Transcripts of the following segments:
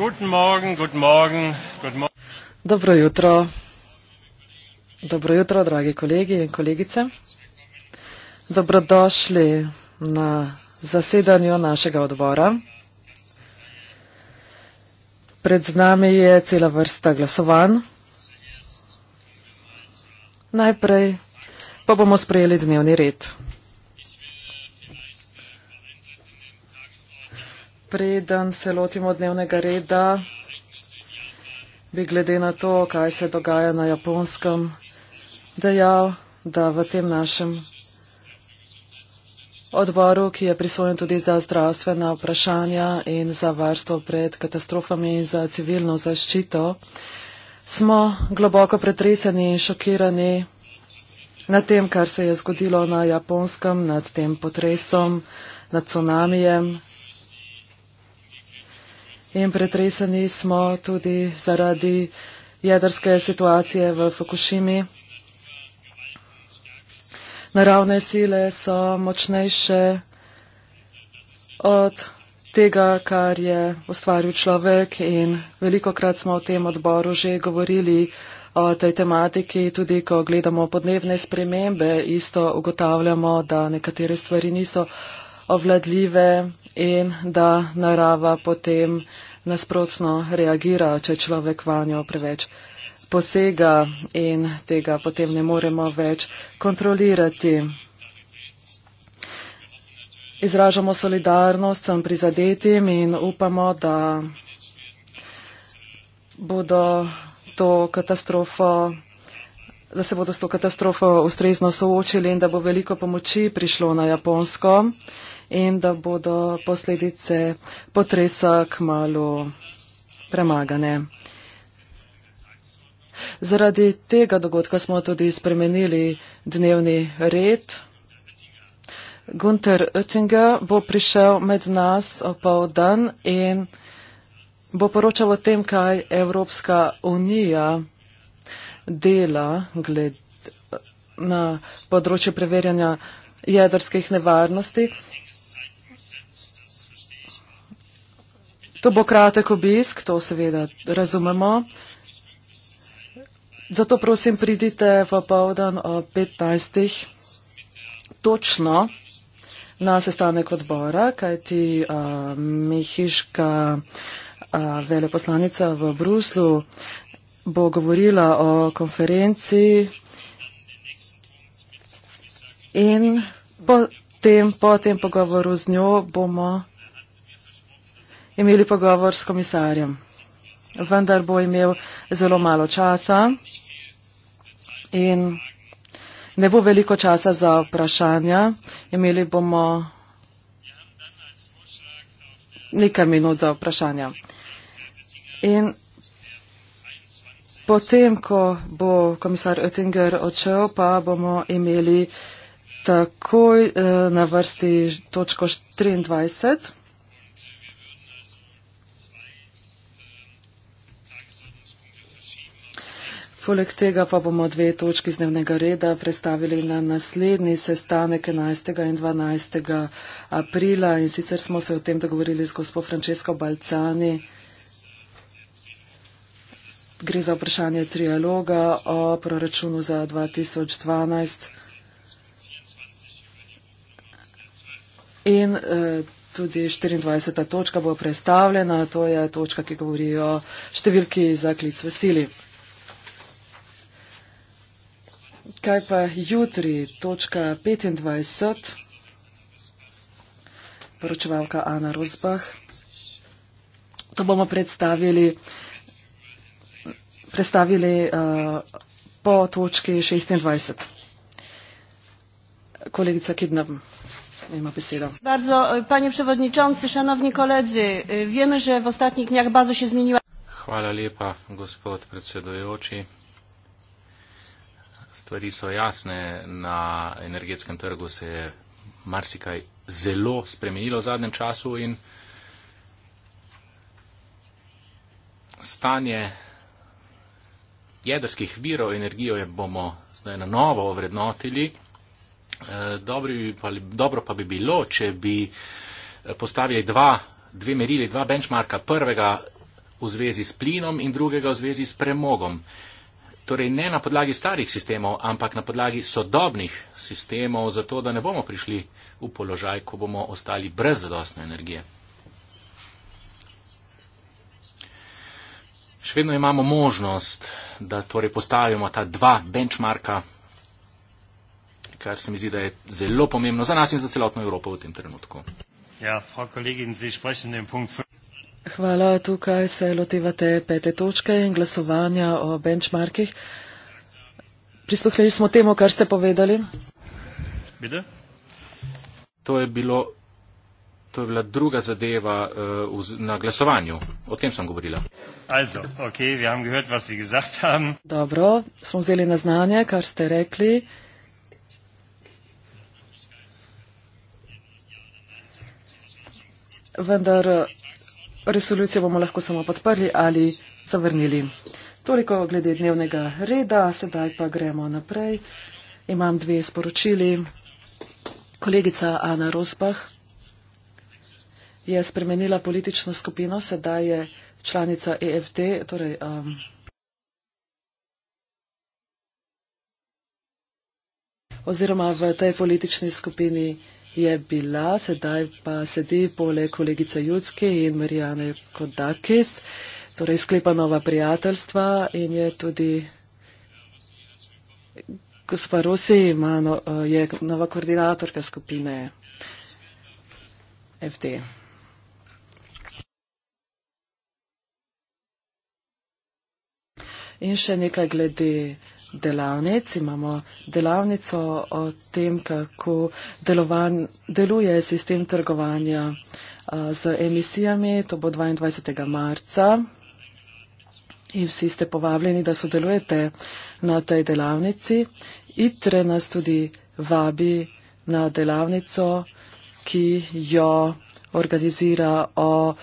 Guten Morgen, guten Morgen, guten Morgen. Dobro jutro. Dobro jutro, dragi kolegi in kolegice. Dobrodošli na zasedanju našega odbora. Pred nami je cela vrsta glasovanj. Najprej pa bomo sprejeli dnevni red. preden se lotimo dnevnega reda, bi glede na to, kaj se dogaja na japonskem, dejal, da v tem našem odboru, ki je prisojen tudi za zdravstvena vprašanja in za varstvo pred katastrofami in za civilno zaščito, smo globoko pretreseni in šokirani nad tem, kar se je zgodilo na japonskem, nad tem potresom, nad cunamijem, In pretreseni smo tudi zaradi jedrske situacije v Fukushimi. Naravne sile so močnejše od tega, kar je ustvaril človek in veliko krat smo o tem odboru že govorili o tej tematiki. Tudi ko gledamo podnebne spremembe, isto ugotavljamo, da nekatere stvari niso obvladljive, in da narava potem nasprotno reagira, če človek vanjo preveč posega in tega potem ne moremo več kontrolirati. Izražamo solidarnost sem prizadetim in upamo, da bodo to katastrofo da se bodo s to katastrofo ustrezno soočili in da bo veliko pomoči prišlo na Japonsko in da bodo posledice potresa kmalo premagane. Zaradi tega dogodka smo tudi spremenili dnevni red. Gunter Oettinger bo prišel med nas opov dan in bo poročal o tem, kaj Evropska unija dela gled, na področju preverjanja jedrskih nevarnosti To bo kratek obisk, to seveda razumemo. Zato prosim, pridite pa povdan o 15. točno na sestanek odbora, kajti uh, mehiška uh, veleposlanica v Bruslu bo govorila o konferenci in po tem, po tem pogovoru z njo bomo imeli pogovor s komisarjem. Vendar bo imel zelo malo časa in ne bo veliko časa za vprašanja. Imeli bomo nekaj minut za vprašanja. In potem, ko bo komisar Oettinger odšel, pa bomo imeli takoj eh, na vrsti točko 23. Poleg tega pa bomo dve točki z dnevnega reda predstavili na naslednji sestanek 11. in 12. aprila in sicer smo se o tem dogovorili z gospod Francesco Balcani. Gre za vprašanje trialoga o proračunu za 2012 in e, tudi 24. točka bo predstavljena, to je točka, ki govori o številki za klic v sili. Kaj pa jutri, točka 25, poročevalka Ana Rozbah. To bomo predstavili, predstavili uh, po točki 26. Kolegica Kidnab. Bardzo, e, panie przewodniczący, szanowni koledzy, e, wiemy, że w ostatnich dniach bardzo się zmieniła. Chwala lepa, gospod przewodniczący stvari so jasne, na energetskem trgu se je marsikaj zelo spremenilo v zadnjem času in stanje jedrskih virov energijo je bomo zdaj na novo ovrednotili. E, dobro, bi pa, dobro pa bi bilo, če bi postavili dva, dve merili, dva benchmarka, prvega v zvezi s plinom in drugega v zvezi s premogom torej ne na podlagi starih sistemov, ampak na podlagi sodobnih sistemov, zato da ne bomo prišli v položaj, ko bomo ostali brez zadostne energije. Še vedno imamo možnost, da torej postavimo ta dva benchmarka, kar se mi zdi, da je zelo pomembno za nas in za celotno Evropo v tem trenutku. Ja, frau Kollegin, Sie sprechen den Punkt 5. Hvala. Tukaj se lotevate pete točke in glasovanja o benchmarkih. Prisluhnili smo temu, kar ste povedali. Bide? To je bilo. To je bila druga zadeva uh, v, na glasovanju. O tem sem govorila. Also, okay, gehört, Dobro, smo vzeli na znanje, kar ste rekli. Vendar resolucijo bomo lahko samo podprli ali zavrnili. Toliko glede dnevnega reda, sedaj pa gremo naprej. Imam dve sporočili. Kolegica Ana Rosbah je spremenila politično skupino, sedaj je članica EFD. Torej, um, oziroma v tej politični skupini je bila, sedaj pa sedi poleg kolegice Judske in Marijane Kodakis, torej sklepa nova prijateljstva in je tudi gospa Rusi, no, eh, je nova koordinatorka skupine FD. In še nekaj glede delavnic. Imamo delavnico o tem, kako delovan, deluje sistem trgovanja a, z emisijami. To bo 22. marca. In vsi ste povabljeni, da sodelujete na tej delavnici. ITRE nas tudi vabi na delavnico, ki jo organizira o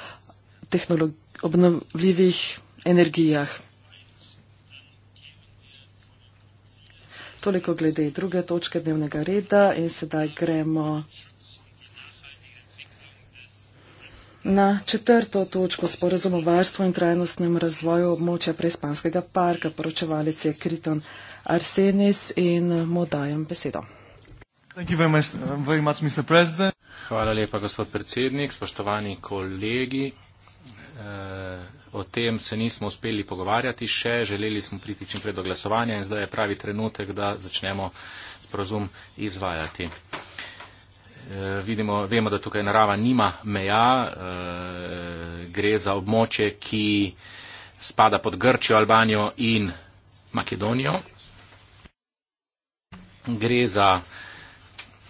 obnovljivih energijah. Toliko glede druge točke dnevnega reda in sedaj gremo na četrto točko sporozum o varstvu in trajnostnem razvoju območja preispanskega parka. Poročevalec je Kriton Arsenis in mu dajem besedo. Hvala lepa, gospod predsednik, spoštovani kolegi. Eh, O tem se nismo uspeli pogovarjati še, želeli smo priti čim pred do glasovanja in zdaj je pravi trenutek, da začnemo sporozum izvajati. E, vidimo, vemo, da tukaj narava nima meja, e, gre za območje, ki spada pod Grčijo, Albanijo in Makedonijo. Gre za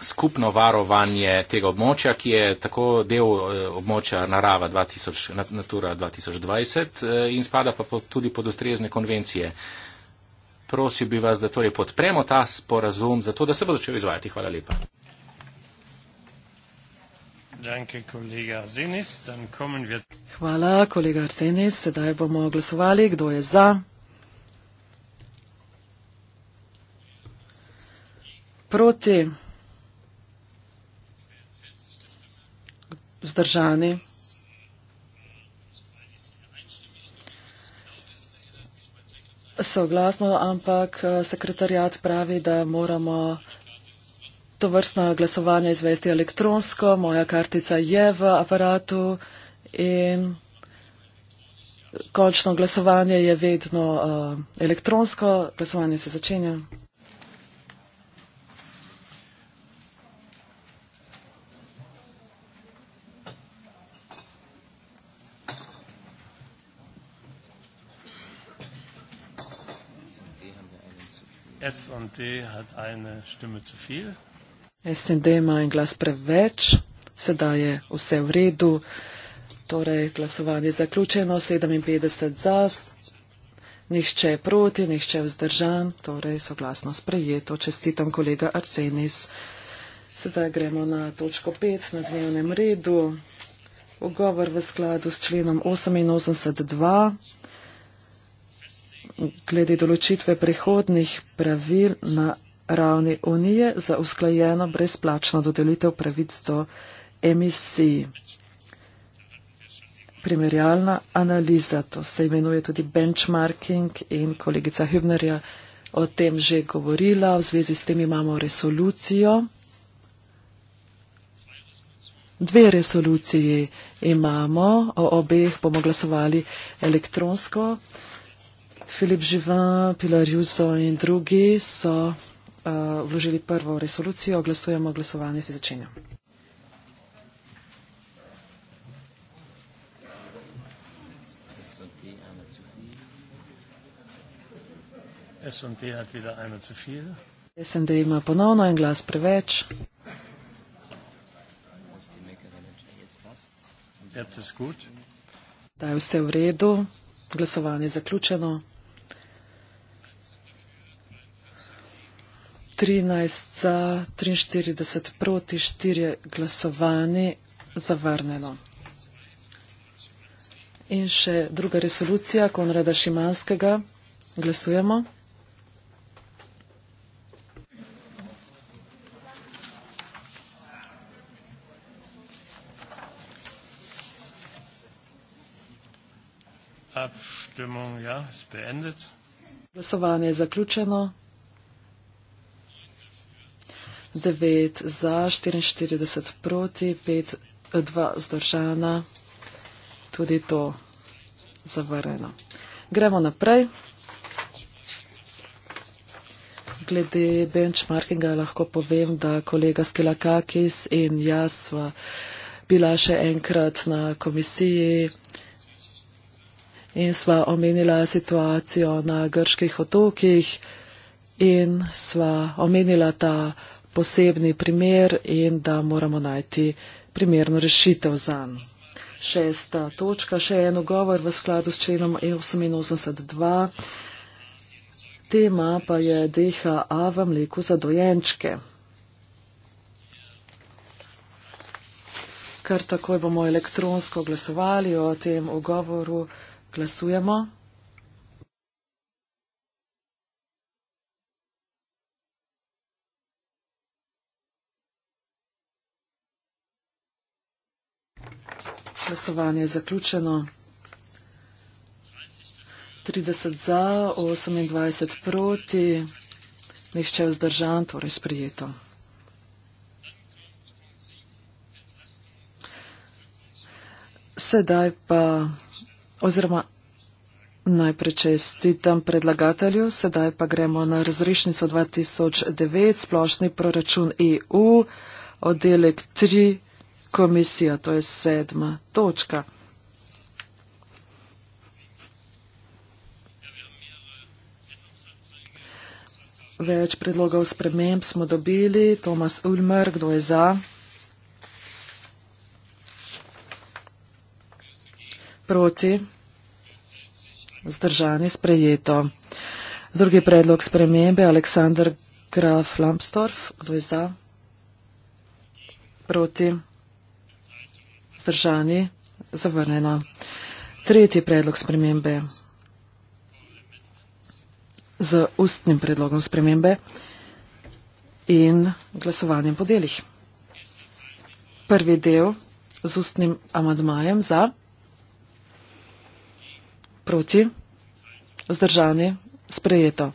skupno varovanje tega območja, ki je tako del eh, območja narava 2000, Natura 2020 eh, in spada pa tudi pod ustrezne konvencije. Prosil bi vas, da torej podpremo ta sporazum, zato da se bo začel izvajati. Hvala lepa. Hvala, kolega Arsenis. Sedaj bomo glasovali, kdo je za. Proti. vzdržani. Soglasno, ampak eh, sekretarjat pravi, da moramo to vrstno glasovanje izvesti elektronsko. Moja kartica je v aparatu in končno glasovanje je vedno uh, elektronsko. Glasovanje se začenja. S D hat eine Stimme zu viel. S D ima en glas preveč, sedaj je vse v redu. Torej, glasovanje zaključeno, 57 za, nihče proti, nihče vzdržan, torej soglasno sprejeto. Čestitam kolega Arsenis. Sedaj gremo na točko 5 na dnevnem redu. Ogovor v skladu s členom 88.2 glede določitve prihodnih pravil na ravni unije za usklajeno brezplačno dodelitev pravic do emisij. Primerjalna analiza, to se imenuje tudi benchmarking in kolegica Hübner je o tem že govorila. V zvezi s tem imamo resolucijo. Dve resoluciji imamo, o obeh bomo glasovali elektronsko. Filip Živan, Pilar Juso in drugi so uh, vložili prvo resolucijo. Glasujemo, glasovanje se začenja. SND ima ponovno en glas preveč. Da je vse v redu, glasovanje je zaključeno. 13 za, 43 proti, 4 glasovani, zavrneno. In še druga resolucija Konrada Šimanskega. Glasujemo. Abstimmung, ja, ist beendet. Glasovanje je zaključeno. 9 za, 44 proti, 5, 2 zdržana, tudi to zavrjeno. Gremo naprej. Glede benchmarkinga lahko povem, da kolega Skilakakis in jaz sva bila še enkrat na komisiji in sva omenila situacijo na grških otokih in sva omenila ta posebni primer in da moramo najti primerno rešitev za njo. Šesta točka, še eno govor v skladu s členom 82.2. E Tema pa je DHA v mleku za dojenčke. Ker takoj bomo elektronsko glasovali o tem ogovoru, glasujemo. glasovanje je zaključeno. 30 za, 28 proti, nihče vzdržan, torej sprijeto. Sedaj pa, oziroma najprej čestitam predlagatelju, sedaj pa gremo na razrešnico 2009, splošni proračun EU, oddelek 3 komisija, to je sedma točka. Več predlogov sprememb smo dobili. Tomas Ulmer, kdo je za? Proti? Zdržani, sprejeto. Drugi predlog spremembe, Aleksandr Graf Lambsdorff, kdo je za? Proti? vzdržani, zavrnjena. Tretji predlog spremembe. Z ustnim predlogom spremembe in glasovanjem po delih. Prvi del z ustnim amadmajem za, proti, vzdržani, sprejeto.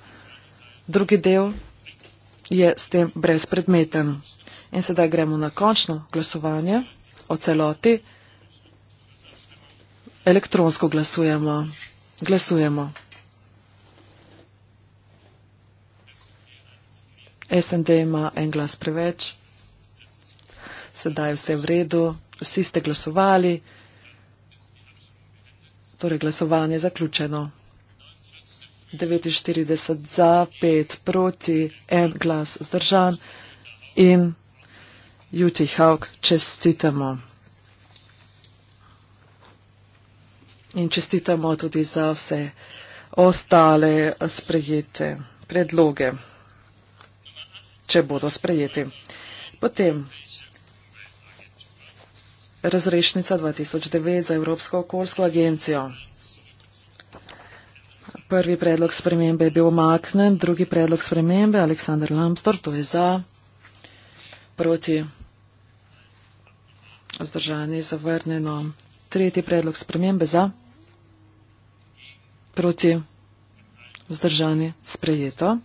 Drugi del je s tem brezpredmeten. In sedaj gremo na končno glasovanje o celoti. Elektronsko glasujemo. Glasujemo. SND ima en glas preveč. Sedaj vse v redu. Vsi ste glasovali. Torej glasovanje zaključeno. 49 za, 5 proti, en glas vzdržan in Juti Hauk čestitamo. In čestitamo tudi za vse ostale sprejete predloge, če bodo sprejeti. Potem razrešnica 2009 za Evropsko okoljsko agencijo. Prvi predlog spremembe je bil omaknen, drugi predlog spremembe Aleksandr Lamstor, to je za, proti vzdržani, zavrnjeno. Tretji predlog spremembe za, proti, vzdržani, sprejeto.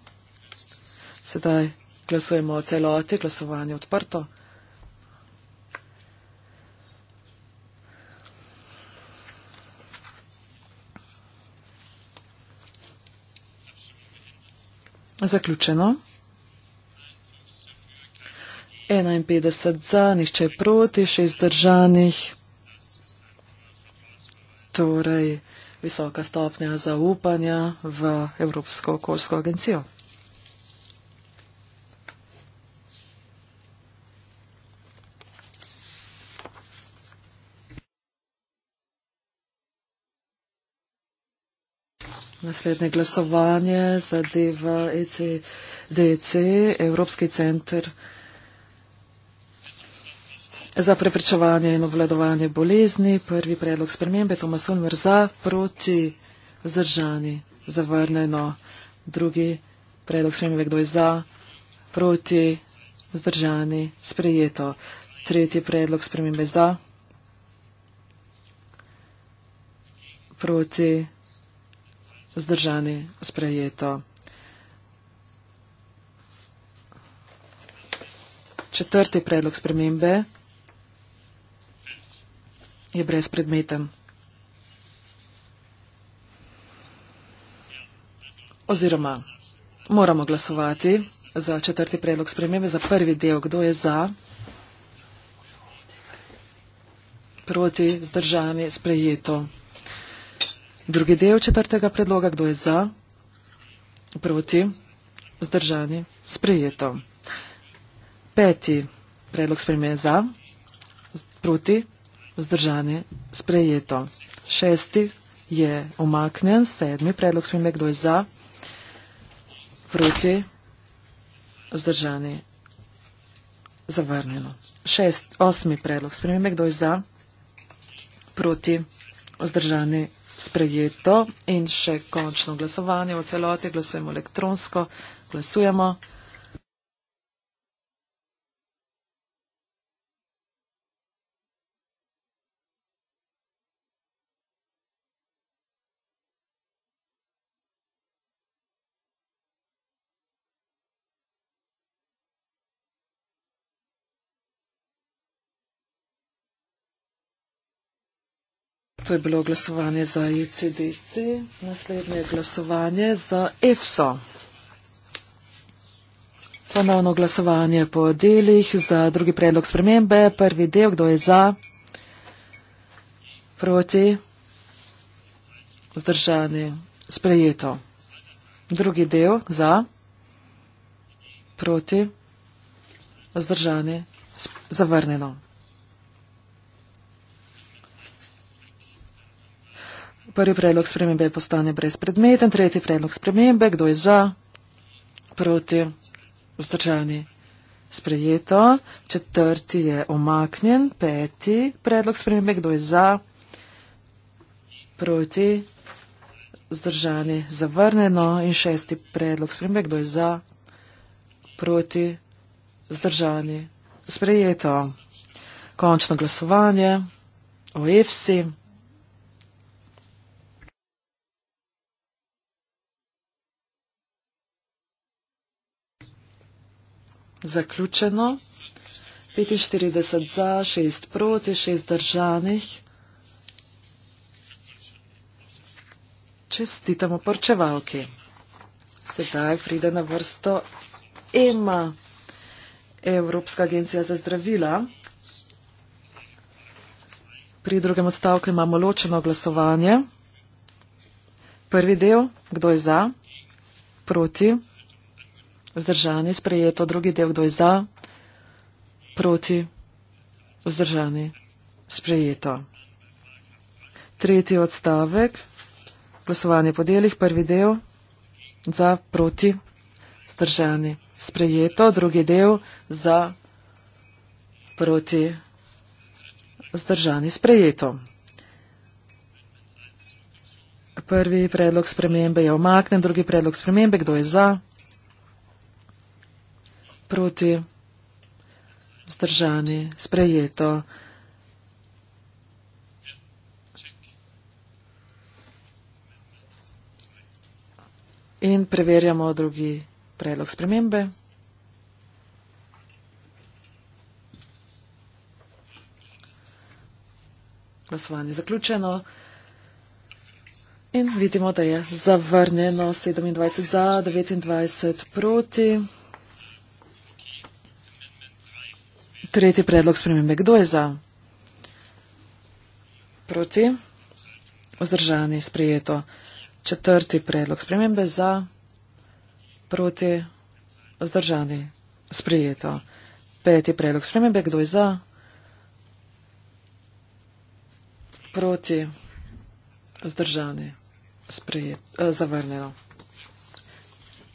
Sedaj glasujemo o celoti, glasovanje odprto. Zaključeno. 51 za, nišče proti, 6 zdržanih. Torej, visoka stopnja zaupanja v Evropsko okoljsko agencijo. Naslednje glasovanje zadeva ECDC, Evropski centr za preprečevanje in obvladovanje bolezni. Prvi predlog spremembe je Tomas Unmer za, proti, vzdržani, zavrnjeno. Drugi predlog spremembe, kdo je za, proti, vzdržani, sprejeto. Tretji predlog spremembe za, proti, vzdržani, sprejeto. Četrti predlog spremembe je brezpredmeten. Oziroma, moramo glasovati za četrti predlog spremembe, za prvi del, kdo je za, proti, zdržani, sprejeto. Drugi del četrtega predloga, kdo je za, proti, zdržani, sprejeto. Peti predlog spremembe za, proti, vzdržane, sprejeto. Šesti je omaknen, sedmi predlog spremembe, kdo je za, proti, vzdržani, zavrnjeno. Šest, osmi predlog spremembe, kdo je za, proti, vzdržani, sprejeto in še končno glasovanje v celoti, glasujemo elektronsko, glasujemo. To je bilo glasovanje za ICDC. Naslednje glasovanje za EFSO. Ponovno glasovanje po delih za drugi predlog spremembe. Prvi del, kdo je za? Proti? Zdržani? Sprejeto. Drugi del, za? Proti? Zdržani? Zavrnjeno. Prvi predlog spremembe postane brezpredmeten, tretji predlog spremembe, kdo je za, proti, vzdržani, sprejeto, četrti je omaknjen, peti predlog spremembe, kdo je za, proti, vzdržani, zavrneno in šesti predlog spremembe, kdo je za, proti, vzdržani, sprejeto. Končno glasovanje o EFSI. zaključeno. 45 za, 6 proti, 6 držanih. Čestitamo porčevalki. Sedaj pride na vrsto EMA, Evropska agencija za zdravila. Pri drugem odstavku imamo ločeno glasovanje. Prvi del, kdo je za, proti. Vzdržani, sprejeto. Drugi del, kdo je za, proti, vzdržani, sprejeto. Tretji odstavek, glasovanje po delih, prvi del, za, proti, vzdržani, sprejeto. Drugi del, za, proti, vzdržani, sprejeto. Prvi predlog spremembe je omaknen, drugi predlog spremembe, kdo je za proti, vzdržani, sprejeto. In preverjamo drugi predlog spremembe. Glasovanje zaključeno. In vidimo, da je zavrnjeno 27 za, 29 proti. Tretji predlog spremembe. Kdo je za? Proti? Vzdržani? Sprijeto. Četrti predlog spremembe za? Proti? Vzdržani? Sprijeto. Peti predlog spremembe. Kdo je za? Proti? Vzdržani? Sprijeto. Eh, zavrnjeno.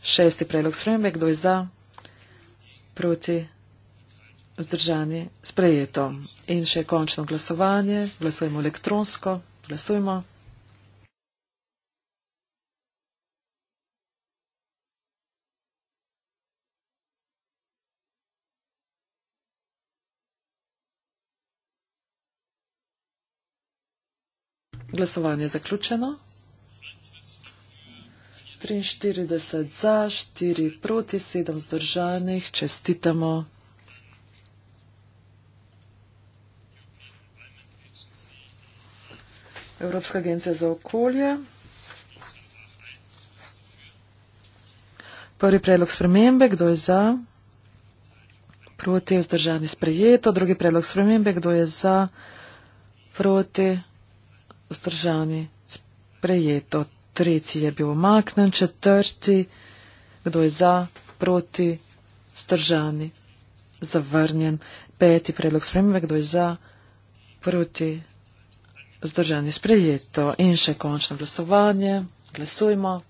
Šesti predlog spremembe. Kdo je za? Proti? vzdržani, sprejeto. In še končno glasovanje. Glasujemo elektronsko. Glasujemo. Glasovanje je zaključeno. 43 za, 4 proti, 7 zdržanih. Čestitamo. Evropska agencija za okolje. Prvi predlog spremembe, kdo je za? Proti, vzdržani sprejeto. Drugi predlog spremembe, kdo je za? Proti, vzdržani sprejeto. Tretji je bil omaknen, četrti, kdo je za, proti, vzdržani, zavrnjen. Peti predlog spremembe, kdo je za, proti, vzdržani. Združen je sprejeto in še končno glasovanje. Glasujmo.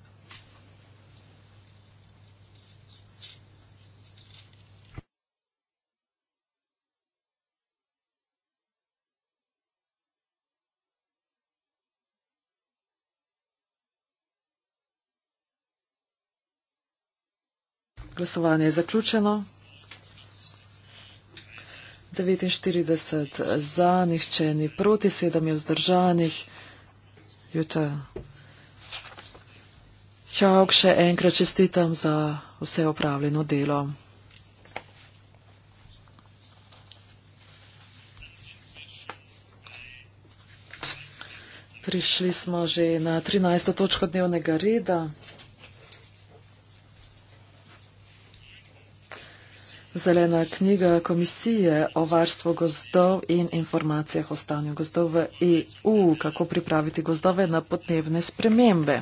Glasovanje je zaključeno. 49 za, nihče ni proti, sedem je vzdržanih. Jutta Hjauk, še enkrat čestitam za vse opravljeno delo. Prišli smo že na 13. točko dnevnega reda. Zelena knjiga komisije o varstvu gozdov in informacijah o stanju gozdov v EU, kako pripraviti gozdove na podnebne spremembe.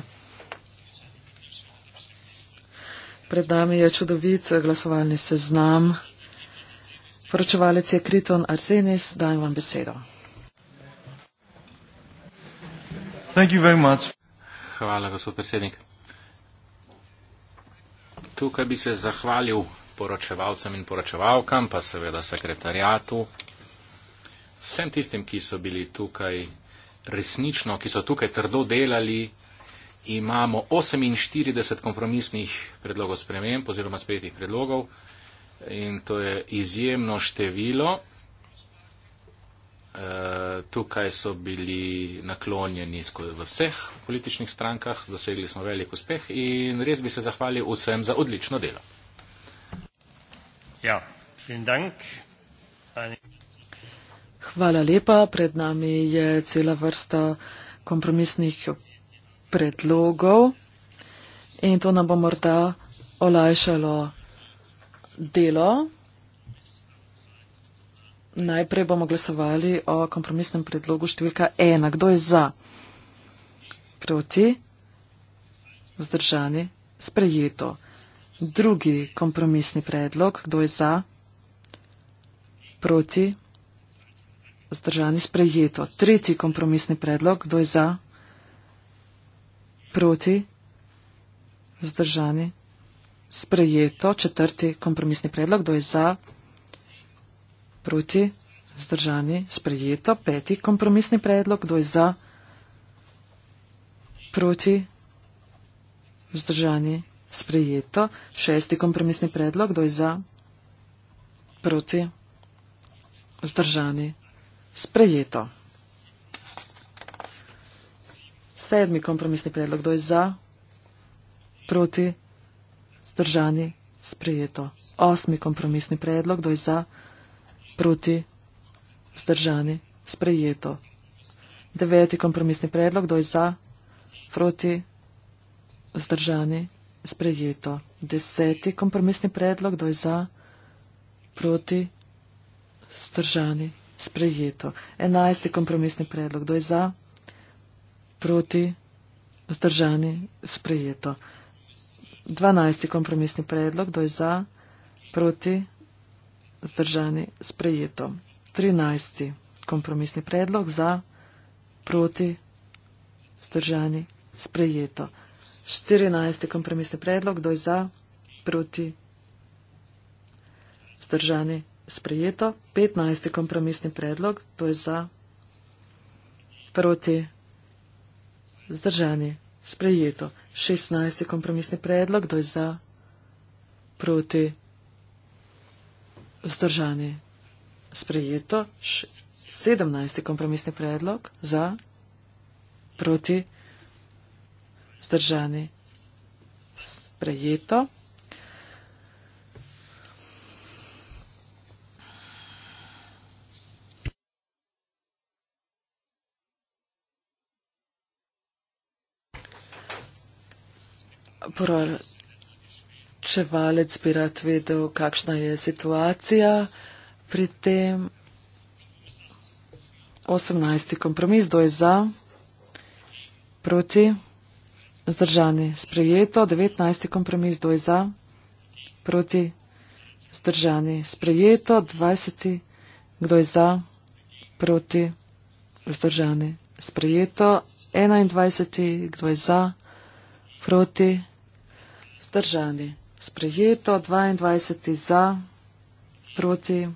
Pred nami je čudovit glasovalni seznam. Poročevalec je Kriton Arsenis, dajem vam besedo. Hvala, gospod predsednik. Tukaj bi se zahvalil poročevalcem in poročevalkam, pa seveda sekretarijatu, vsem tistim, ki so bili tukaj resnično, ki so tukaj trdo delali. Imamo 48 kompromisnih predlogov sprememb oziroma spetih predlogov in to je izjemno število. E, tukaj so bili naklonjeni v vseh političnih strankah, dosegli smo velik uspeh in res bi se zahvalil vsem za odlično delo. Ja, vielen Dank. Hvala lepa. Pred nami je cela vrsta kompromisnih predlogov in to nam bo morda olajšalo delo. Najprej bomo glasovali o kompromisnem predlogu številka ena. Kdo je za? Proti? Vzdržani? Sprejeto. Drugi kompromisni predlog, kdo je za, proti, zdržani sprejeto. Tretji kompromisni predlog, kdo je za, proti, zdržani sprejeto. Četrti kompromisni predlog, kdo je za, proti, zdržani sprejeto. Peti kompromisni predlog, kdo je za, proti, zdržani sprejeto sprejeto. Šesti kompromisni predlog, kdo je za? Proti? Zdržani? Sprejeto. Sedmi kompromisni predlog, kdo je za? Proti? Zdržani? Sprejeto. Osmi kompromisni predlog, kdo je za? Proti? Zdržani? Sprejeto. Deveti kompromisni predlog, kdo je za? Proti? Vzdržani? sprejeto. Deseti kompromisni predlog, kdo je za, proti, stržani, sprejeto. Enajsti kompromisni predlog, kdo je za, proti, stržani, sprejeto. Dvanajsti kompromisni predlog, kdo je za, proti, stržani, sprejeto. Trinajsti kompromisni predlog, za, proti, stržani, sprejeto. 14. kompromisni predlog, kdo je za, proti, vzdržani, sprejeto. 15. kompromisni predlog, kdo je za, proti, vzdržani, sprejeto. 16. kompromisni predlog, kdo je za, proti, vzdržani, sprejeto. 17. kompromisni predlog, za, proti, vzdržani vzdržani. Sprejeto. Proračevalec bi rad vedel, kakšna je situacija pri tem. 18. kompromis, kdo je za? Proti? Zdržani. Sprejeto. 19. kompromis. Doj za. Proti. Zdržani. Sprejeto. 20. Kdo je za? Proti. Zdržani. Sprejeto. 21. Kdo je za? Proti. Zdržani. Sprejeto. 22. Za. Proti.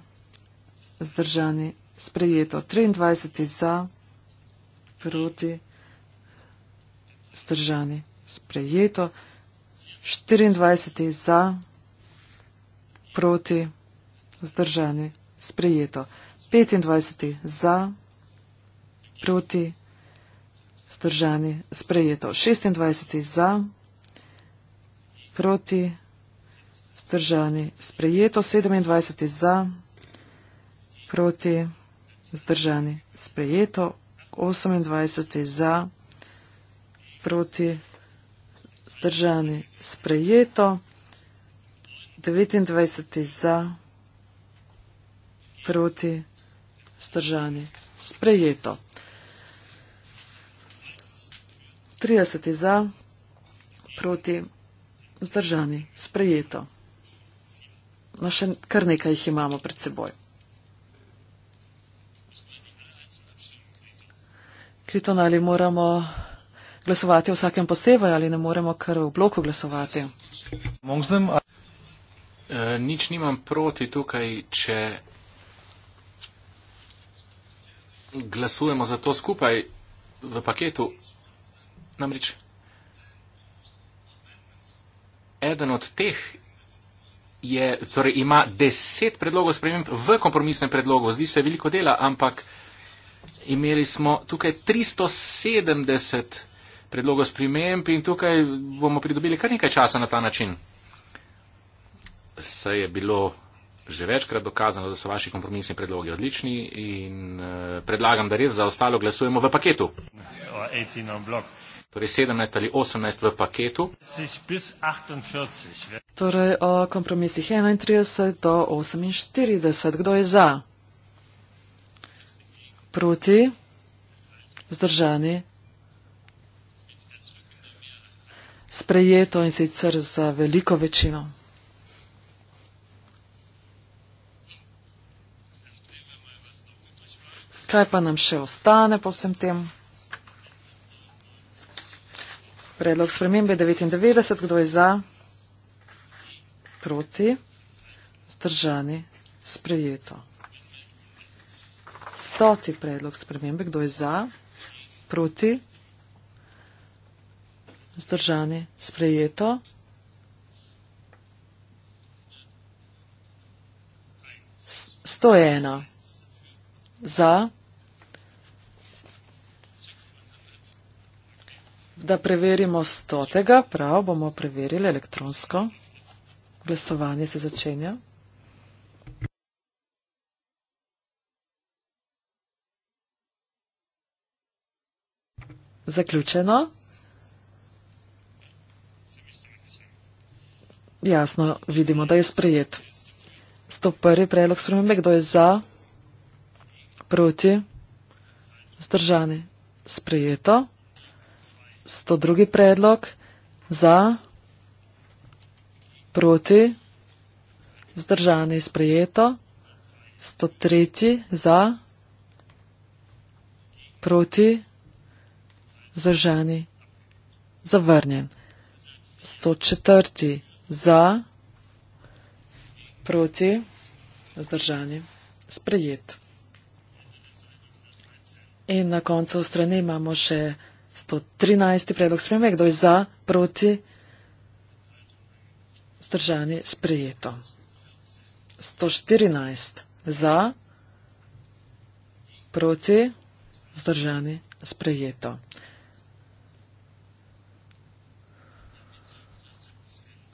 Zdržani. Sprejeto. 23. Za. Proti vzdržani. Sprejeto 24 za, proti vzdržani. Sprejeto 25 za, proti vzdržani. Sprejeto 26 za, proti vzdržani. Sprejeto 27 za, proti vzdržani. Sprejeto 28 za proti zdržani sprejeto, 29 za proti zdržani sprejeto. 30 za proti zdržani sprejeto. No še kar nekaj jih imamo pred seboj. Kritonali moramo glasovati o vsakem posebej ali ne moremo kar v bloku glasovati? E, nič nimam proti tukaj, če glasujemo za to skupaj v paketu. Namreč eden od teh je, torej ima deset predlogov sprememb v kompromisnem predlogu. Zdi se veliko dela, ampak imeli smo tukaj 370 predlogo sprememb in tukaj bomo pridobili kar nekaj časa na ta način. Se je bilo že večkrat dokazano, da so vaši kompromisni predlogi odlični in eh, predlagam, da res za ostalo glasujemo v paketu. Torej 17 ali 18 v paketu. Torej o kompromisih 31 do 48. Kdo je za? Proti? Zdržani? sprejeto in sicer z veliko večino. Kaj pa nam še ostane po vsem tem? Predlog spremembe 99, kdo je za, proti, zdržani, sprejeto. Stoti predlog spremembe, kdo je za, proti, zdržane, sprejeto. Sto ena za, da preverimo stotega, prav bomo preverili elektronsko. Glasovanje se začenja. Zaključeno. Jasno, vidimo, da je sprejet. 101. predlog spremembe, kdo je za, proti, vzdržani. Sprejeto. 102. predlog, za, proti, vzdržani. Sprejeto. 103. za, proti, vzdržani. Zavrnjen. 104. Za, proti, zdržani, sprejet. In na koncu strani imamo še 113. predlog spremembe, kdo je za, proti, zdržani, sprejeto. 114. Za, proti, zdržani, sprejeto.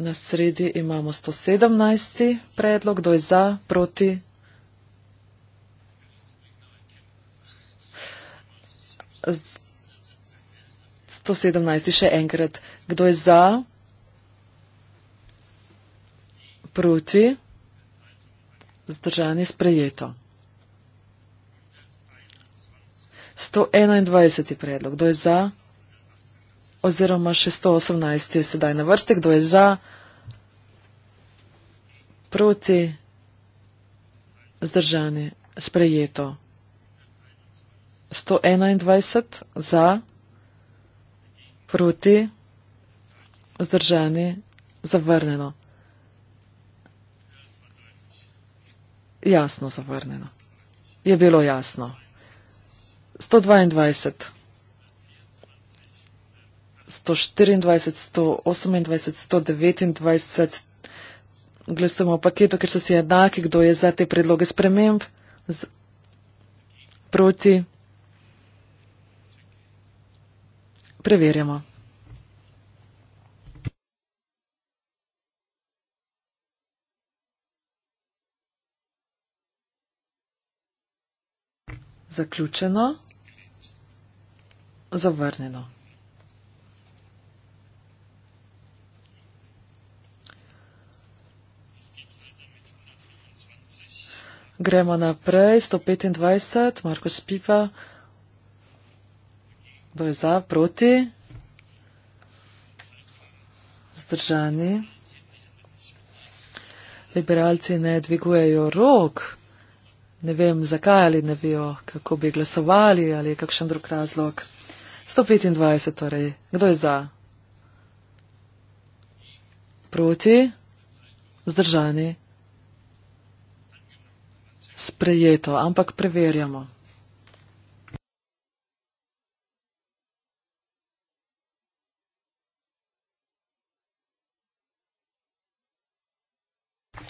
na sredi imamo 117. predlog, kdo je za, proti. Z 117. še enkrat. Kdo je za? Proti? Zdržani sprejeto. 121. predlog. Kdo je za? oziroma 618 je sedaj na vrsti, kdo je za, proti, zdržani, sprejeto. 121 za, proti, zdržani, zavrnjeno. Jasno zavrnjeno. Je bilo jasno. 122. 124, 128, 129 glasujemo v paketu, ker so si enaki, kdo je za te predloge sprememb, z, proti. Preverjamo. Zaključeno. Zavrnjeno. Gremo naprej, 125, Marko Spipa. Kdo je za, proti? Zdržani. Liberalci ne dvigujejo rok. Ne vem, zakaj ali ne vijo, kako bi glasovali ali je kakšen drug razlog. 125 torej. Kdo je za? Proti? Zdržani sprejeto, ampak preverjamo.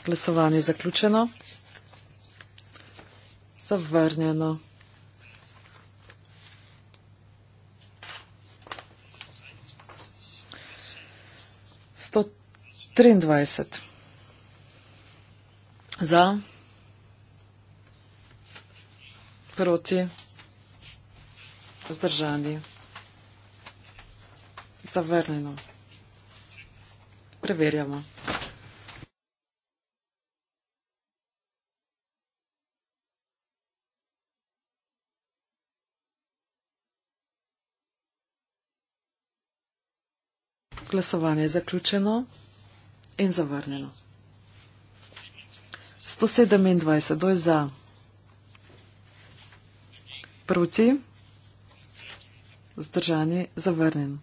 Glasovanje je zaključeno. Zavrnjeno. Sto trindvajset. Za. Proti. Zdržani. Zavrnjeno. Preverjamo. Glasovanje je zaključeno in zavrnjeno. 127 je za. Proti? Zdržanje zavrnjen.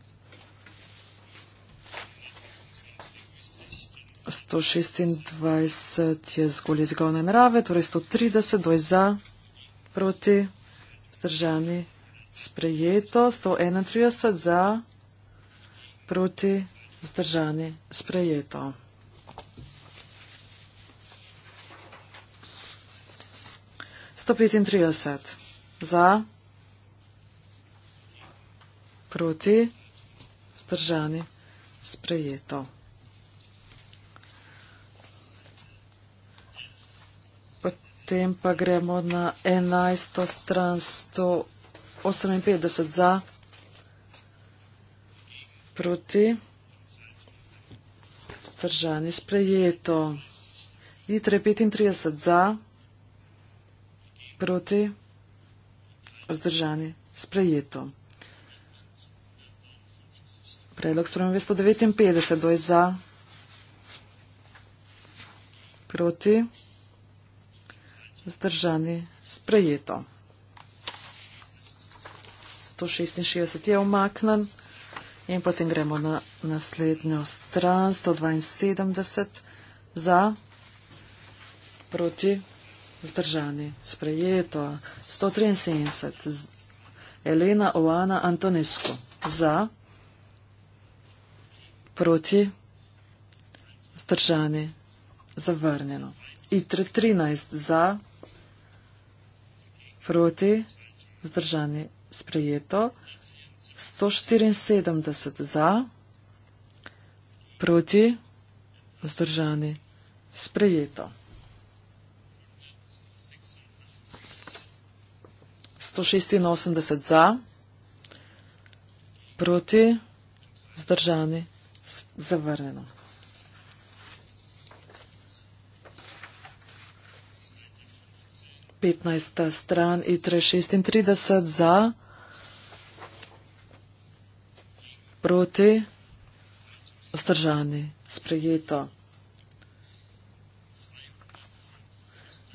126 je zgolj izgovne narave, torej 130 doj za, proti, zdržani, sprejeto, 131 za, proti, zdržani, sprejeto. 135 za, proti, vzdržani, sprejeto. Potem pa gremo na 11. stran 158 za, proti, vzdržani, sprejeto. Litre 35 za, proti, vzdržani, sprejeto vzdržani, sprejeto. Predlog spremembe 159, doj za, proti, vzdržani, sprejeto. 166 je omaknen in potem gremo na naslednjo stran, 172 za, proti, vzdržani, sprejeto. Zdržani, sprejeto 173. Z Elena Oana Antonescu za, proti, zdržani, zavrnjeno. Itr 13 za, proti, zdržani, sprejeto 174 za, proti, zdržani, sprejeto. 186 za, proti, vzdržani, zavrnjeno. Petnajsta stran ITRE 36 za, proti, vzdržani, sprejeto.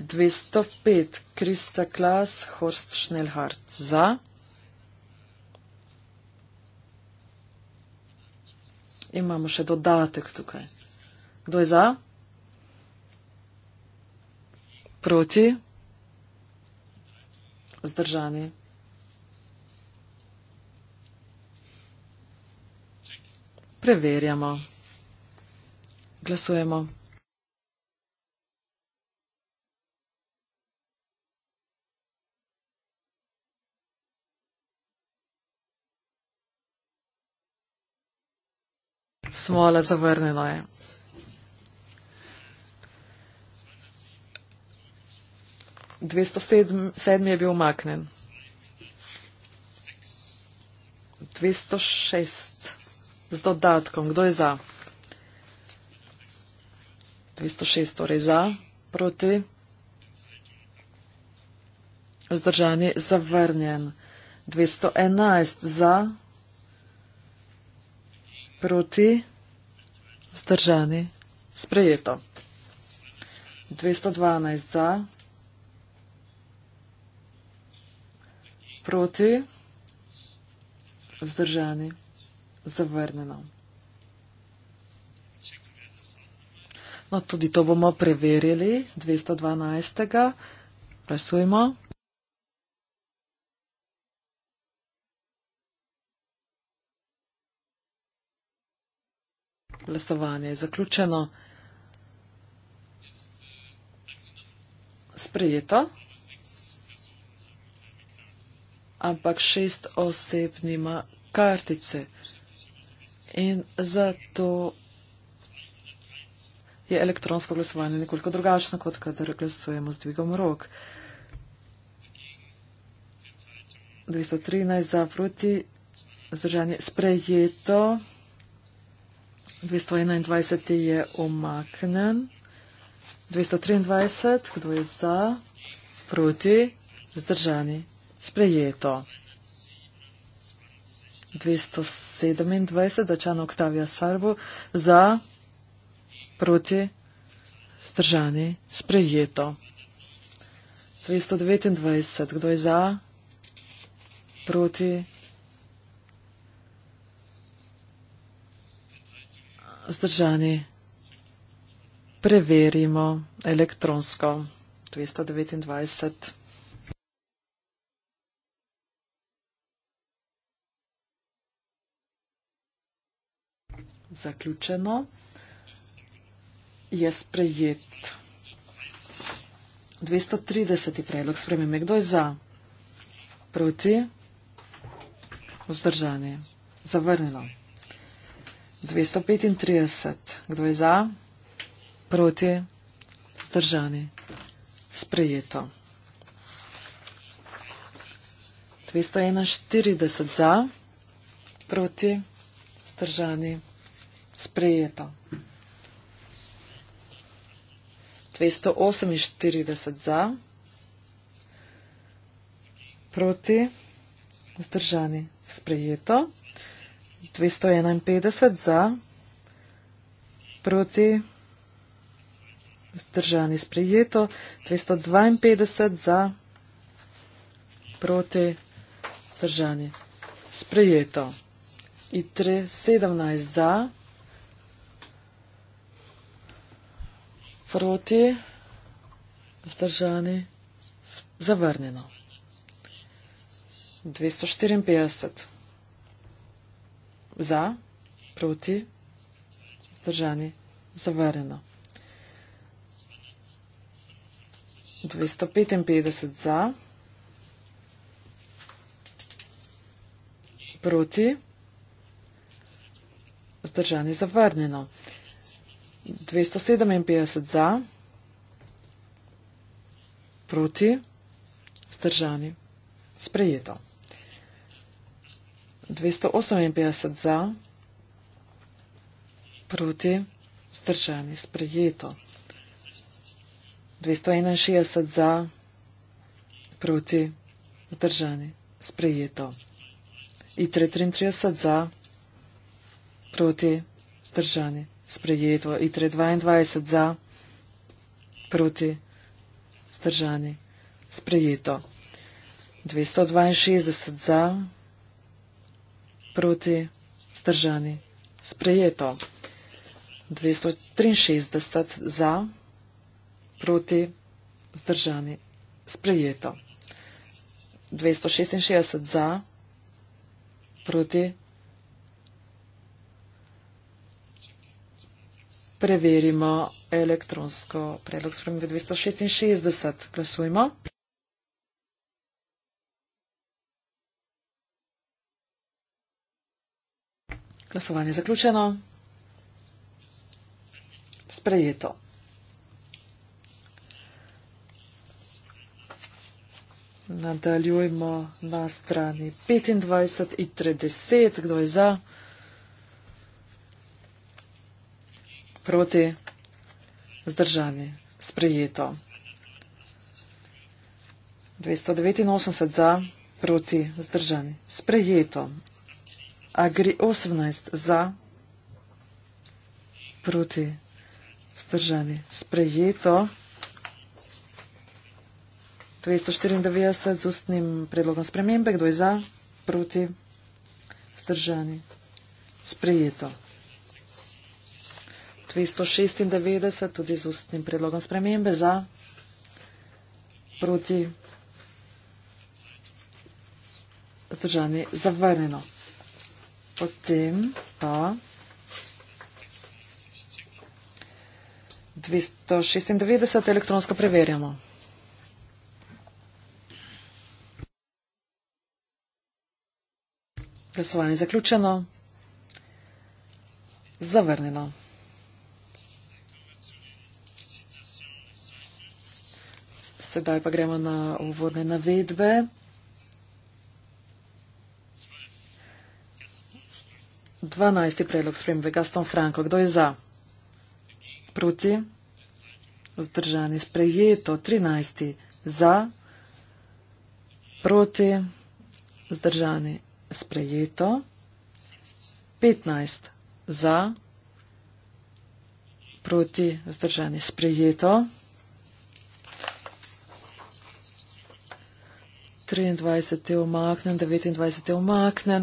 205, Krista Klaas, Horst Schnellhardt za. Imamo še dodatek tukaj. Kdo je za? Proti? Vzdržani. Preverjamo. Glasujemo. smola zavrnila je. Dvesto sedmi je bil umaknen. Dvesto šest z dodatkom. Kdo je za? Dvesto šest torej za, proti. Zdržanje zavrnjen. Dvesto enajst za proti vzdržani sprejeto. 212 za proti vzdržani zavrnjeno. No, tudi to bomo preverili 212. Glasujmo. glasovanje je zaključeno. Sprejeto. Ampak šest oseb nima kartice. In zato je elektronsko glasovanje nekoliko drugačno, kot kadar glasujemo z dvigom rok. 213 za proti. Zdržanje sprejeto. 221 je omaknen. 223, kdo je za, proti, vzdržani, sprejeto. 227, dačan Oktavija Sarbu, za, proti, vzdržani, sprejeto. 229, kdo je za, proti, vzdržani. zdržani. Preverimo elektronsko 229. Zaključeno je sprejet 230. predlog spremembe. Kdo je za? Proti? Vzdržani. Zavrnilo. 235. Kdo je za? Proti? Zdržani? Sprejeto. 241 za, proti, zdržani, sprejeto. 248 za, proti, zdržani, sprejeto. 251 za, proti, vzdržani sprejeto, 252 za, proti, vzdržani sprejeto. I 317 za, proti, vzdržani zavrnjeno. 254 za, proti, vzdržani, zavarjeno. 255 za, proti, vzdržani, zavarjeno. 257 za, proti, vzdržani, sprejeto. 258 za, proti, vzdržani, sprejeto. 261 za, proti, vzdržani, sprejeto. I 33 za, proti, vzdržani, sprejeto. I 322 za, proti, vzdržani, sprejeto. 262 za, proti vzdržani. Sprejeto. 263 za proti vzdržani. Sprejeto. 266 za proti preverimo elektronsko predlog spremembe 266. Glasujmo. Glasovanje je zaključeno. Sprejeto. Nadaljujmo na strani 25 in 30. Kdo je za? Proti? Vzdržani? Sprejeto. 289 za, proti, vzdržani. Sprejeto. Agri 18 za, proti vzdržani. Sprejeto 294 z ustnim predlogom spremembe. Kdo je za, proti vzdržani. Sprejeto. 296 tudi z ustnim predlogom spremembe za, proti vzdržani. Zavrnjeno potem pa 296 elektronsko preverjamo. Glasovanje zaključeno. Zavrnjeno. Sedaj pa gremo na uvodne navedbe. 12. predlog spremembe Gaston Franko. Kdo je za? Proti? Vzdržani. Sprejeto. 13. Za? Proti? Vzdržani. Sprejeto. 15. Za? Proti? Vzdržani. Sprejeto. 23. je omaknen, 29. je omaknen.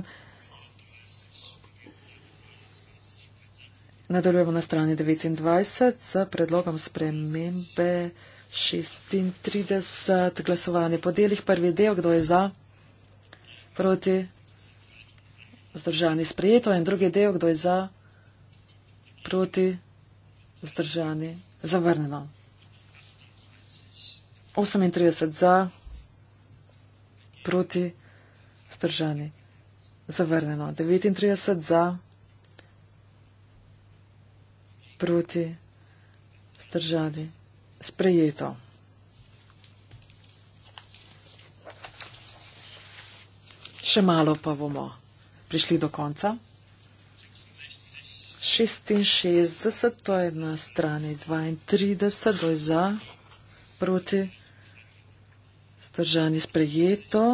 Nadaljujemo na strani 29 z predlogom spremembe 36 glasovanje po delih. Prvi del, kdo je za, proti, vzdržani, sprejeto. In drugi del, kdo je za, proti, vzdržani, zavrnjeno. 38 za, proti, vzdržani, zavrnjeno. 39 za proti državi sprejeto. Še malo pa bomo prišli do konca. 66, to je na strani 32, to je za, proti, stržani sprejeto.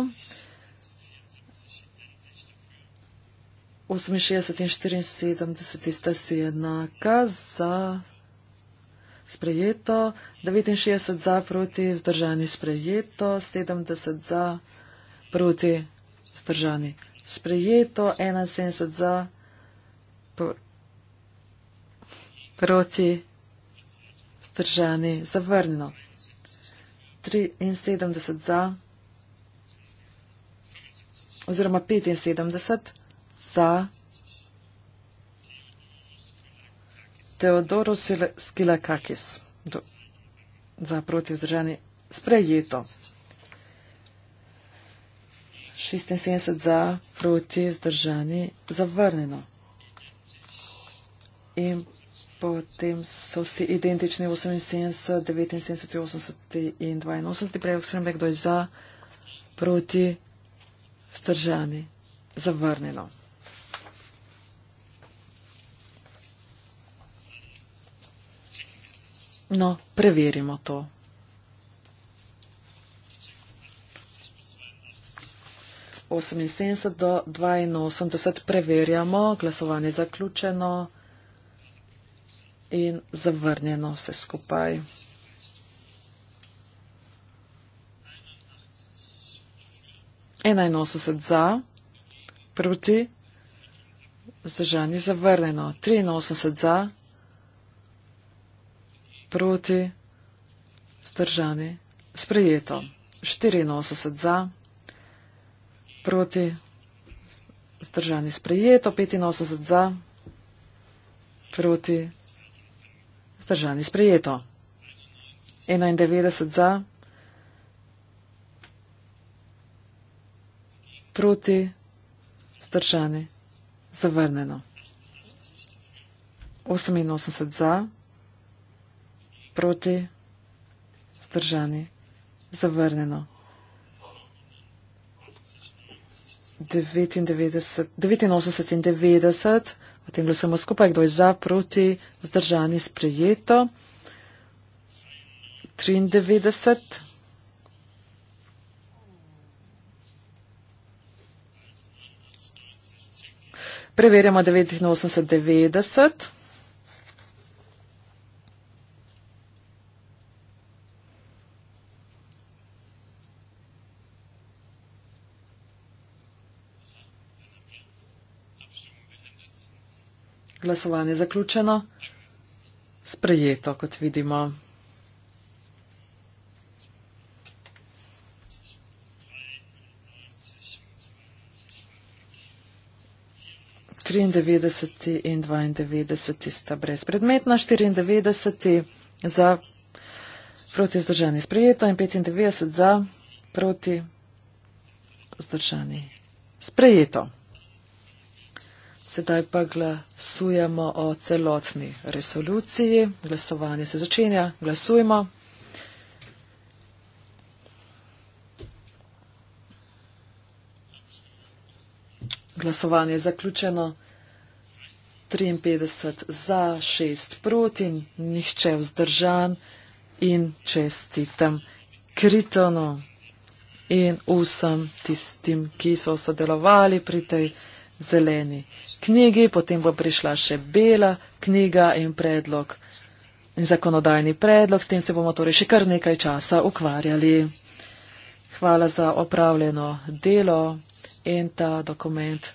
68 in 74, tista si enaka za sprejeto, 69 za proti, vzdržani sprejeto, 70 za proti, vzdržani sprejeto, 71 za proti, vzdržani zavrnjeno, 73 za oziroma 75 za Teodoro Skilakakis do, za proti vzdržanje sprejeto. 76 za proti vzdržanje zavrnjeno. In potem so vsi identični 78, 79, 80 in 82. Predlog sprememb, kdo je za proti vzdržanje zavrnjeno. No, preverimo to. Oseminsedemdeset do dvainosemdeset preverjamo, glasovanje zaključeno in zavrnjeno vse skupaj. Enainosemdeset za, proti, zdržanje zavrnjeno, triinosemdeset za, proti, vzdržani, sprejeto. 84 za, proti, vzdržani, sprejeto. 85 za, proti, vzdržani, sprejeto. 91 za, proti, vzdržani, zavrnjeno. 88 za proti, zdržani, zavrnjeno. 99, 89 in 90, potem glasujemo skupaj, kdo je za, proti, zdržani, sprejeto. 93. Preverjamo 89, 90. glasovanje zaključeno. Sprejeto, kot vidimo. Trindevetdeseti in dvaindevetdeseti sta brezpredmetna, štiriindevetdeseti za proti zdržani sprejeto in petindevetdeset za proti zdržani sprejeto. Sedaj pa glasujemo o celotni resoluciji. Glasovanje se začenja. Glasujmo. Glasovanje je zaključeno. 53 za, 6 proti, nihče vzdržan in čestitam Kritonu in vsem tistim, ki so sodelovali pri tej zeleni knjigi, potem bo prišla še bela knjiga in predlog in zakonodajni predlog. S tem se bomo torej še kar nekaj časa ukvarjali. Hvala za opravljeno delo in ta dokument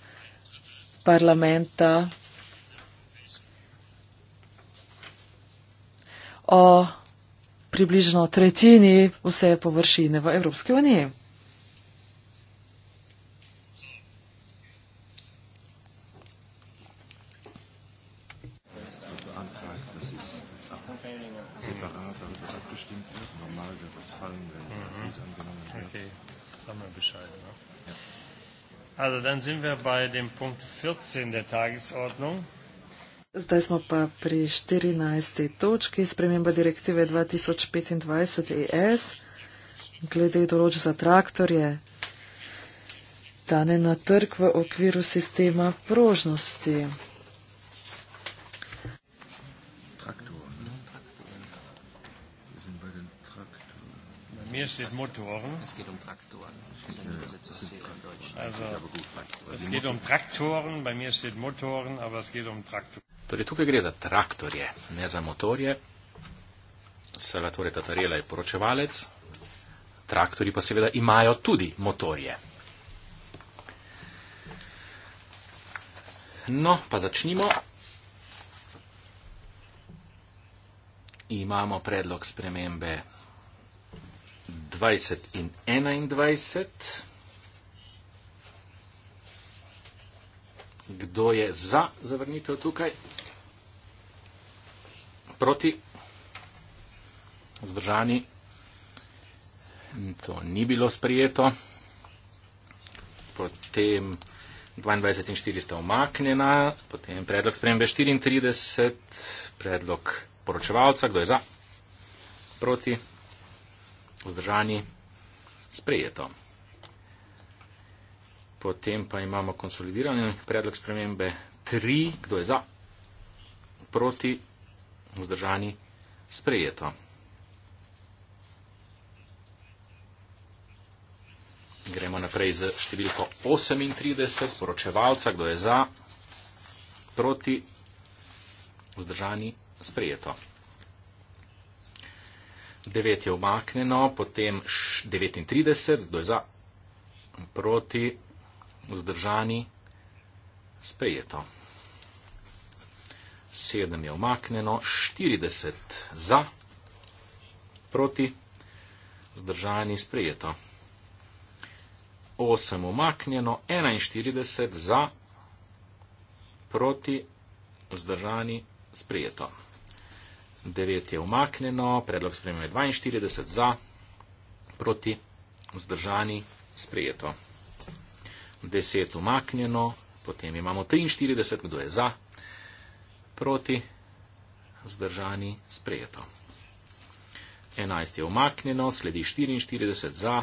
parlamenta o približno tretjini vse površine v Evropski uniji. Also, dann sind wir bei dem Punkt 14 der Tagesordnung. Zdaj smo pa pri 14. točki sprememba direktive 2025 ES glede določ za traktorje dane na trg v okviru sistema prožnosti. Hier steht Motoren. Es geht um ja. Traktoren. Es geht um Traktoren, bei mir steht Motoren, aber es geht um Traktoren. Torej, tukaj gre za traktorje, ne za motorje. Sela torej Tatarela je poročevalec, traktori pa seveda imajo tudi motorje. No, pa začnimo. Imamo predlog spremembe 20 in 21. Kdo je za zavrnitev tukaj? Proti? Zdržani? To ni bilo sprijeto. Potem 22 in 4 sta omaknjena, potem predlog spremembe 34, predlog poročevalca, kdo je za? Proti? vzdržani, sprejeto. Potem pa imamo konsolidirani predlog spremembe 3, kdo je za, proti, vzdržani, sprejeto. Gremo naprej z številko 38, poročevalca, kdo je za, proti, vzdržani, sprejeto. 9 je omaknjeno, potem 39, kdo je za, proti, vzdržani, sprejeto. 7 je omaknjeno, 40 za, proti, vzdržani, sprejeto. 8 omaknjeno, 41 za, proti, vzdržani, sprejeto. 9 je umaknjeno, predlog spremembe 42 za, proti, vzdržani, sprejeto. 10 umaknjeno, potem imamo 43, kdo je za, proti, vzdržani, sprejeto. 11 je umaknjeno, sledi 44 za,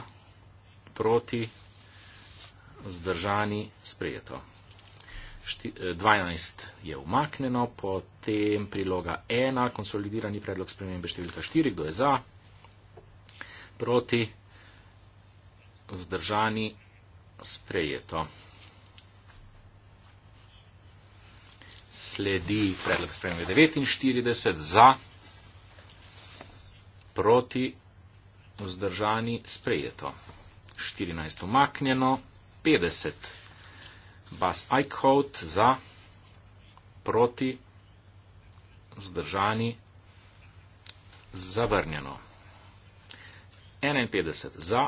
proti, vzdržani, sprejeto. 12 eh, je umaknjeno, potem priloga 1, konsolidirani predlog spremembe številka 4, kdo je za, proti, vzdržani, sprejeto. Sledi predlog spremembe 49, za, proti, vzdržani, sprejeto. 14 umaknjeno, 50 Bas Eichhout za proti zdržani zavrnjeno. 51 za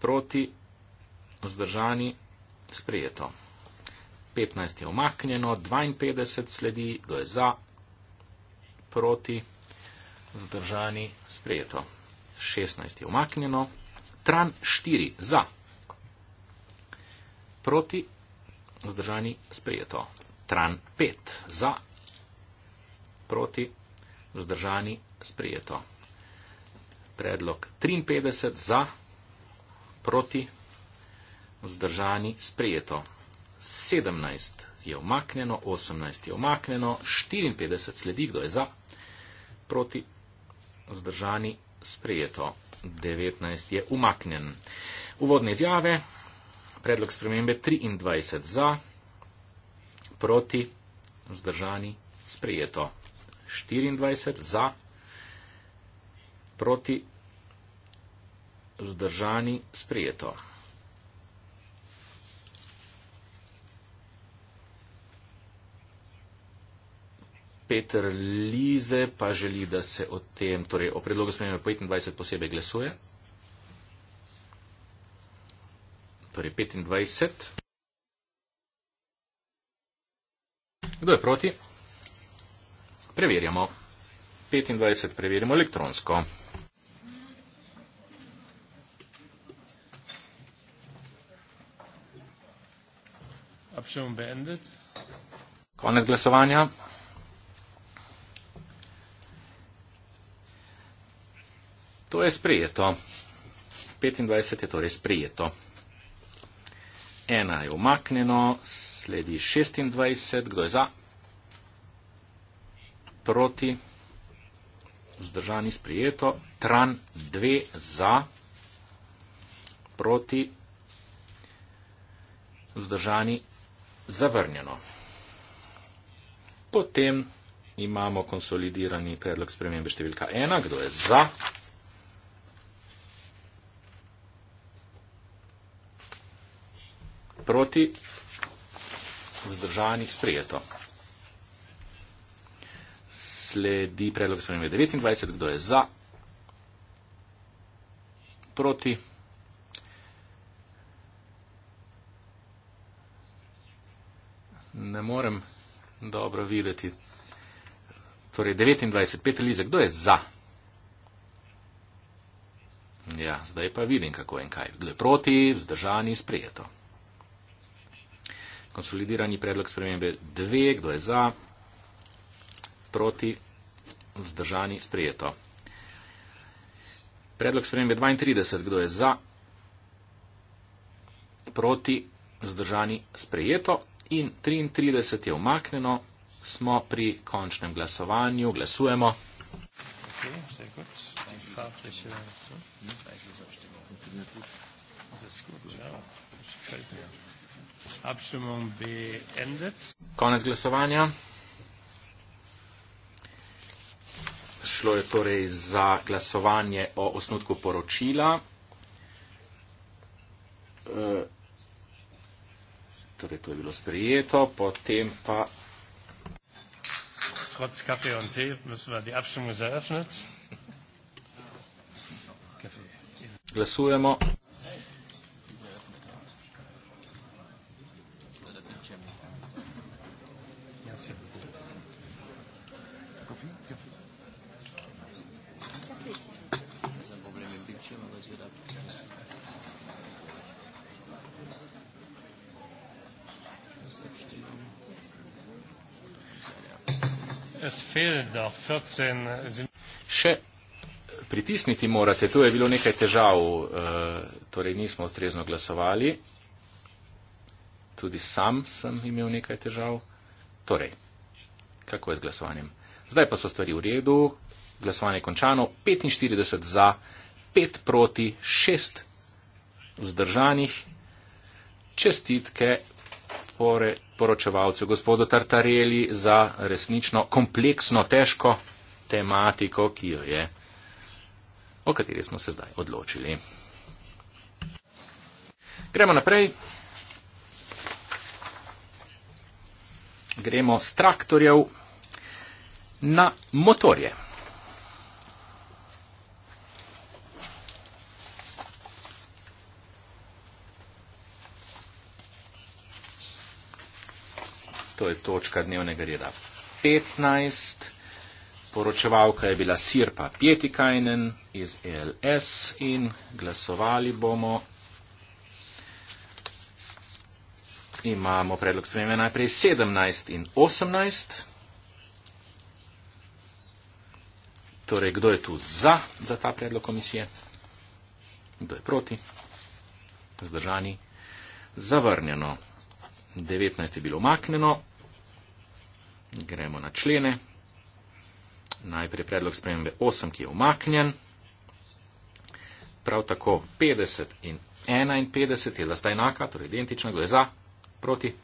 proti zdržani sprejeto. 15 je omaknjeno, 52 sledi, kdo je za, proti, zdržani, sprejeto. 16 je omaknjeno, tran 4 za proti, vzdržani, sprejeto. Tran 5 za, proti, vzdržani, sprejeto. Predlog 53 za, proti, vzdržani, sprejeto. 17 je omaknjeno, 18 je omaknjeno, 54 sledi, kdo je za, proti, vzdržani, sprejeto. 19 je umaknjen. Uvodne izjave. Predlog spremembe 23 za, proti, vzdržani, sprejeto. 24 za, proti, vzdržani, sprejeto. Peter Lize pa želi, da se o tem, torej o predlogu spremembe 25 posebej glasuje. torej 25. Kdo je proti? Preverjamo. 25 preverimo elektronsko. Konec glasovanja. To je sprejeto. 25 je torej sprejeto ena je omaknjeno, sledi 26, kdo je za, proti, zdržani sprijeto, tran dve za, proti, vzdržani zavrnjeno. Potem imamo konsolidirani predlog spremembe številka 1, kdo je za, proti, vzdržanih sprejeto. Sledi predlog spremembe 29, kdo je za, proti. Ne morem dobro videti. Torej 29, pet lize, kdo je za? Ja, zdaj pa vidim, kako in kaj. Kdo je proti, vzdržani, sprejeto konsolidirani predlog spremembe 2, kdo je za, proti, vzdržani, sprejeto. Predlog spremembe 32, kdo je za, proti, vzdržani, sprejeto in 33 je omaknjeno, smo pri končnem glasovanju, glasujemo. Okay, Konec glasovanja. Šlo je torej za glasovanje o osnutku poročila. E, torej, to je bilo sprejeto, potem pa. Trotz Kaffee und Tee müssen wir die Abstimmung eröffnen. Glasujemo. Še pritisniti morate, tu je bilo nekaj težav, eh, torej nismo ustrezno glasovali. Tudi sam sem imel nekaj težav. Torej, kako je z glasovanjem? Zdaj pa so stvari v redu, glasovanje je končano, 45 za, 5 proti, 6 vzdržanih. Čestitke, pore poročevalcu, gospodu Tartareli, za resnično kompleksno, težko tematiko, ki jo je, o kateri smo se zdaj odločili. Gremo naprej. Gremo z traktorjev na motorje. to je točka dnevnega reda 15. Poročevalka je bila Sirpa Pietikajnen iz ELS in glasovali bomo. Imamo predlog spremembe najprej 17 in 18. Torej, kdo je tu za, za ta predlog komisije? Kdo je proti? Zdržani? Zavrnjeno. 19 je bilo omaknjeno. Gremo na člene. Najprej predlog spremembe 8, ki je omaknjen. Prav tako 50 in 51 je da sta enaka, torej identična, kdo je za, proti,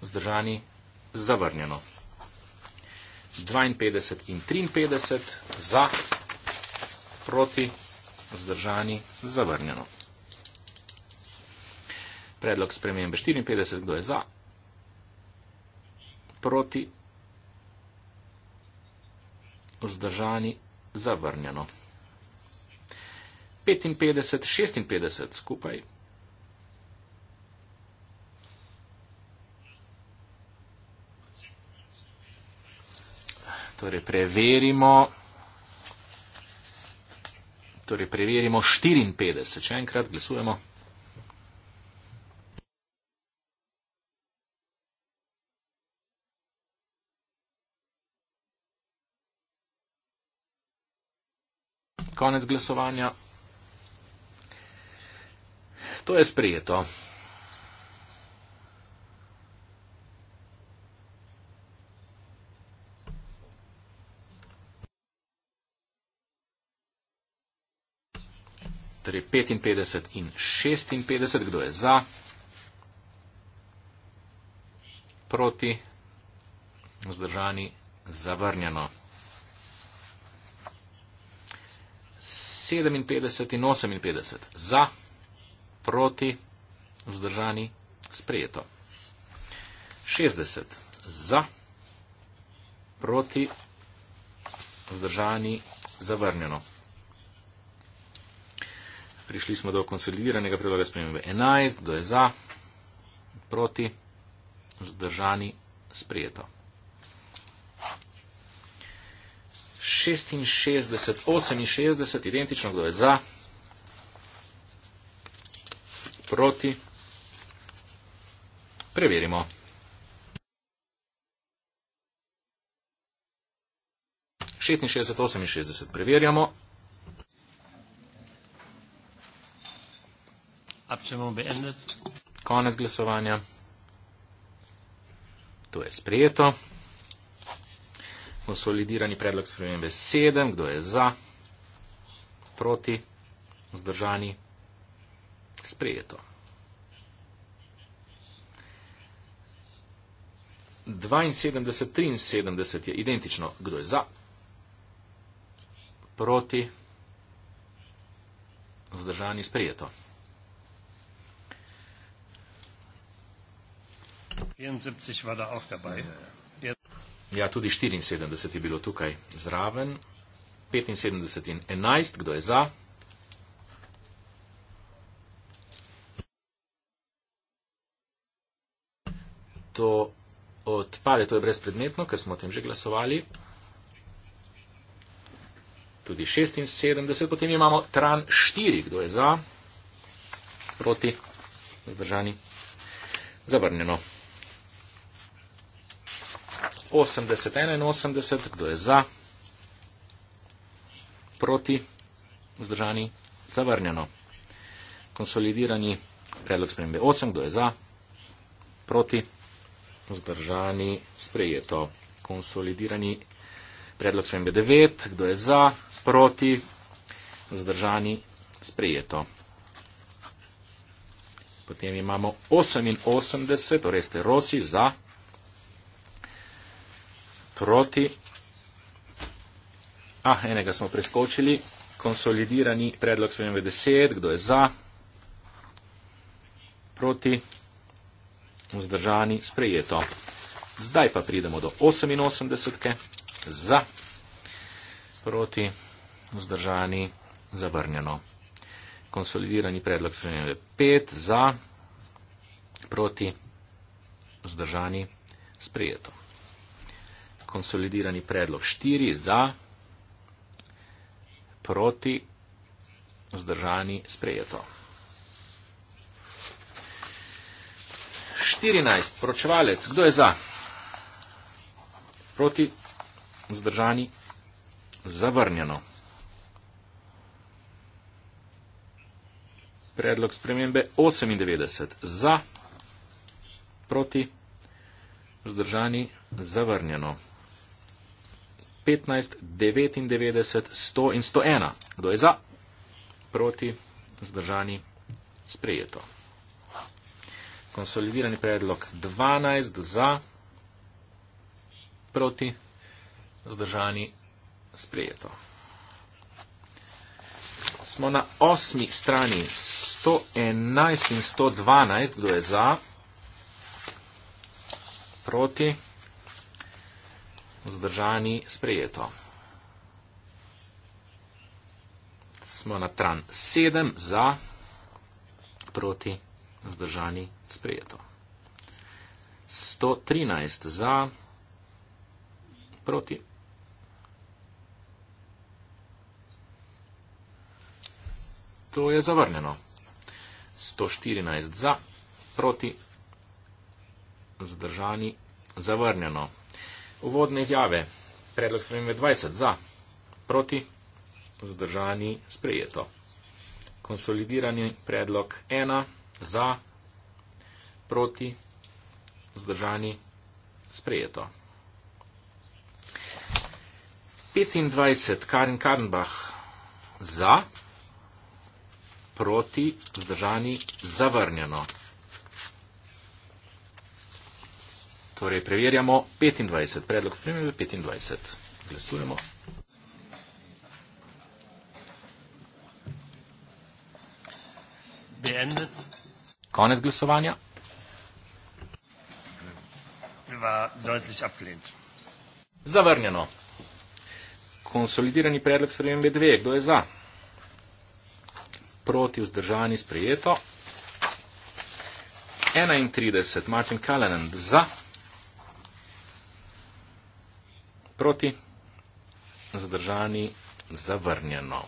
vzdržani, zavrnjeno. 52 in 53 za, proti, vzdržani, zavrnjeno. Predlog spremembe 54, kdo je za? Proti? Vzdržani? Zavrnjeno. 55, 56 skupaj. Torej preverimo. Torej preverimo 54, še enkrat glasujemo. konec glasovanja. To je sprejeto. Torej 55 in 56, kdo je za, proti, vzdržani, zavrnjeno. 57 in 58 za, proti, vzdržani, sprejeto. 60 za, proti, vzdržani, zavrnjeno. Prišli smo do konsolidiranega predloga spremembe. 11 do je za, proti, vzdržani, sprejeto. 66, 68, identično kdo je za, proti. Preverimo. Šestinšestdeset, oseminšestdeset, preverjamo. Konec glasovanja. To je sprejeto konsolidirani predlog spremembe 7, kdo je za, proti, vzdržani, sprejeto. 72, 73 je identično, kdo je za, proti, vzdržani, sprejeto. Ja, ja. ja. Ja, tudi 74 je bilo tukaj zraven. 75 in 11, kdo je za? To odpade, to je brezpredmetno, ker smo o tem že glasovali. Tudi 76, potem imamo tran 4, kdo je za, proti, zdržani, zavrnjeno. 80, 81, kdo je za, proti, vzdržani, zavrnjeno. Konsolidirani predlog spremembe 8, kdo je za, proti, vzdržani, sprejeto. Konsolidirani predlog spremembe 9, kdo je za, proti, vzdržani, sprejeto. Potem imamo 88, torej ste Rosi za proti. Ah, enega smo preskočili. Konsolidirani predlog sem v deset. Kdo je za? Proti. Vzdržani. Sprejeto. Zdaj pa pridemo do 88. Za. Proti. Vzdržani. Zavrnjeno. Konsolidirani predlog spremembe 5 za, proti, vzdržani, sprejeto konsolidirani predlog. Štiri za, proti, vzdržani, sprejeto. 14. Pročevalec, kdo je za? Proti, vzdržani, zavrnjeno. Predlog spremembe 98. Za, proti, vzdržani, zavrnjeno. 15, 99, 100 in 101. Kdo je za? Proti, zdržani, sprejeto. Konsolidirani predlog 12 za, proti, zdržani, sprejeto. Smo na osmi strani 111 in 112, kdo je za, proti vzdržani, sprejeto. Smo na tran 7 za, proti, vzdržani, sprejeto. 113 za, proti. 114 za, proti, vzdržani, zavrnjeno. Uvodne izjave. Predlog spremembe 20 za, proti, vzdržani, sprejeto. Konsolidirani predlog 1 za, proti, vzdržani, sprejeto. 25 Karin Karnbach za, proti, vzdržani, zavrnjeno. Torej, preverjamo 25, predlog spremembe 25. Glasujemo. Beendet. Konec glasovanja. Zavrnjeno. Konsolidirani predlog spremembe 2. Kdo je za? Proti vzdržani sprejeto. 31. Martin Kalenand za. proti, zdržani, zavrnjeno.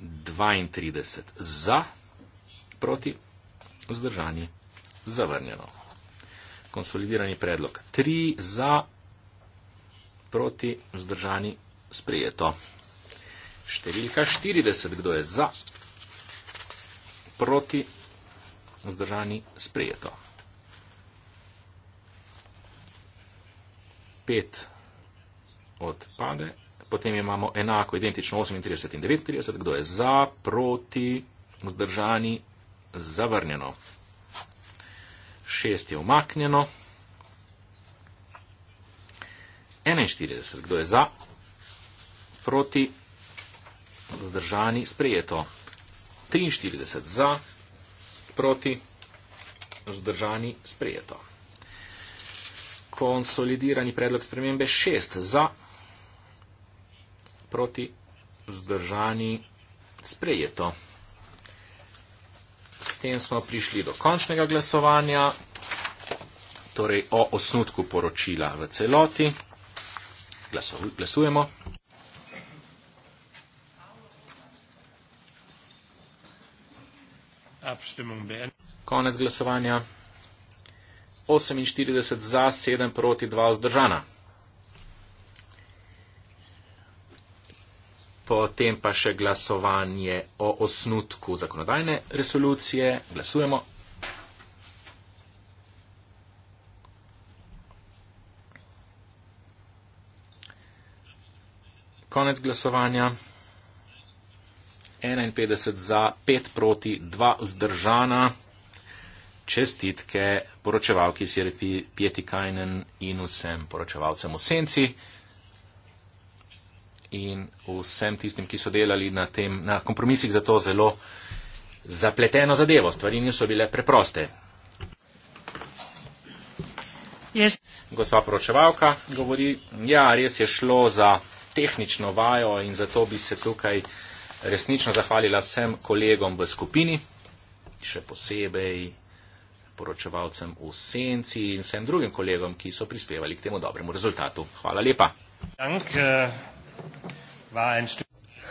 32 za, proti, vzdržani, zavrnjeno. Konsolidirani predlog. 3 za, proti, vzdržani, sprejeto. Številka 40, kdo je za, proti, vzdržani, sprejeto. 5 odpade, potem imamo enako, identično 38 in 39, kdo je za, proti, vzdržani, zavrnjeno. 6 je omaknjeno. 41, kdo je za, proti, vzdržani, sprejeto. 43 za, proti, vzdržani, sprejeto konsolidirani predlog spremembe 6 za proti vzdržani sprejeto. S tem smo prišli do končnega glasovanja, torej o osnutku poročila v celoti. Glasujemo. Konec glasovanja. 48 za, 7 proti, 2 vzdržana. Potem pa še glasovanje o osnutku zakonodajne resolucije. Glasujemo. Konec glasovanja. 51 za, 5 proti, 2 vzdržana čestitke poročevalki Sirpi Pieti Kajnen in vsem poročevalcem v Senci in vsem tistim, ki so delali na, tem, na kompromisih za to zelo zapleteno zadevo. Stvari niso bile preproste. Yes. Gospa poročevalka govori, ja, res je šlo za tehnično vajo in zato bi se tukaj resnično zahvalila vsem kolegom v skupini, še posebej poročevalcem v Senci in vsem drugim kolegom, ki so prispevali k temu dobremu rezultatu. Hvala lepa. Eh,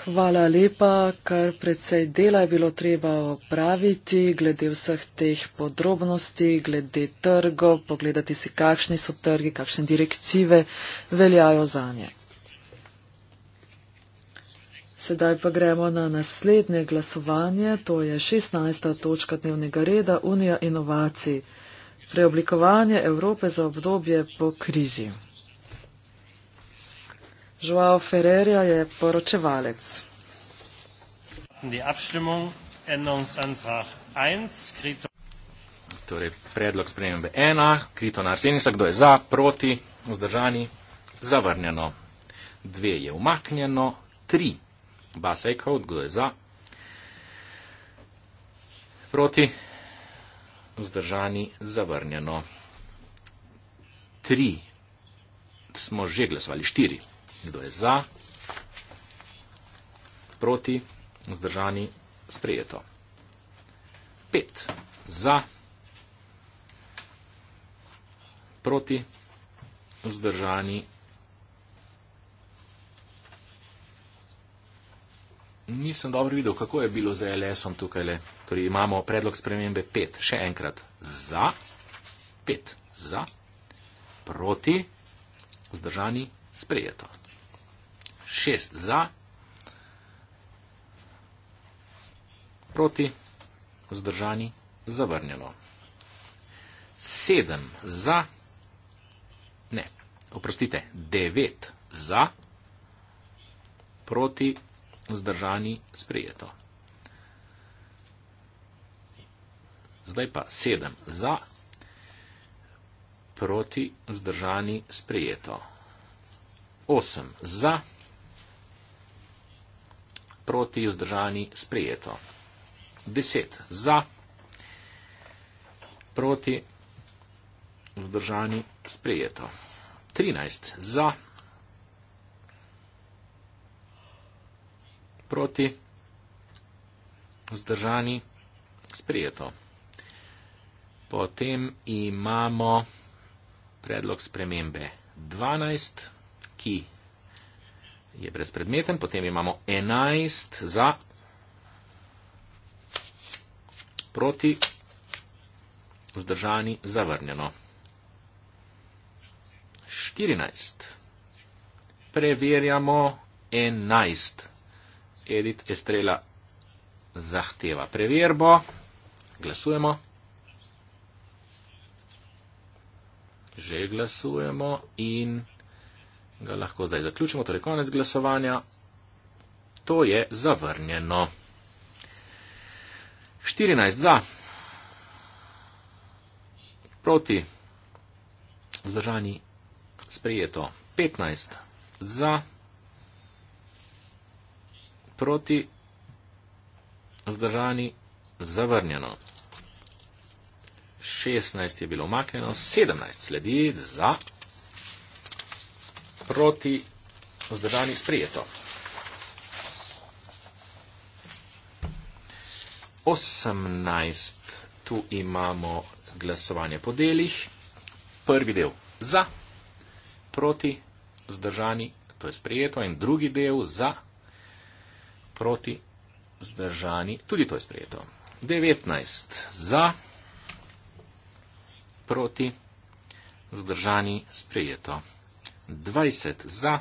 Hvala lepa, kar predvsej dela je bilo treba opraviti glede vseh teh podrobnosti, glede trgov, pogledati si, kakšni so trgi, kakšne direktive veljajo za njega. Sedaj pa gremo na naslednje glasovanje, to je 16. točka dnevnega reda Unija inovacij. Preoblikovanje Evrope za obdobje po krizi. Joao Ferrerja je poročevalec. Torej, predlog spremembe 1, kritona Arsenisa, kdo je za, proti, vzdržani, zavrnjeno. Dve je umaknjeno, tri Baseka od Gleza proti vzdržani zavrnjeno. Tri smo že glasovali, štiri. Kdo je za, proti vzdržani sprejeto. Pet za, proti vzdržani sprejeto. Nisem dobro videl, kako je bilo z LS-om tukaj. Torej imamo predlog spremembe 5. Še enkrat za, 5 za, proti, vzdržani, sprejeto. 6 za, proti, vzdržani, zavrnjeno. 7 za, ne, oprostite, 9 za, proti, vzdržani vzdržani, sprejeto. Zdaj pa sedem za, proti, vzdržani, sprejeto. Osem za, proti, vzdržani, sprejeto. Deset za, proti, vzdržani, sprejeto. Trinajst za, proti, vzdržani, sprejeto. proti, vzdržani, sprijeto. Potem imamo predlog spremembe 12, ki je brezpredmeten, potem imamo 11 za, proti, vzdržani, zavrnjeno. 14. Preverjamo 11. Edit Estrela zahteva preverbo. Glasujemo. Že glasujemo in ga lahko zdaj zaključimo, torej konec glasovanja. To je zavrnjeno. 14 za, proti, zdržani, sprejeto. 15 za proti, vzdržani, zavrnjeno. 16 je bilo omakljeno, 17 sledi za, proti, vzdržani, sprijeto. 18, tu imamo glasovanje po delih, prvi del za, proti, vzdržani, to je sprijeto, in drugi del za, proti, vzdržani, sprijeto proti, zdržani, tudi to je sprejeto. 19 za, proti, zdržani, sprejeto. 20 za,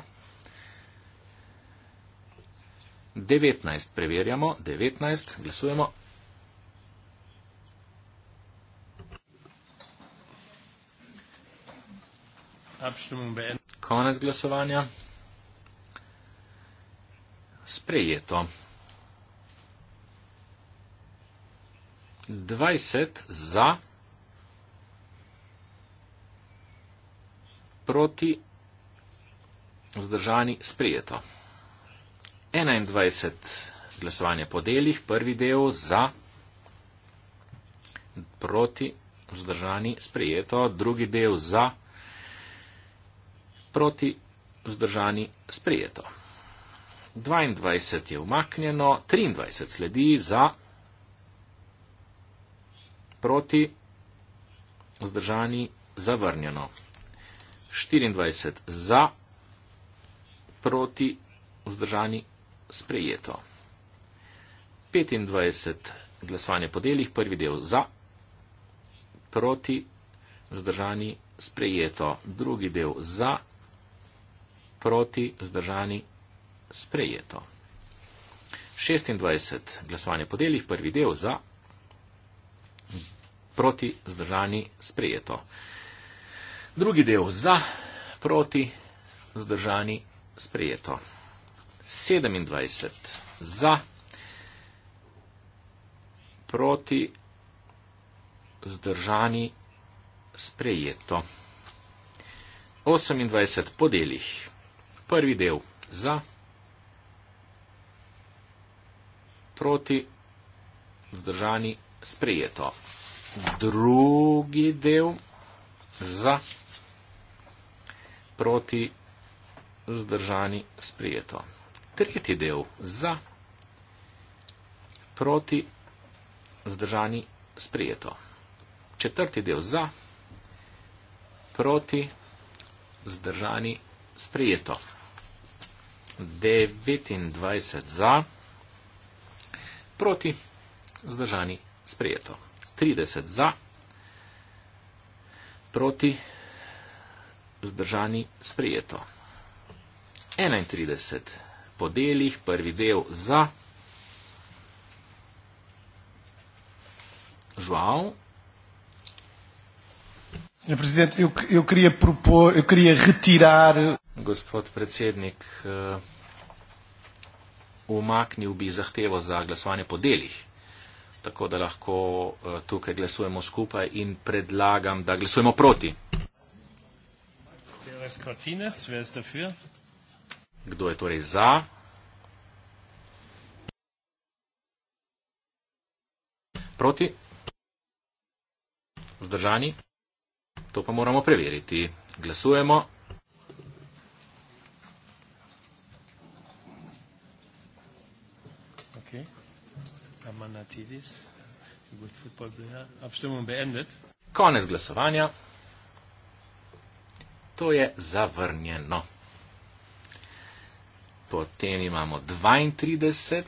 19 preverjamo, 19 glasujemo. Konec glasovanja sprejeto. 20 za, proti, vzdržani, sprejeto. 21 glasovanje po delih, prvi del za, proti, vzdržani, sprejeto, drugi del za, proti, vzdržani, sprejeto. 22 je umaknjeno, 23 sledi za proti, vzdržani, zavrnjeno. 24 za proti, vzdržani, sprejeto. 25 glasovanje po delih, prvi del za proti, vzdržani, sprejeto. Drugi del za proti, vzdržani, sprejeto sprejeto. 26 glasovanje po delih, prvi del za, proti zdržani sprejeto. Drugi del za, proti zdržani sprejeto. 27 za, proti zdržani sprejeto. 28 po delih, prvi del za. proti, vzdržani, sprejeto. Drugi del za, proti, vzdržani, sprejeto. Tretji del za, proti, vzdržani, sprejeto. Četrti del za, proti, vzdržani, sprejeto. 29 za proti, vzdržani, sprejeto. 30 za, proti, vzdržani, sprejeto. 31 po delih, prvi del za, žal. Senhor Presidente, eu, eu, queria propor, eu queria retirar. Gospod Presidente. Uh umaknil bi zahtevo za glasovanje po delih, tako da lahko eh, tukaj glasujemo skupaj in predlagam, da glasujemo proti. Kdo je torej za? Proti? Zdržani? To pa moramo preveriti. Glasujemo. Diamantidis, good football player. Abstimmung beendet. Konec glasovanja. To je zavrnjeno. Potem imamo 32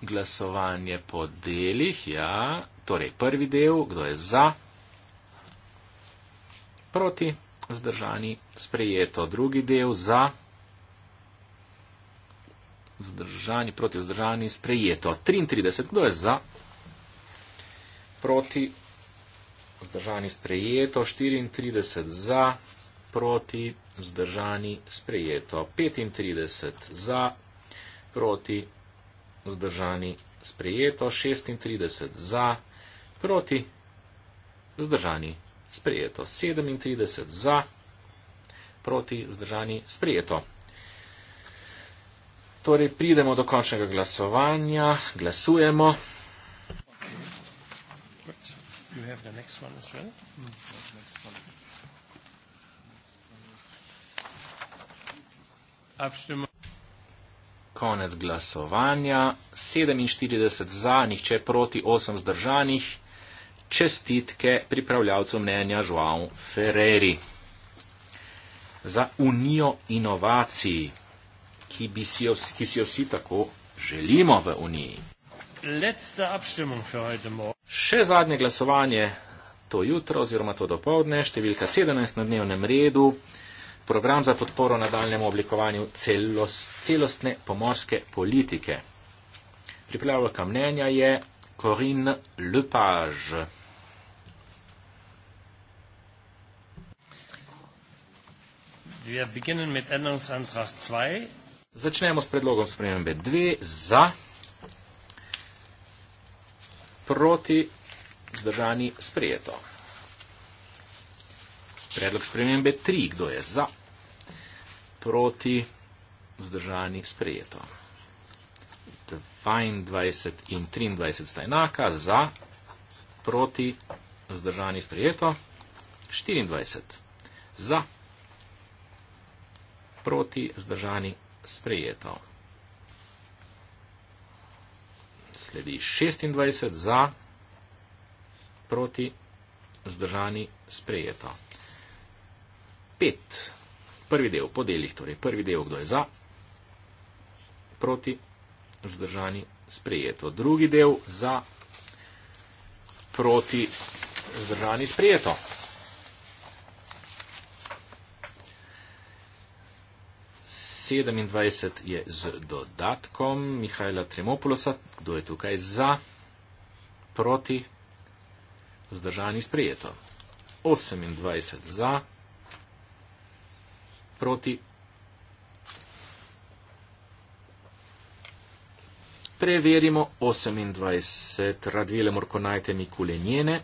glasovanje po delih. Ja, torej prvi del, kdo je za, proti, zdržani, sprejeto drugi del, za vzdržani, proti vzdržani, sprejeto. 33, kdo je za? Proti vzdržani, sprejeto. 34 za, proti vzdržani, sprejeto. 35 za, proti vzdržani, sprejeto. 36 za, proti vzdržani, sprejeto. 37 za, proti vzdržani, sprejeto. Torej, pridemo do končnega glasovanja, glasujemo. Konec glasovanja, 47 za, nihče proti, 8 zdržanih. Čestitke pripravljavcu mnenja Joao Ferreri za Unijo inovacij ki, bi si, jo, ki si jo vsi tako želimo v Uniji. Še zadnje glasovanje to jutro oziroma to dopovdne, številka 17 na dnevnem redu, program za podporo nadaljemu oblikovanju celost, celostne pomorske politike. Pripravljavka mnenja je Corinne Lepage. We are beginning mit Änderungsantrag 2. Začnemo s predlogom spremembe 2 za proti zdržani sprejeto. Predlog spremembe 3, kdo je za proti zdržani sprejeto. 22 in 23 sta enaka, za proti zdržani sprejeto. 24 za proti zdržani sprejeto sprejeto. Sledi 26 za, proti, vzdržani, sprejeto. 5. Prvi del po delih, torej prvi del, kdo je za, proti, vzdržani, sprejeto. Drugi del za, proti, vzdržani, sprejeto. 27 je z dodatkom Mihajla Tremopulosa. Kdo je tukaj za? Proti? Vzdržani sprejeto. 28 za. Proti? Preverimo 28 radvile morko najte mikule njene.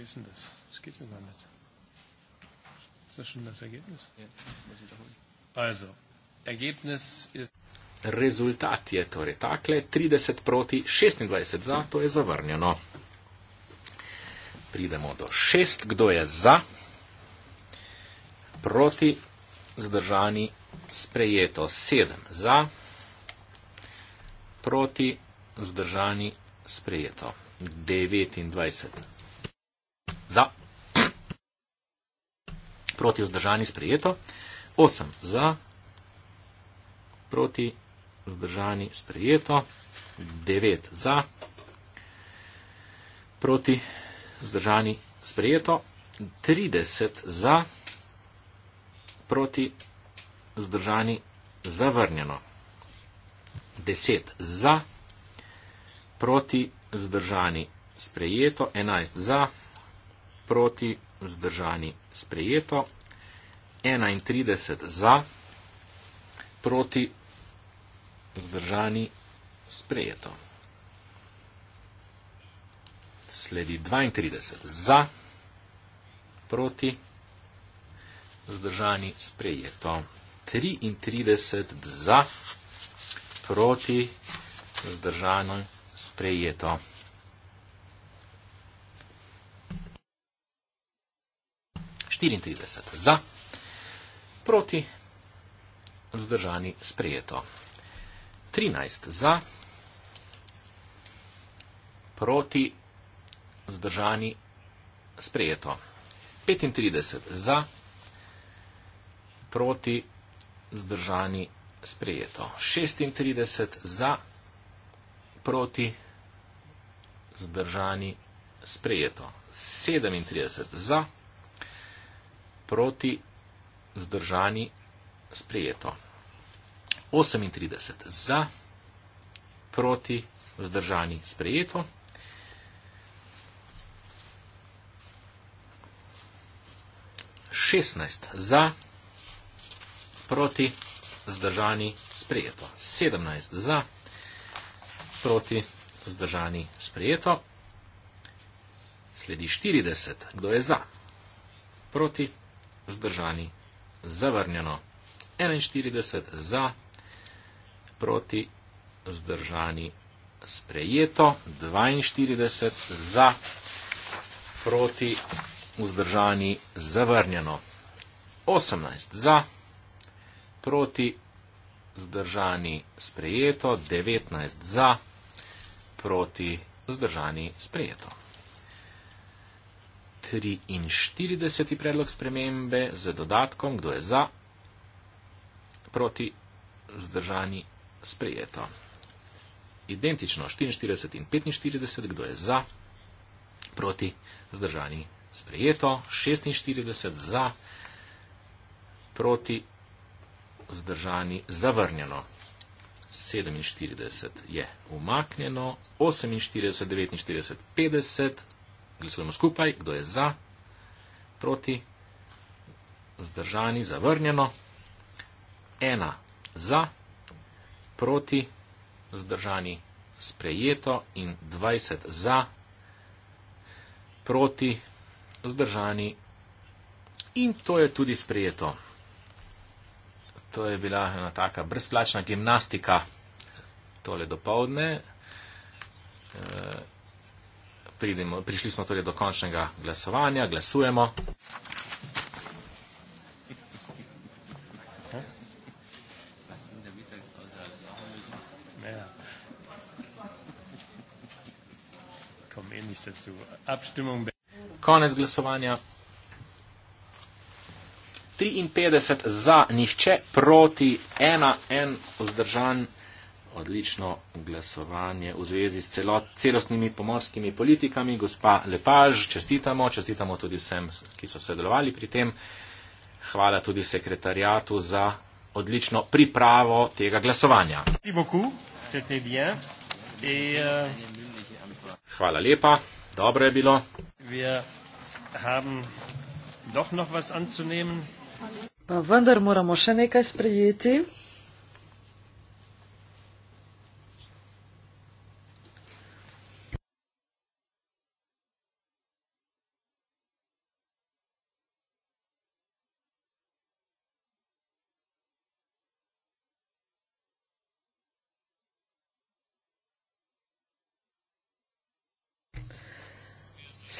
wie ist denn das? Das geht ja gar nicht. Ist das schon das Ergebnis? Ja, muss ich also, Ergebnis ist. Rezultat je torej takle, 30 proti 26 za, to je zavrnjeno. Pridemo do 6, kdo je za, proti zdržani sprejeto 7 za, proti zdržani sprejeto 29 za, proti vzdržani sprejeto, 8 za, proti vzdržani sprejeto, 9 za, proti vzdržani sprejeto, 30 za, proti vzdržani zavrnjeno, 10 za, proti vzdržani sprejeto, 11 za, proti vzdržani zavrnjeno proti, vzdržani sprejeto, 31 za, proti, vzdržani sprejeto. Sledi 32 za, proti, vzdržani sprejeto, 33 za, proti, vzdržani sprejeto. 34 za, proti vzdržani sprejeto. 13 za, proti vzdržani sprejeto. 35 za, proti vzdržani sprejeto. 36 za, proti vzdržani sprejeto. 37 za, proti vzdržani sprejeto. 37 za, proti, zdržani, sprijeto. 38 za, proti, zdržani, sprijeto. Šestnajst za, proti, zdržani, sprijeto. Sedemnajst za, proti, zdržani, sprijeto. Sledi štirideset, kdo je za, proti, zdržani, sprijeto vzdržani, zavrnjeno. 41 za, proti, vzdržani, sprejeto. 42 za, proti, vzdržani, zavrnjeno. 18 za, proti, vzdržani, sprejeto. 19 za, proti, vzdržani, sprejeto. 43. predlog spremembe z dodatkom, kdo je za, proti, zdržani, sprejeto. Identično 44 in 45, kdo je za, proti, zdržani, sprejeto. 46 za, proti, zdržani, zavrnjeno. 47 je umaknjeno, 48, 49, 50. Glasujemo skupaj, kdo je za, proti, vzdržani, zavrnjeno. Ena za, proti, vzdržani, sprejeto in 20 za, proti, vzdržani. In to je tudi sprejeto. To je bila ena taka brezplačna gimnastika tole dopovdne. E, eh, pridemo, prišli smo torej do končnega glasovanja, glasujemo. Eh, Konec glasovanja. 53 za, nihče proti, 1, 1 vzdržan, odlično glasovanje v zvezi s celot, celostnimi pomorskimi politikami. Gospa Lepaž, čestitamo, čestitamo tudi vsem, ki so sodelovali pri tem. Hvala tudi sekretarjatu za odlično pripravo tega glasovanja. Euh, Hvala lepa, dobro je bilo. Pa vendar moramo še nekaj sprejeti.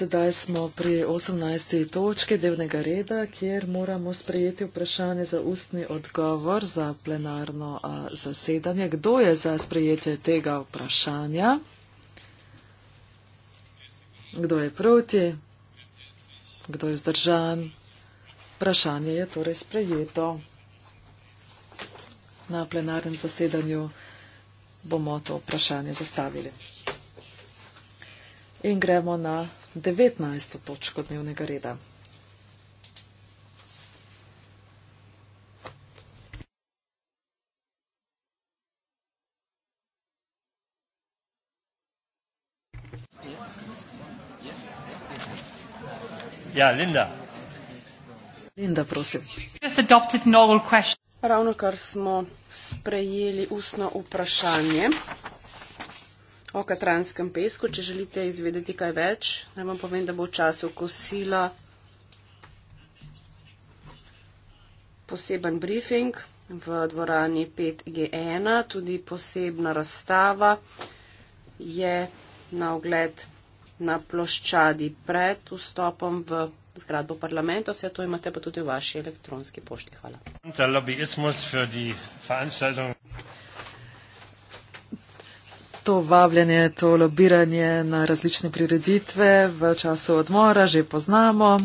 sedaj smo pri 18. točki delnega reda, kjer moramo sprejeti vprašanje za ustni odgovor za plenarno a, zasedanje. Kdo je za sprejetje tega vprašanja? Kdo je proti? Kdo je zdržan? Vprašanje je torej sprejeto. Na plenarnem zasedanju bomo to vprašanje zastavili. In gremo na 19. točko dnevnega reda. Ja, Linda. Linda, prosim. Ravno kar smo sprejeli ustno vprašanje o katranskem pesku. Če želite izvedeti kaj več, naj vam povem, da bo v času kosila poseben briefing v dvorani 5G1, tudi posebna razstava je na ogled na ploščadi pred vstopom v zgradbo parlamenta. Vse to imate pa tudi v vaši elektronski pošti. Hvala to vabljanje, to lobiranje na različne prireditve v času odmora že poznamo.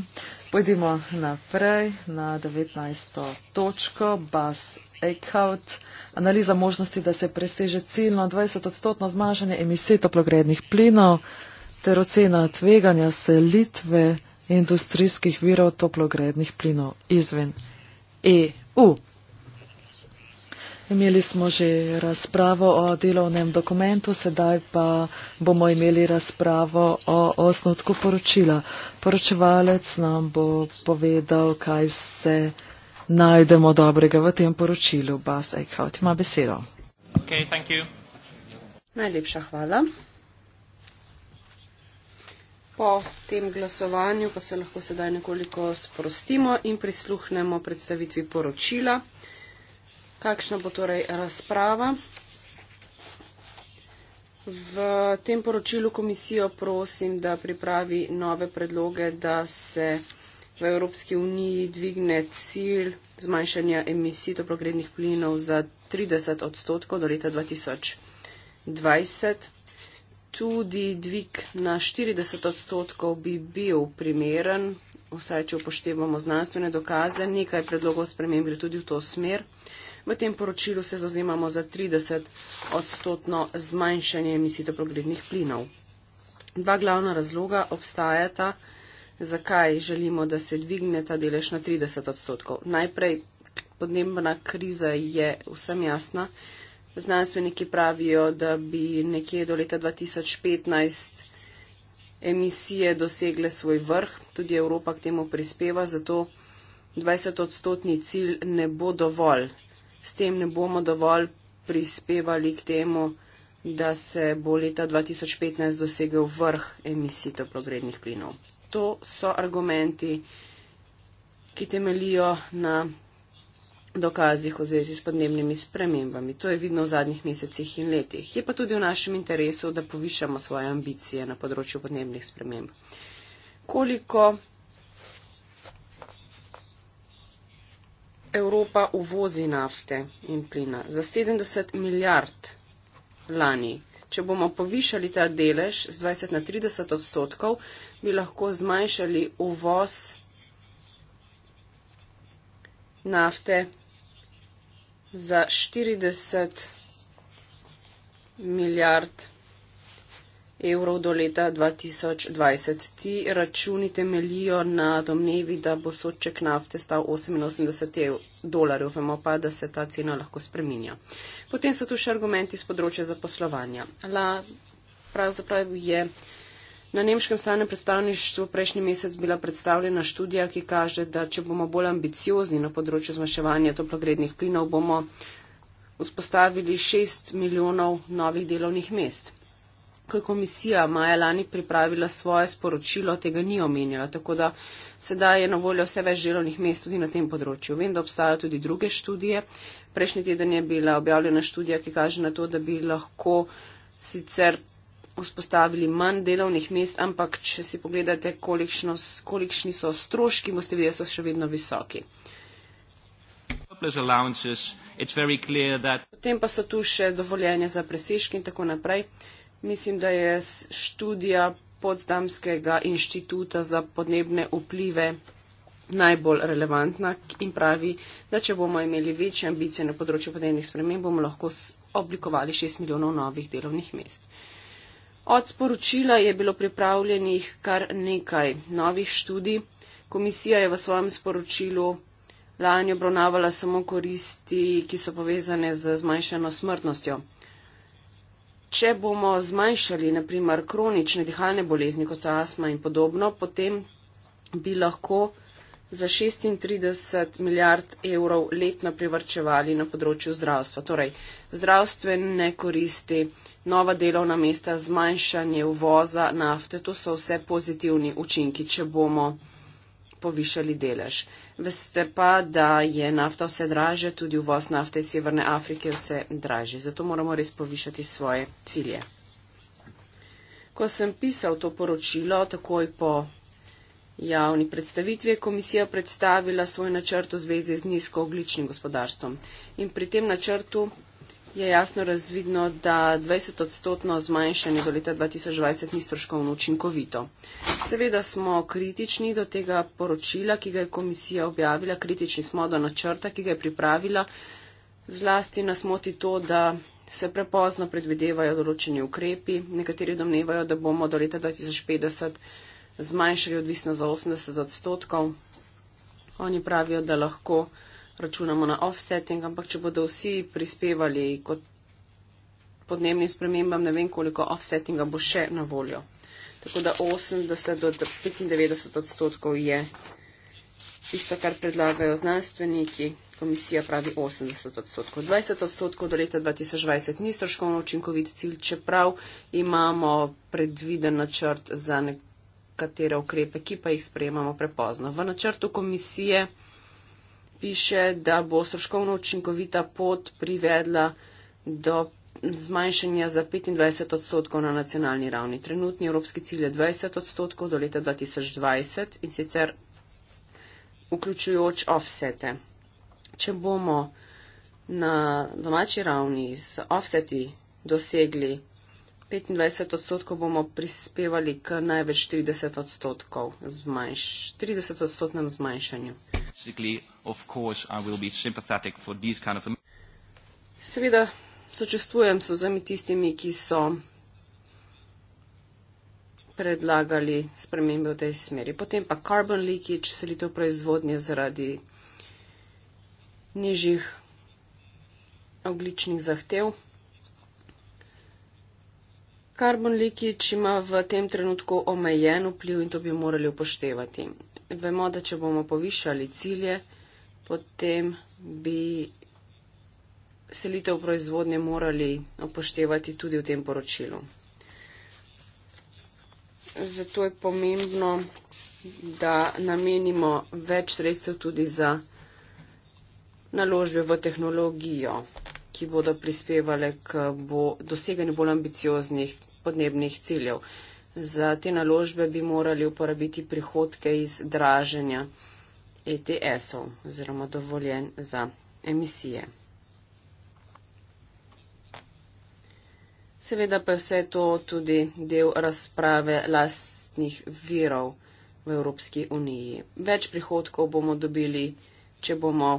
Pojdimo naprej na 19. točko, bas Eichhout, analiza možnosti, da se preseže ciljno 20 odstotno zmanjšanje emisij toplogrednih plinov ter ocena tveganja selitve industrijskih virov toplogrednih plinov izven EU. Imeli smo že razpravo o delovnem dokumentu, sedaj pa bomo imeli razpravo o osnutku poročila. Poročevalec nam bo povedal, kaj vse najdemo dobrega v tem poročilu. Bas Eichhout ima besedo. Okay, Najlepša hvala. Po tem glasovanju pa se lahko sedaj nekoliko sprostimo in prisluhnemo predstavitvi poročila kakšna bo torej razprava. V tem poročilu komisijo prosim, da pripravi nove predloge, da se v Evropski uniji dvigne cilj zmanjšanja emisij toplogrednih plinov za 30 odstotkov do leta 2020. Tudi dvig na 40 odstotkov bi bil primeren, vsaj če upoštevamo znanstvene dokaze. Nekaj predlogov spremembe tudi v to smer. V tem poročilu se zauzemamo za 30 odstotno zmanjšanje emisij toplogrednih plinov. Dva glavna razloga obstajata, zakaj želimo, da se dvigne ta delež na 30 odstotkov. Najprej podnebna kriza je vsem jasna. Znanstveniki pravijo, da bi nekje do leta 2015 emisije dosegle svoj vrh, tudi Evropa k temu prispeva, zato 20-odstotni cilj ne bo dovolj s tem ne bomo dovolj prispevali k temu, da se bo leta 2015 dosegel vrh emisij toplogrednih plinov. To so argumenti, ki temelijo na dokazih v zvezi s podnebnimi spremembami. To je vidno v zadnjih mesecih in letih. Je pa tudi v našem interesu, da povišamo svoje ambicije na področju podnebnih sprememb. Koliko Evropa uvozi nafte in plina za 70 milijard lani. Če bomo povišali ta delež z 20 na 30 odstotkov, bi lahko zmanjšali uvoz nafte za 40 milijard dolarjev evrov do leta 2020. Ti računi temelijo na domnevi, da bo soček nafte stal 88 dolarjev, vemo pa, da se ta cena lahko spreminja. Potem so tu še argumenti z področja zaposlovanja. La, pravzaprav je na nemškem stanem predstavništvu prejšnji mesec bila predstavljena študija, ki kaže, da če bomo bolj ambiciozni na področju zmaševanja toplogrednih plinov, bomo vzpostavili 6 milijonov novih delovnih mest. Ko je komisija maja lani pripravila svoje sporočilo, tega ni omenjala, tako da sedaj je na voljo vse več delovnih mest tudi na tem področju. Vem, da obstajajo tudi druge študije. Prejšnji teden je bila objavljena študija, ki kaže na to, da bi lahko sicer vzpostavili manj delovnih mest, ampak če si pogledate, kolikšni so stroški, boste videli, da so še vedno visoki. Potem pa so tu še dovoljenje za presežke in tako naprej. Mislim, da je študija Podstamskega inštituta za podnebne vplive najbolj relevantna in pravi, da če bomo imeli večje ambicije na področju podnebnih sprememb, bomo lahko oblikovali 6 milijonov novih delovnih mest. Od sporočila je bilo pripravljenih kar nekaj novih študij. Komisija je v svojem sporočilu lani obravnavala samo koristi, ki so povezane z zmanjšano smrtnostjo če bomo zmanjšali naprimer kronične dihalne bolezni, kot so astma in podobno, potem bi lahko za 36 milijard evrov letno privrčevali na področju zdravstva. Torej, zdravstvene koristi, nova delovna mesta, zmanjšanje uvoza nafte, to so vse pozitivni učinki, če bomo povišali delež. Veste pa, da je nafta vse draže, tudi uvoz nafte iz Severne Afrike vse draže. Zato moramo res povišati svoje cilje. Ko sem pisal to poročilo, takoj po javni predstavitvi je komisija predstavila svoj načrt v zvezi z nizkoogličnim gospodarstvom. In pri tem načrtu je jasno razvidno, da 20 odstotno zmanjšanje do leta 2020 ni stroškovno učinkovito. Seveda smo kritični do tega poročila, ki ga je komisija objavila, kritični smo do načrta, ki ga je pripravila. Zlasti nas moti to, da se prepozno predvidevajo določeni ukrepi. Nekateri domnevajo, da bomo do leta 2050 zmanjšali odvisno za 80 odstotkov. Oni pravijo, da lahko računamo na offsetting, ampak če bodo vsi prispevali kot podnebnim spremembam, ne vem, koliko offsettinga bo še na voljo. Tako da 80 do 95 odstotkov je tisto, kar predlagajo znanstveniki. Komisija pravi 80 odstotkov. 20 odstotkov do leta 2020 ni stroškovno učinkovit cilj, čeprav imamo predviden načrt za nekatere ukrepe, ki pa jih sprejemamo prepozno. V načrtu komisije piše, da bo stroškovno učinkovita pot privedla do zmanjšanja za 25 odstotkov na nacionalni ravni. Trenutni evropski cilj je 20 odstotkov do leta 2020 in sicer vključujoč offsete. Če bomo na domači ravni z offseti dosegli 25 odstotkov, bomo prispevali k največ 30 odstotkov, zmanjš, 30 odstotnem zmanjšanju practically, of course, I will be sympathetic for these kind of. Seveda, sočustvujem s vsemi tistimi, ki so predlagali spremembe v tej smeri. Potem pa carbon leakage, selitev proizvodnje zaradi nižjih ogličnih zahtev. Carbon leakage ima v tem trenutku omejen vpliv in to bi morali upoštevati vemo, da če bomo povišali cilje, potem bi selitev proizvodnje morali upoštevati tudi v tem poročilu. Zato je pomembno, da namenimo več sredstev tudi za naložbe v tehnologijo, ki bodo prispevale k bo doseganju bolj ambicioznih podnebnih ciljev za te naložbe bi morali uporabiti prihodke iz draženja ETS-ov oziroma dovoljen za emisije. Seveda pa je vse to tudi del razprave lastnih virov v Evropski uniji. Več prihodkov bomo dobili, če bomo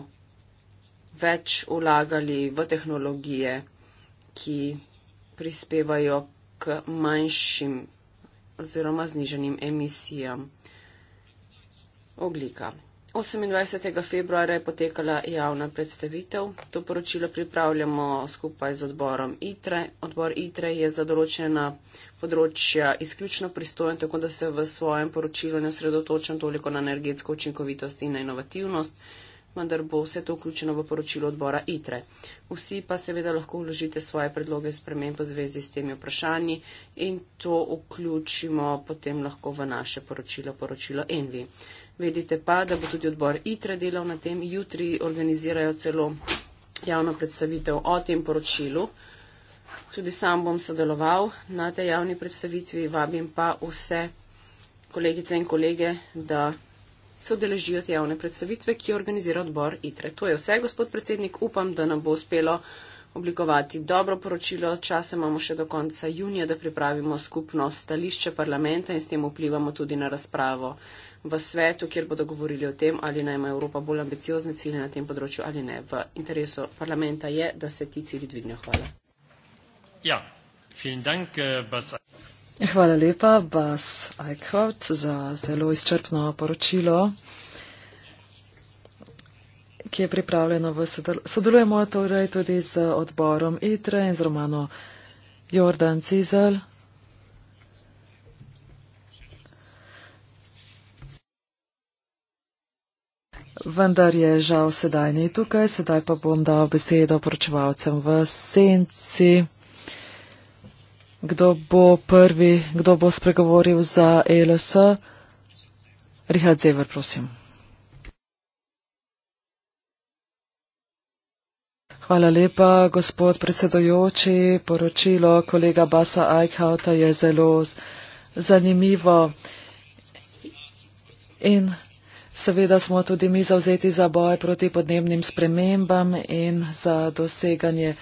več vlagali v tehnologije, ki prispevajo k manjšim oziroma zniženim emisijam oglika. 28. februarja je potekala javna predstavitev. To poročilo pripravljamo skupaj z odborom ITRE. Odbor ITRE je za določena področja izključno pristojen, tako da se v svojem poročilu ne osredotočam toliko na energetsko učinkovitost in na inovativnost vendar bo vse to vključeno v poročilo odbora ITRE. Vsi pa seveda lahko vložite svoje predloge spremen po zvezi s temi vprašanji in to vključimo potem lahko v naše poročilo, poročilo Envi. Vedite pa, da bo tudi odbor ITRE delal na tem, jutri organizirajo celo javno predstavitev o tem poročilu. Tudi sam bom sodeloval na tej javni predstavitvi, vabim pa vse kolegice in kolege, da se odeležijo te javne predstavitve, ki jo organizira odbor ITRE. To je vse, gospod predsednik. Upam, da nam bo uspelo oblikovati dobro poročilo. Čas imamo še do konca junija, da pripravimo skupno stališče parlamenta in s tem vplivamo tudi na razpravo v svetu, kjer bodo govorili o tem, ali naj ima Evropa bolj ambiciozne cilje na tem področju ali ne. V interesu parlamenta je, da se ti cilji dvignejo. Hvala. Ja. Hvala lepa, Bas Eichhout, za zelo izčrpno poročilo, ki je pripravljeno v sodel sodelujemo torej tudi z odborom ITRE in z romano Jordan Cizel. Vendar je žal sedaj ni tukaj, sedaj pa bom dal besedo poročevalcem v senci kdo bo prvi, kdo bo spregovoril za ELS. Richard Zever, prosim. Hvala lepa, gospod predsedojoči. Poročilo kolega Basa Eichhauta je zelo zanimivo. In seveda smo tudi mi zauzeti za boj proti podnebnim spremembam in za doseganje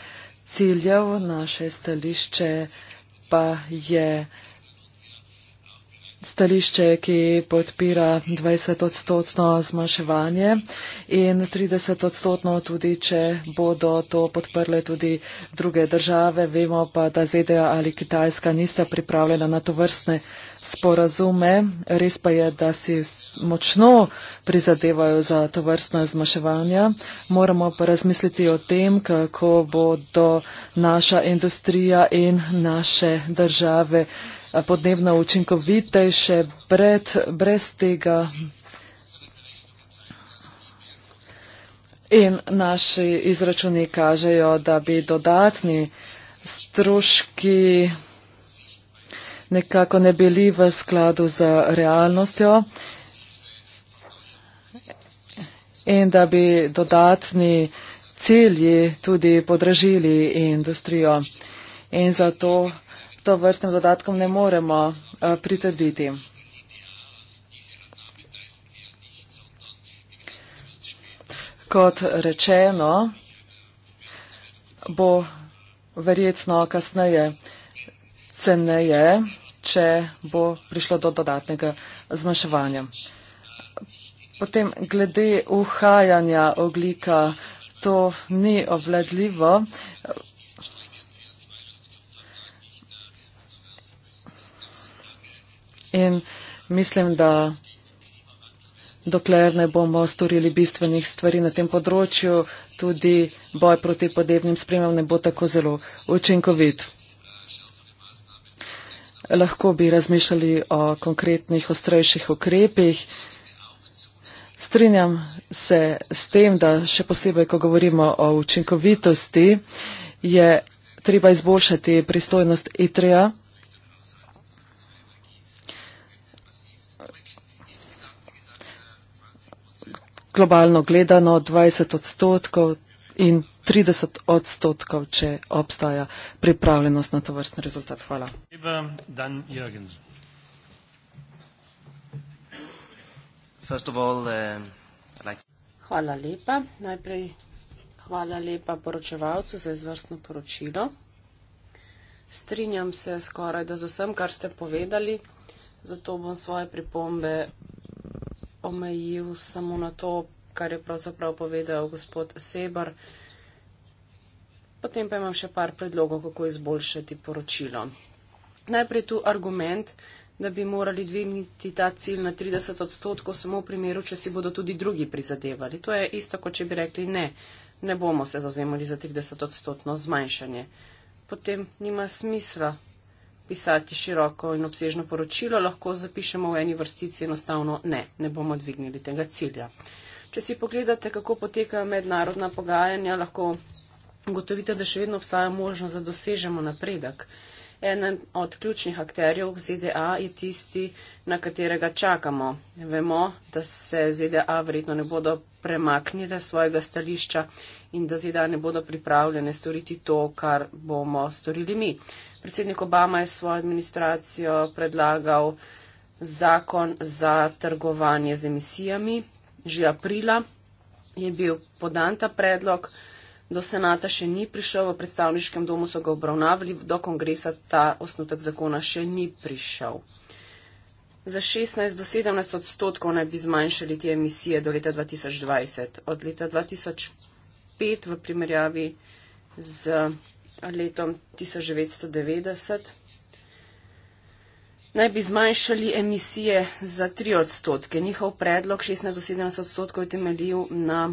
ciljev naše stališče pa je stališče, ki podpira 20 odstotno zmanjševanje in 30 odstotno tudi, če bodo to podprle tudi druge države. Vemo pa, da ZDA ali Kitajska nista pripravljena na to vrstne sporazume. Res pa je, da si močno prizadevajo za to vrstne zmanjševanja. Moramo pa razmisliti o tem, kako bodo naša industrija in naše države podnebno učinkovitejše pred, brez tega. In naši izračuni kažejo, da bi dodatni stroški nekako ne bili v skladu z realnostjo in da bi dodatni cilji tudi podražili industrijo. In zato to vrstnem dodatkom ne moremo eh, pritrditi. Kot rečeno, bo verjetno kasneje ceneje, če bo prišlo do dodatnega zmanjševanja. Potem glede uhajanja oglika, to ni obvladljivo. In mislim, da dokler ne bomo storili bistvenih stvari na tem področju, tudi boj proti podnebnim spremem ne bo tako zelo učinkovit. Lahko bi razmišljali o konkretnih ostrejših ukrepih. Strinjam se s tem, da še posebej, ko govorimo o učinkovitosti, je treba izboljšati pristojnost ITRIA. E globalno gledano 20 odstotkov in 30 odstotkov, če obstaja pripravljenost na to vrstni rezultat. Hvala. Eh, hvala lepa. Najprej hvala lepa poročevalcu za izvrstno poročilo. Strinjam se skoraj, da z vsem, kar ste povedali, zato bom svoje pripombe omejil samo na to, kar je pravzaprav povedal gospod Sebar. Potem pa imam še par predlogov, kako izboljšati poročilo. Najprej tu argument, da bi morali dvigniti ta cilj na 30 odstotkov samo v primeru, če si bodo tudi drugi prizadevali. To je isto, kot če bi rekli ne, ne bomo se zauzemali za 30 odstotno zmanjšanje. Potem nima smisla pisati široko in obsežno poročilo, lahko zapišemo v eni vrstici enostavno ne, ne bomo dvignili tega cilja. Če si pogledate, kako potekajo mednarodna pogajanja, lahko gotovite, da še vedno obstaja možnost, da dosežemo napredek. Eden od ključnih akterjev v ZDA je tisti, na katerega čakamo. Vemo, da se ZDA verjetno ne bodo premaknile svojega stališča in da ZDA ne bodo pripravljene storiti to, kar bomo storili mi. Predsednik Obama je svojo administracijo predlagal zakon za trgovanje z emisijami. Že aprila je bil podan ta predlog do senata še ni prišel, v predstavniškem domu so ga obravnavali, do kongresa ta osnutek zakona še ni prišel. Za 16 do 17 odstotkov naj bi zmanjšali te emisije do leta 2020. Od leta 2005 v primerjavi z letom 1990 naj bi zmanjšali emisije za 3 odstotke. Njihov predlog 16 do 17 odstotkov je temeljil na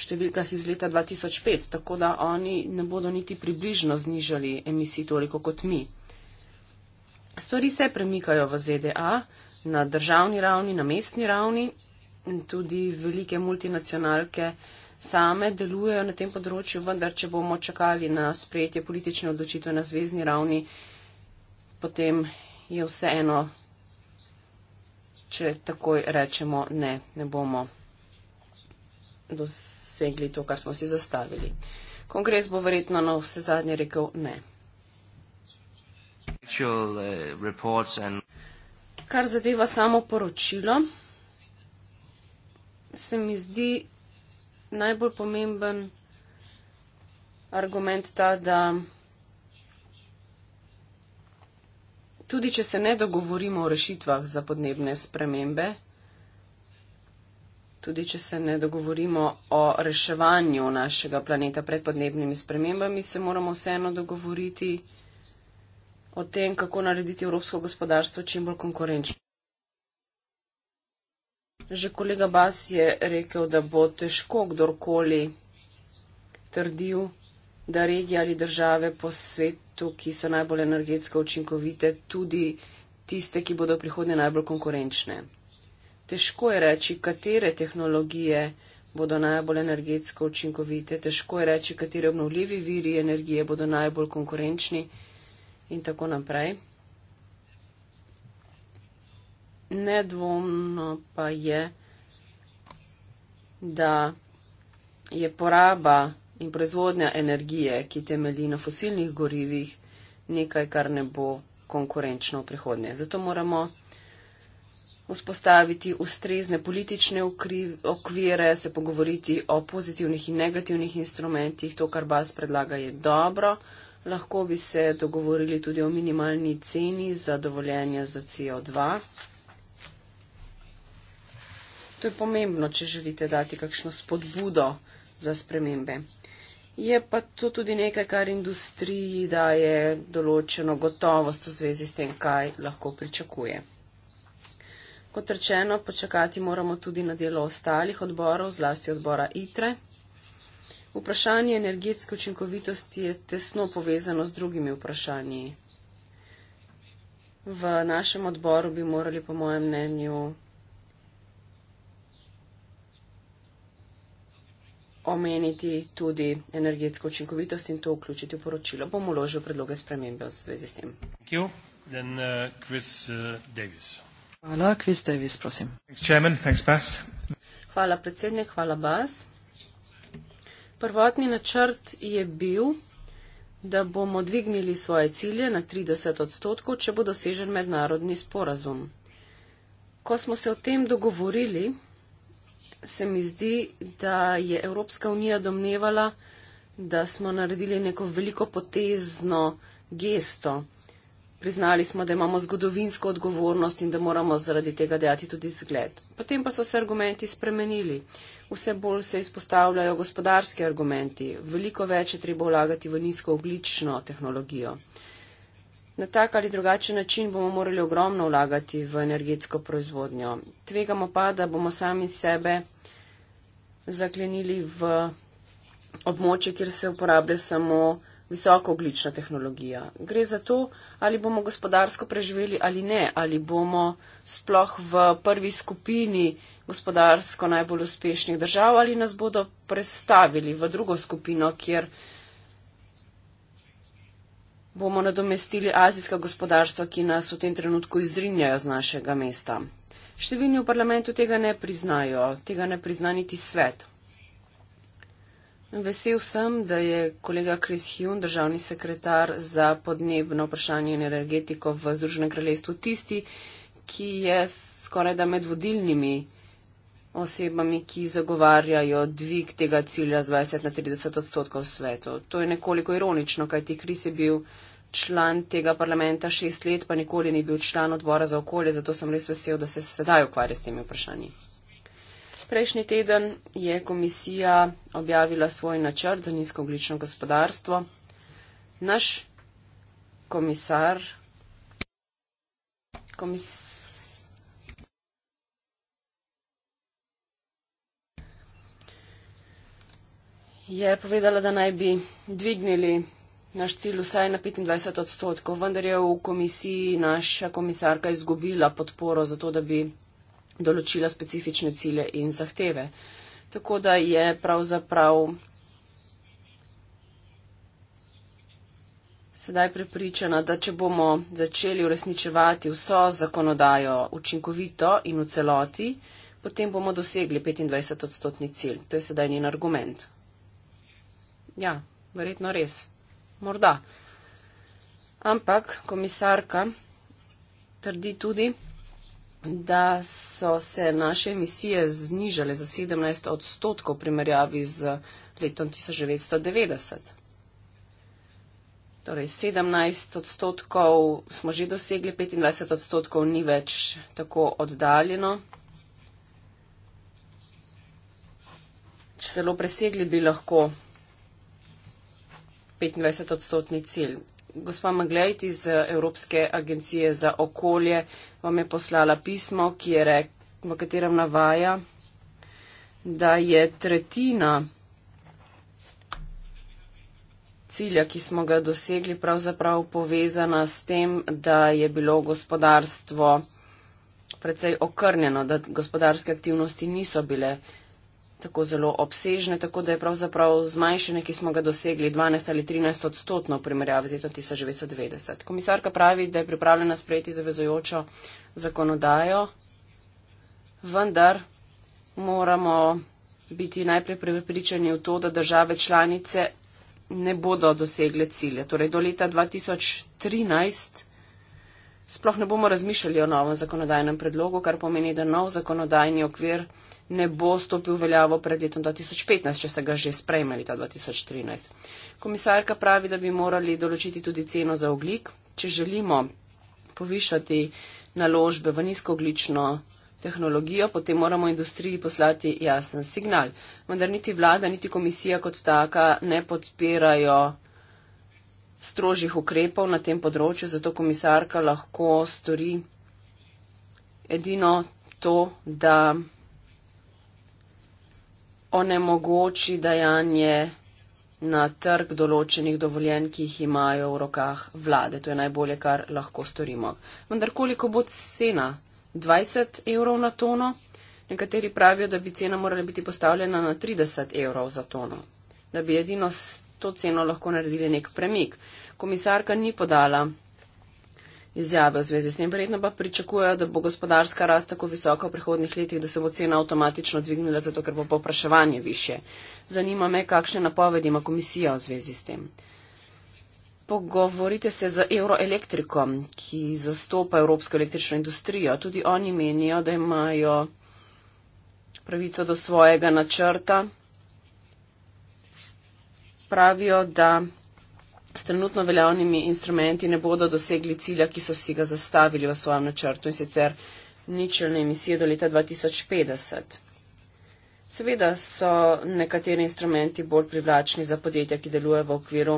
številkah iz leta 2005, tako da oni ne bodo niti približno znižali emisij toliko kot mi. Stvari se premikajo v ZDA, na državni ravni, na mestni ravni, tudi velike multinacionalke same delujejo na tem področju, vendar če bomo čakali na sprejetje politične odločitve na zvezdni ravni, potem je vseeno, če takoj rečemo ne, ne bomo. Dos dosegli to, kar smo si zastavili. Kongres bo verjetno na vse zadnje rekel ne. Eh, kar zadeva samo poročilo, se mi zdi najbolj pomemben argument ta, da tudi če se ne dogovorimo o rešitvah za podnebne spremembe, Tudi če se ne dogovorimo o reševanju našega planeta pred podnebnimi spremembami, se moramo vseeno dogovoriti o tem, kako narediti evropsko gospodarstvo čim bolj konkurenčno. Že kolega Bas je rekel, da bo težko kdorkoli trdil, da regije ali države po svetu, ki so najbolj energetsko učinkovite, tudi tiste, ki bodo prihodne najbolj konkurenčne težko je reči, katere tehnologije bodo najbolj energetsko učinkovite, težko je reči, kateri obnovljivi viri energije bodo najbolj konkurenčni in tako naprej. Nedvomno pa je, da je poraba in proizvodnja energije, ki temelji na fosilnih gorivih, nekaj, kar ne bo konkurenčno v prihodnje. Zato moramo vzpostaviti ustrezne politične okvire, se pogovoriti o pozitivnih in negativnih instrumentih. To, kar Bas predlaga, je dobro. Lahko bi se dogovorili tudi o minimalni ceni za dovoljenje za CO2. To je pomembno, če želite dati kakšno spodbudo za spremembe. Je pa to tudi nekaj, kar industriji daje določeno gotovost v zvezi s tem, kaj lahko pričakuje. Kot rečeno, počakati moramo tudi na delo ostalih odborov, zlasti odbora ITRE. Vprašanje energetske učinkovitosti je tesno povezano z drugimi vprašanji. V našem odboru bi morali, po mojem mnenju, omeniti tudi energetsko učinkovitost in to vključiti v poročilo. Bom uložil predloge spremembe v zvezi s tem. Hvala. Potem uh, Chris uh, Davis. Hvala. Chris Davis, prosim. Hvala, predsednik. Hvala, Bas. Prvotni načrt je bil, da bomo dvignili svoje cilje na 30 odstotkov, če bo dosežen mednarodni sporazum. Ko smo se o tem dogovorili, se mi zdi, da je Evropska unija domnevala, da smo naredili neko veliko potezno gesto priznali smo, da imamo zgodovinsko odgovornost in da moramo zaradi tega dejati tudi zgled. Potem pa so se argumenti spremenili. Vse bolj se izpostavljajo gospodarski argumenti. Veliko več je treba vlagati v nizkooglično tehnologijo. Na tak ali drugačen način bomo morali ogromno vlagati v energetsko proizvodnjo. Tvegamo pa, da bomo sami sebe zaklenili v območje, kjer se uporablja samo visokooglična tehnologija. Gre za to, ali bomo gospodarsko preživeli ali ne, ali bomo sploh v prvi skupini gospodarsko najbolj uspešnih držav ali nas bodo prestavili v drugo skupino, kjer bomo nadomestili azijska gospodarstva, ki nas v tem trenutku izrinjajo z našega mesta. Številni v parlamentu tega ne priznajo, tega ne prizna niti svet. Vesel sem, da je kolega Chris Hume, državni sekretar za podnebno vprašanje in energetiko v Združenem kraljestvu, tisti, ki je skoraj da med vodilnimi osebami, ki zagovarjajo dvig tega cilja z 20 na 30 odstotkov svetov. To je nekoliko ironično, kajti Chris je bil član tega parlamenta šest let, pa nikoli ni bil član odbora za okolje, zato sem res vesel, da se sedaj ukvarja s temi vprašanji prejšnji teden je komisija objavila svoj načrt za nizkooglično gospodarstvo. Naš komisar. Komis Je povedala, da naj bi dvignili naš cilj vsaj na 25 odstotkov, vendar je v komisiji naša komisarka izgubila podporo za to, da bi določila specifične cilje in zahteve. Tako da je pravzaprav sedaj prepričana, da če bomo začeli uresničevati vso zakonodajo učinkovito in v celoti, potem bomo dosegli 25 odstotni cilj. To je sedaj njen argument. Ja, verjetno res. Morda. Ampak komisarka trdi tudi, da so se naše emisije znižale za 17 odstotkov v primerjavi z letom 1990. Torej 17 odstotkov smo že dosegli, 25 odstotkov ni več tako oddaljeno. Če celo presegli bi lahko 25 odstotni cilj gospa Maglejt iz eh, Evropske agencije za okolje vam je poslala pismo, ki je rek, v katerem navaja, da je tretjina cilja, ki smo ga dosegli, pravzaprav povezana s tem, da je bilo gospodarstvo precej okrnjeno, da gospodarske aktivnosti niso bile tako zelo obsežne, tako da je pravzaprav zmanjšanje, ki smo ga dosegli, 12 ali 13 odstotno v primerjavi z leto 1990. Komisarka pravi, da je pripravljena sprejeti zavezojočo zakonodajo, vendar moramo biti najprej prepričani v to, da države članice ne bodo dosegle cilje. Torej do leta 2013 sploh ne bomo razmišljali o novem zakonodajnem predlogu, kar pomeni, da nov zakonodajni okvir ne bo stopil veljavo pred letom 2015, če se ga že sprejme leta 2013. Komisarka pravi, da bi morali določiti tudi ceno za oglik, če želimo povišati naložbe v nizkooglično tehnologijo, potem moramo industriji poslati jasen signal. Vendar niti vlada, niti komisija kot taka ne podpirajo strožjih ukrepov na tem področju, zato komisarka lahko stori edino to, da onemogoči dajanje na trg določenih dovoljenj, ki jih imajo v rokah vlade. To je najbolje, kar lahko storimo. Vendar koliko bo cena? 20 evrov na tono? Nekateri pravijo, da bi cena morala biti postavljena na 30 evrov za tono, da bi edino s to ceno lahko naredili nek premik. Komisarka ni podala izjave v zvezi s tem. Verjetno pa pričakujejo, da bo gospodarska rast tako visoka v prihodnih letih, da se bo cena avtomatično dvignila, zato ker bo popraševanje više. Zanima me, kakšne napovedi ima komisija v zvezi s tem. Pogovorite se z Euroelektriko, ki zastopa evropsko električno industrijo. Tudi oni menijo, da imajo pravico do svojega načrta. Pravijo, da s trenutno veljavnimi instrumenti ne bodo dosegli cilja, ki so si ga zastavili v svojem načrtu in sicer ničelne emisije do leta 2050. Seveda so nekateri instrumenti bolj privlačni za podjetja, ki delujejo v okviru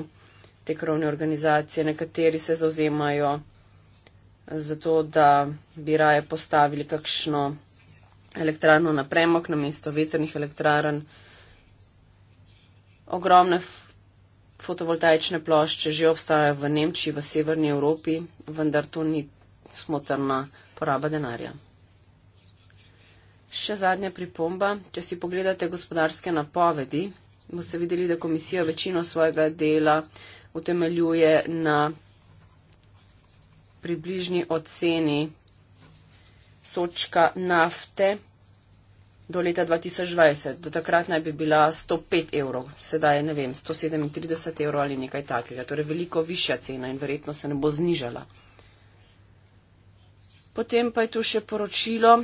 te krovne organizacije, nekateri se zauzemajo za to, da bi raje postavili kakšno elektrarno na premok namesto veternih elektrarn. Ogromne fotovoltaične plošče že obstajajo v Nemčiji, v severni Evropi, vendar to ni smotrna poraba denarja. Še zadnja pripomba. Če si pogledate gospodarske napovedi, boste videli, da komisija večino svojega dela utemeljuje na približni oceni sočka nafte do leta 2020. Do takrat naj bi bila 105 evrov, sedaj ne vem, 137 evrov ali nekaj takega. Torej veliko višja cena in verjetno se ne bo znižala. Potem pa je tu še poročilo,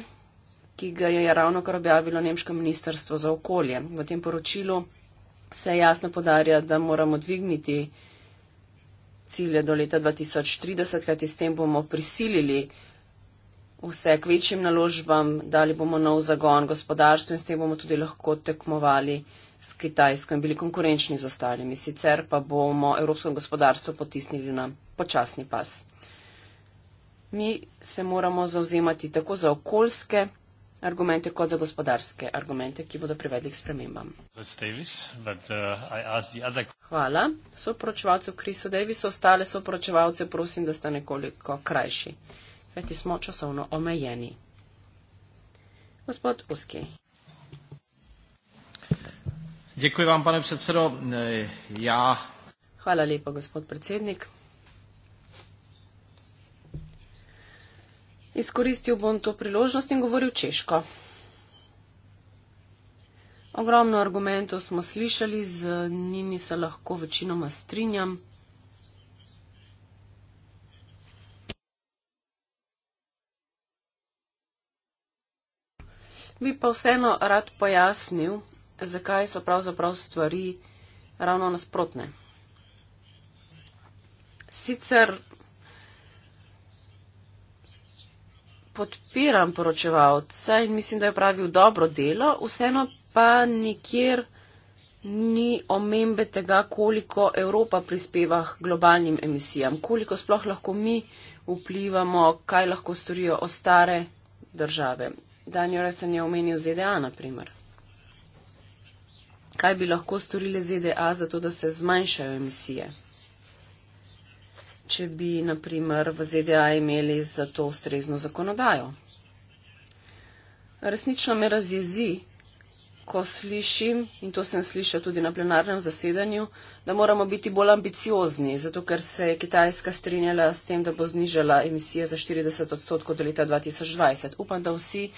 ki ga je ravno kar objavilo Nemško ministrstvo za okolje. V tem poročilu se jasno podarja, da moramo dvigniti cilje do leta 2030, kajti s tem bomo prisilili vse k večjim naložbam, dali bomo nov zagon gospodarstvu in s tem bomo tudi lahko tekmovali s Kitajsko in bili konkurenčni z ostalimi. Sicer pa bomo evropsko gospodarstvo potisnili na počasni pas. Mi se moramo zauzemati tako za okoljske argumente kot za gospodarske argumente, ki bodo privedli k spremembam. Davis, but, uh, other... Hvala. Soporočevalcu Krisu Davisu, ostale soporočevalce prosim, da ste nekoliko krajši kajti smo časovno omejeni. Gospod Uski. Děkuji vám, pane předsedo. Já... Hvala lepo, gospod predsednik. Izkoristil bom to priložnost in govoril češko. Ogromno argumentov smo slišali, z njimi se lahko večinoma strinjam. bi pa vseeno rad pojasnil, zakaj so pravzaprav stvari ravno nasprotne. Sicer podpiram poročevalca in mislim, da je pravil dobro delo, vseeno pa nikjer ni omembe tega, koliko Evropa prispeva k globalnim emisijam, koliko sploh lahko mi vplivamo, kaj lahko storijo ostare države. Danielson je omenil ZDA, naprimer. Kaj bi lahko storili ZDA za to, da se zmanjšajo emisije? Če bi, naprimer, v ZDA imeli za to ustrezno zakonodajo. Resnično me razjezi, ko slišim, in to sem slišal tudi na plenarnem zasedanju, da moramo biti bolj ambiciozni, zato ker se je Kitajska strinjala s tem, da bo znižala emisije za 40 odstotkov do leta 2020. Upam, da vsi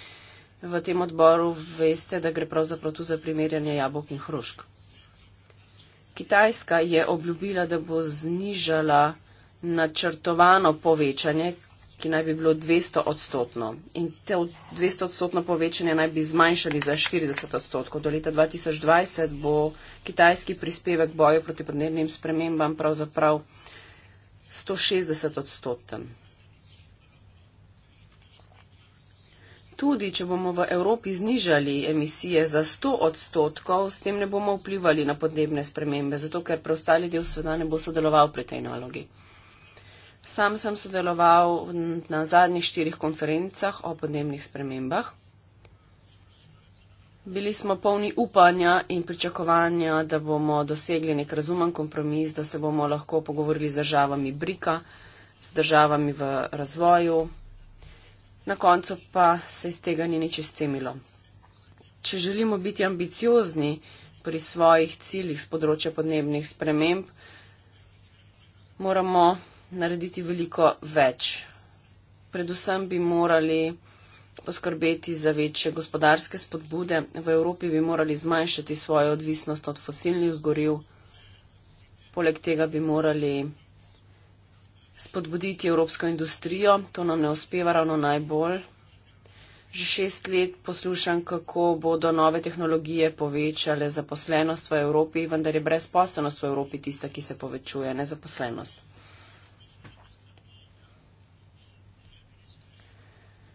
v tem odboru veste, da gre pravzaprav tu za primerjanje jabolk in hrušk. Kitajska je obljubila, da bo znižala načrtovano povečanje, ki naj bi bilo 200 odstotno. In te 200 odstotno povečanje naj bi zmanjšali za 40 odstotkov. Do leta 2020 bo kitajski prispevek boju proti podnebnim spremembam pravzaprav 160 odstotno. tudi, če bomo v Evropi znižali emisije za 100 odstotkov, s tem ne bomo vplivali na podnebne spremembe, zato ker preostali del sveda ne bo sodeloval pri tej nalogi. Sam sem sodeloval na zadnjih štirih konferencah o podnebnih spremembah. Bili smo polni upanja in pričakovanja, da bomo dosegli nek razumen kompromis, da se bomo lahko pogovorili z državami Brika, z državami v razvoju na koncu pa se iz tega ni nič izcemilo. Če želimo biti ambiciozni pri svojih ciljih z področja podnebnih sprememb, moramo narediti veliko več. Predvsem bi morali poskrbeti za večje gospodarske spodbude, v Evropi bi morali zmanjšati svojo odvisnost od fosilnih goriv, poleg tega bi morali spodbuditi evropsko industrijo, to nam ne uspeva ravno najbolj. Že šest let poslušam, kako bodo nove tehnologije povečale zaposlenost v Evropi, vendar je brezposelnost v Evropi tista, ki se povečuje, ne zaposlenost.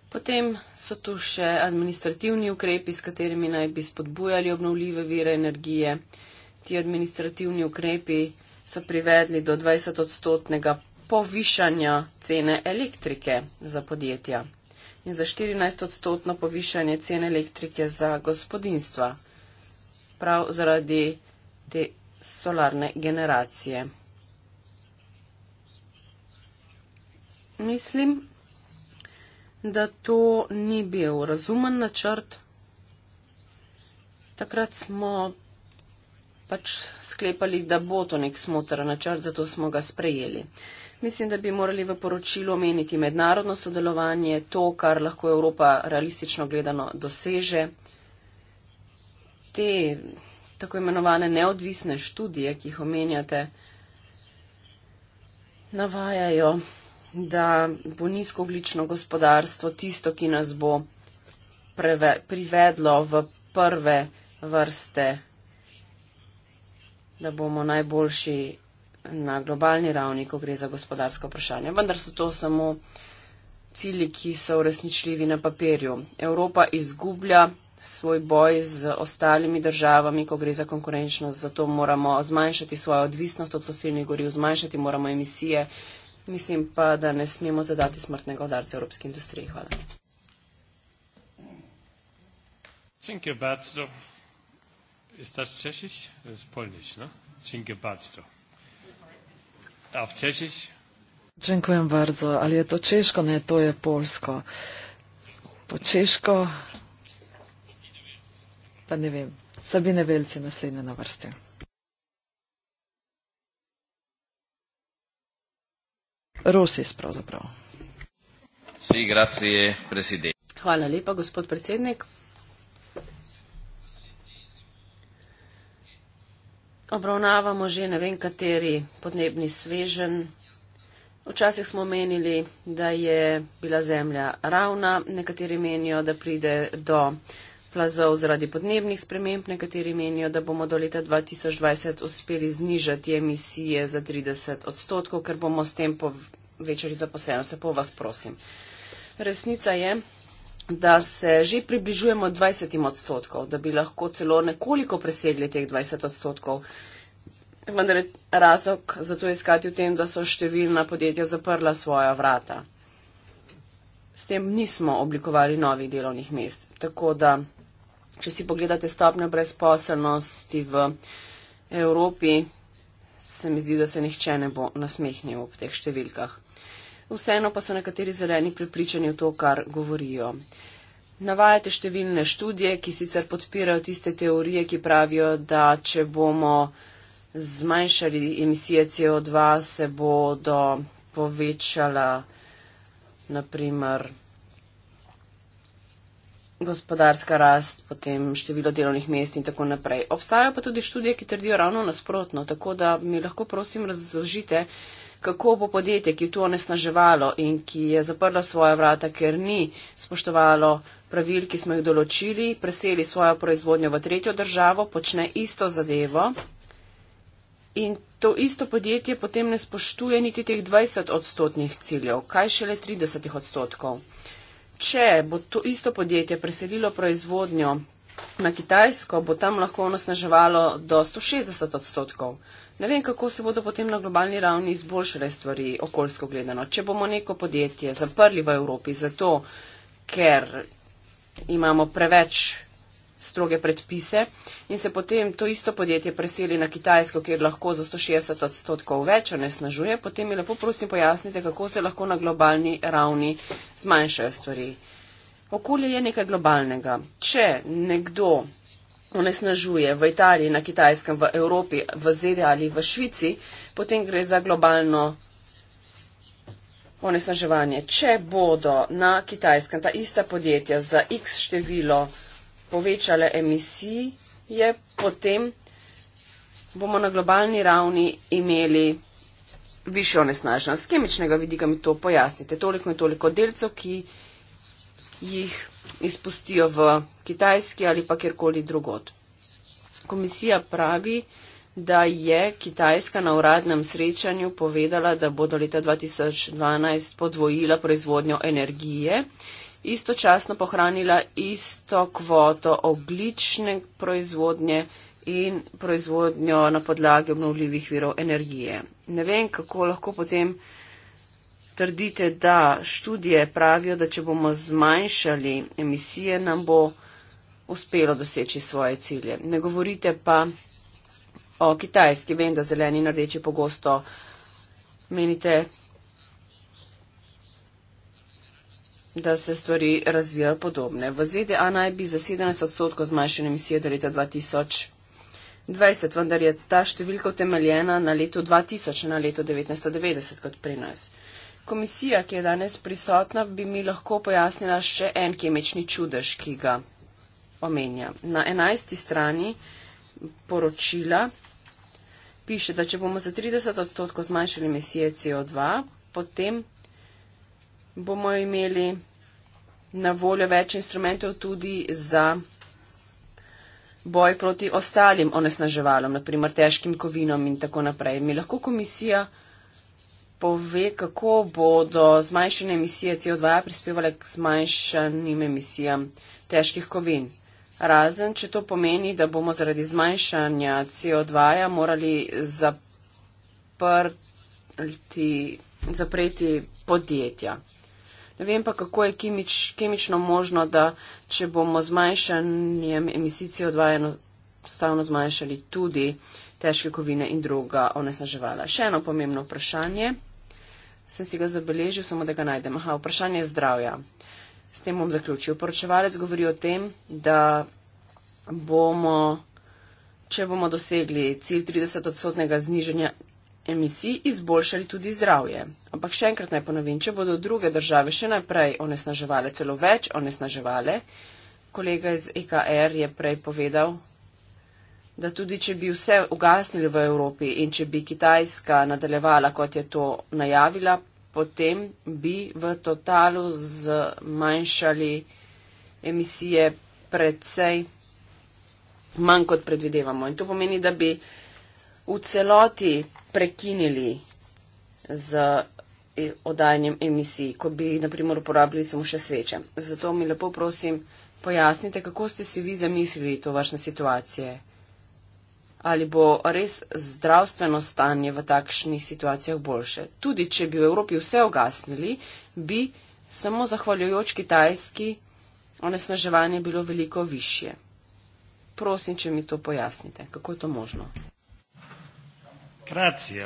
Potem so tu še administrativni ukrepi, s katerimi naj bi spodbujali obnovljive vire energije. Ti administrativni ukrepi so privedli do 20-odstotnega povišanja cene elektrike za podjetja in za 14 odstotno povišanje cene elektrike za gospodinstva, prav zaradi te solarne generacije. Mislim, da to ni bil razumen načrt. Takrat smo pač sklepali, da bo to nek smotr načrt, zato smo ga sprejeli mislim, da bi morali v poročilu omeniti mednarodno sodelovanje, to, kar lahko Evropa realistično gledano doseže. Te tako imenovane neodvisne študije, ki jih omenjate, navajajo, da bo nizkooglično gospodarstvo tisto, ki nas bo preve, privedlo v prve vrste, da bomo najboljši na globalni ravni, ko gre za gospodarsko vprašanje. Vendar so to samo cilji, ki so uresničljivi na papirju. Evropa izgublja svoj boj z ostalimi državami, ko gre za konkurenčnost, zato moramo zmanjšati svojo odvisnost od fosilnih goriv, zmanjšati moramo emisije. Mislim pa, da ne smemo zadati smrtnega odarca evropski industriji. Hvala. Cinke Bacro. Je to češiš? Je eh, to polniš, no? Cinke Bacro. A w Czeszyś? Dziękuję bardzo, ale to ciężko, nie to jest polsko. Po ciężko... Pa nie wiem. Sabine Wielcy, następne na warstwie. Rosis, pravzaprav. Si, grazie, Hvala lepa, gospod predsednik. obravnavamo že ne vem kateri podnebni svežen. Včasih smo menili, da je bila Zemlja ravna, nekateri menijo, da pride do plazov zaradi podnebnih sprememb, nekateri menijo, da bomo do leta 2020 uspeli znižati emisije za 30 odstotkov, ker bomo s tem povečali zaposlenost. Se pa vas prosim. Resnica je, da se že približujemo 20 odstotkov, da bi lahko celo nekoliko presegli teh 20 odstotkov. Vendar je razlog za to iskati v tem, da so številna podjetja zaprla svoja vrata. S tem nismo oblikovali novih delovnih mest. Tako da, če si pogledate stopnjo brezposelnosti v Evropi, se mi zdi, da se nihče ne bo nasmehnil ob teh številkah vseeno pa so nekateri zeleni pripričani v to, kar govorijo. Navajate številne študije, ki sicer podpirajo tiste teorije, ki pravijo, da če bomo zmanjšali emisije CO2, se bodo povečala naprimer gospodarska rast, potem število delovnih mest in tako naprej. Obstajajo pa tudi študije, ki trdijo ravno nasprotno, tako da mi lahko prosim razložite, kako bo podjetje, ki je to onesnaževalo in ki je zaprlo svoja vrata, ker ni spoštovalo pravil, ki smo jih določili, preseli svojo proizvodnjo v tretjo državo, počne isto zadevo. In to isto podjetje potem ne spoštuje niti teh 20 odstotnih ciljev, kaj šele 30 odstotkov. Če bo to isto podjetje preselilo proizvodnjo na Kitajsko, bo tam lahko onosneževalo do 160 odstotkov. Ne vem, kako se bodo potem na globalni ravni izboljšale stvari, okoljsko gledano. Če bomo neko podjetje zaprli v Evropi zato, ker imamo preveč stroge predpise in se potem to isto podjetje preseli na Kitajsko, kjer lahko za 160 odstotkov več onesnažuje, potem mi lepo prosim pojasnite, kako se lahko na globalni ravni zmanjšajo stvari. Okolje je nekaj globalnega. Če nekdo onesnažuje v Italiji, na Kitajskem, v Evropi, v ZDA ali v Švici, potem gre za globalno onesnaževanje. Če bodo na Kitajskem ta ista podjetja za x število povečale emisije, potem bomo na globalni ravni imeli više onesnaženost. Z kemičnega vidika mi to pojasnite. Toliko in toliko delcev, ki jih izpustijo v Kitajski ali pa kjerkoli drugot. Komisija pravi, da je Kitajska na uradnem srečanju povedala, da bo do leta 2012 podvojila proizvodnjo energije, istočasno pohranila isto kvoto oglične proizvodnje in proizvodnjo na podlagi obnovljivih virov energije. Ne vem, kako lahko potem trdite, da študije pravijo, da če bomo zmanjšali emisije, nam bo uspelo doseči svoje cilje. Ne govorite pa o Kitajski. Vem, da zeleni in rdeči pogosto menite, da se stvari razvijajo podobne. V ZDA naj bi za 17 odstotkov zmanjšali emisije do leta 2000. 20, vendar je ta številka utemeljena na letu 2000, na letu 1990 kot pri nas komisija, ki je danes prisotna, bi mi lahko pojasnila še en kemični čudež, ki ga omenja. Na 11. strani poročila piše, da če bomo za 30 odstotkov zmanjšali emisije CO2, potem bomo imeli na voljo več instrumentov tudi za boj proti ostalim onesnaževalom, naprimer težkim kovinom in tako naprej. Mi lahko komisija pove, kako bodo zmanjšene emisije CO2 prispevale k zmanjšanim emisijam težkih kovin. Razen, če to pomeni, da bomo zaradi zmanjšanja CO2 -ja morali zaprti, zapreti podjetja. Ne vem pa, kako je kemič, kemično možno, da če bomo zmanjšanjem emisij CO2 enostavno zmanjšali tudi težke kovine in druga onesnaževala. Še eno pomembno vprašanje sem si ga zabeležil, samo da ga najdem. Aha, vprašanje zdravja. S tem bom zaključil. Poročevalec govori o tem, da bomo, če bomo dosegli cilj 30 odstotnega zniženja emisij, izboljšali tudi zdravje. Ampak še enkrat naj ponovim, če bodo druge države še naprej onesnaževale, celo več onesnaževale, kolega iz EKR je prej povedal, da tudi, če bi vse ugasnili v Evropi in če bi Kitajska nadaljevala, kot je to najavila, potem bi v totalu zmanjšali emisije predvsej manj, kot predvidevamo. In to pomeni, da bi v celoti prekinili z e, oddajanjem emisij, ko bi, na primer, uporabili samo še sveče. Zato mi lepo prosim, pojasnite, kako ste si vi zamislili to vašne situacije ali bo res zdravstveno stanje v takšnih situacijah boljše. Tudi, če bi v Evropi vse ogasnili, bi samo zahvaljujoč Kitajski onesnaževanje bilo veliko više. Prosim, če mi to pojasnite, kako je to možno. Grazie,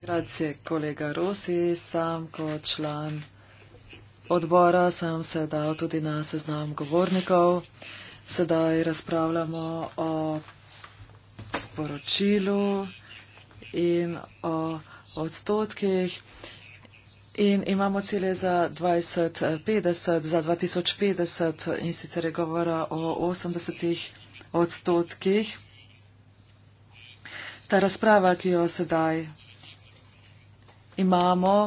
Grazie kolega Rusi, sam kot član odbora sem se dal tudi na seznam govornikov. Sedaj razpravljamo o sporočilu in o odstotkih. In imamo cilje za 2050, za 2050 in sicer je govora o 80 odstotkih. Ta razprava, ki jo sedaj imamo,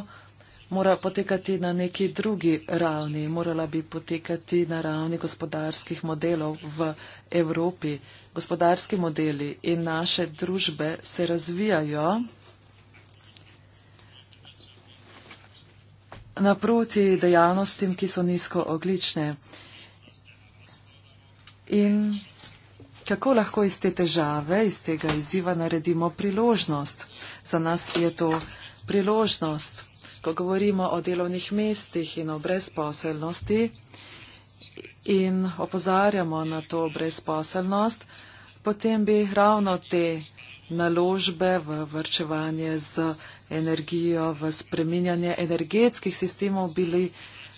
mora potekati na neki drugi ravni, morala bi potekati na ravni gospodarskih modelov v Evropi. Gospodarski modeli in naše družbe se razvijajo naproti dejavnostim, ki so nizko oglične. In kako lahko iz te težave, iz tega izziva naredimo priložnost? Za nas je to priložnost ko govorimo o delovnih mestih in o brezposelnosti in opozarjamo na to brezposelnost, potem bi ravno te naložbe v vrčevanje z energijo, v spreminjanje energetskih sistemov bili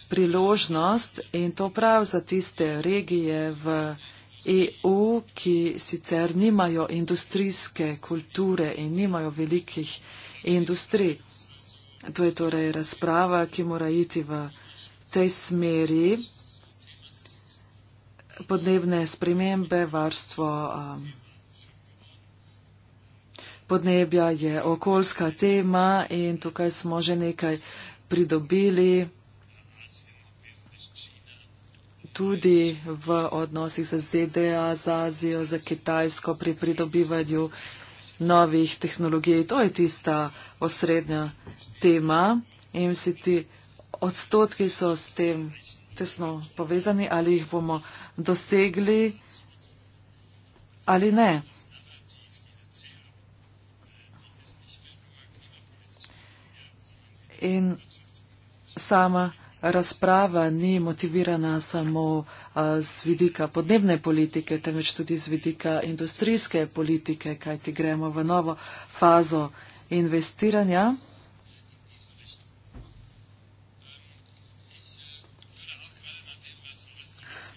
priložnost in to prav za tiste regije v EU, ki sicer nimajo industrijske kulture in nimajo velikih industrij. To je torej razprava, ki mora iti v tej smeri podnebne spremembe, varstvo um, podnebja je okoljska tema in tukaj smo že nekaj pridobili tudi v odnosih z ZDA, z Azijo, z Kitajsko pri pridobivanju uh, novih tehnologij. To je tista osrednja tema in vsi ti odstotki so s tem tesno povezani, ali jih bomo dosegli ali ne. In sama razprava ni motivirana samo z vidika podnebne politike, temveč tudi z vidika industrijske politike, kajti gremo v novo fazo investiranja.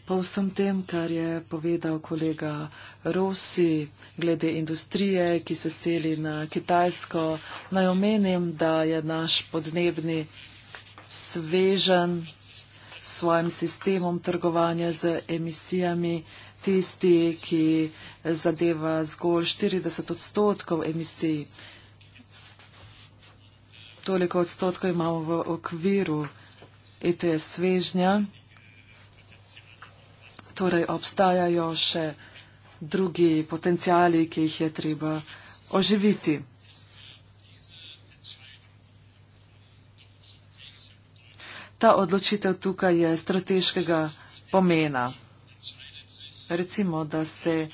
Po vsem tem, kar je povedal kolega Rosi glede industrije, ki se seli na Kitajsko, naj omenim, da je naš podnebni svežen s svojim sistemom trgovanja z emisijami, tisti, ki zadeva zgolj 40 odstotkov emisij. Toliko odstotkov imamo v okviru ETS svežnja, torej obstajajo še drugi potencijali, ki jih je treba oživiti. ta odločitev tukaj je strateškega pomena. Recimo, da se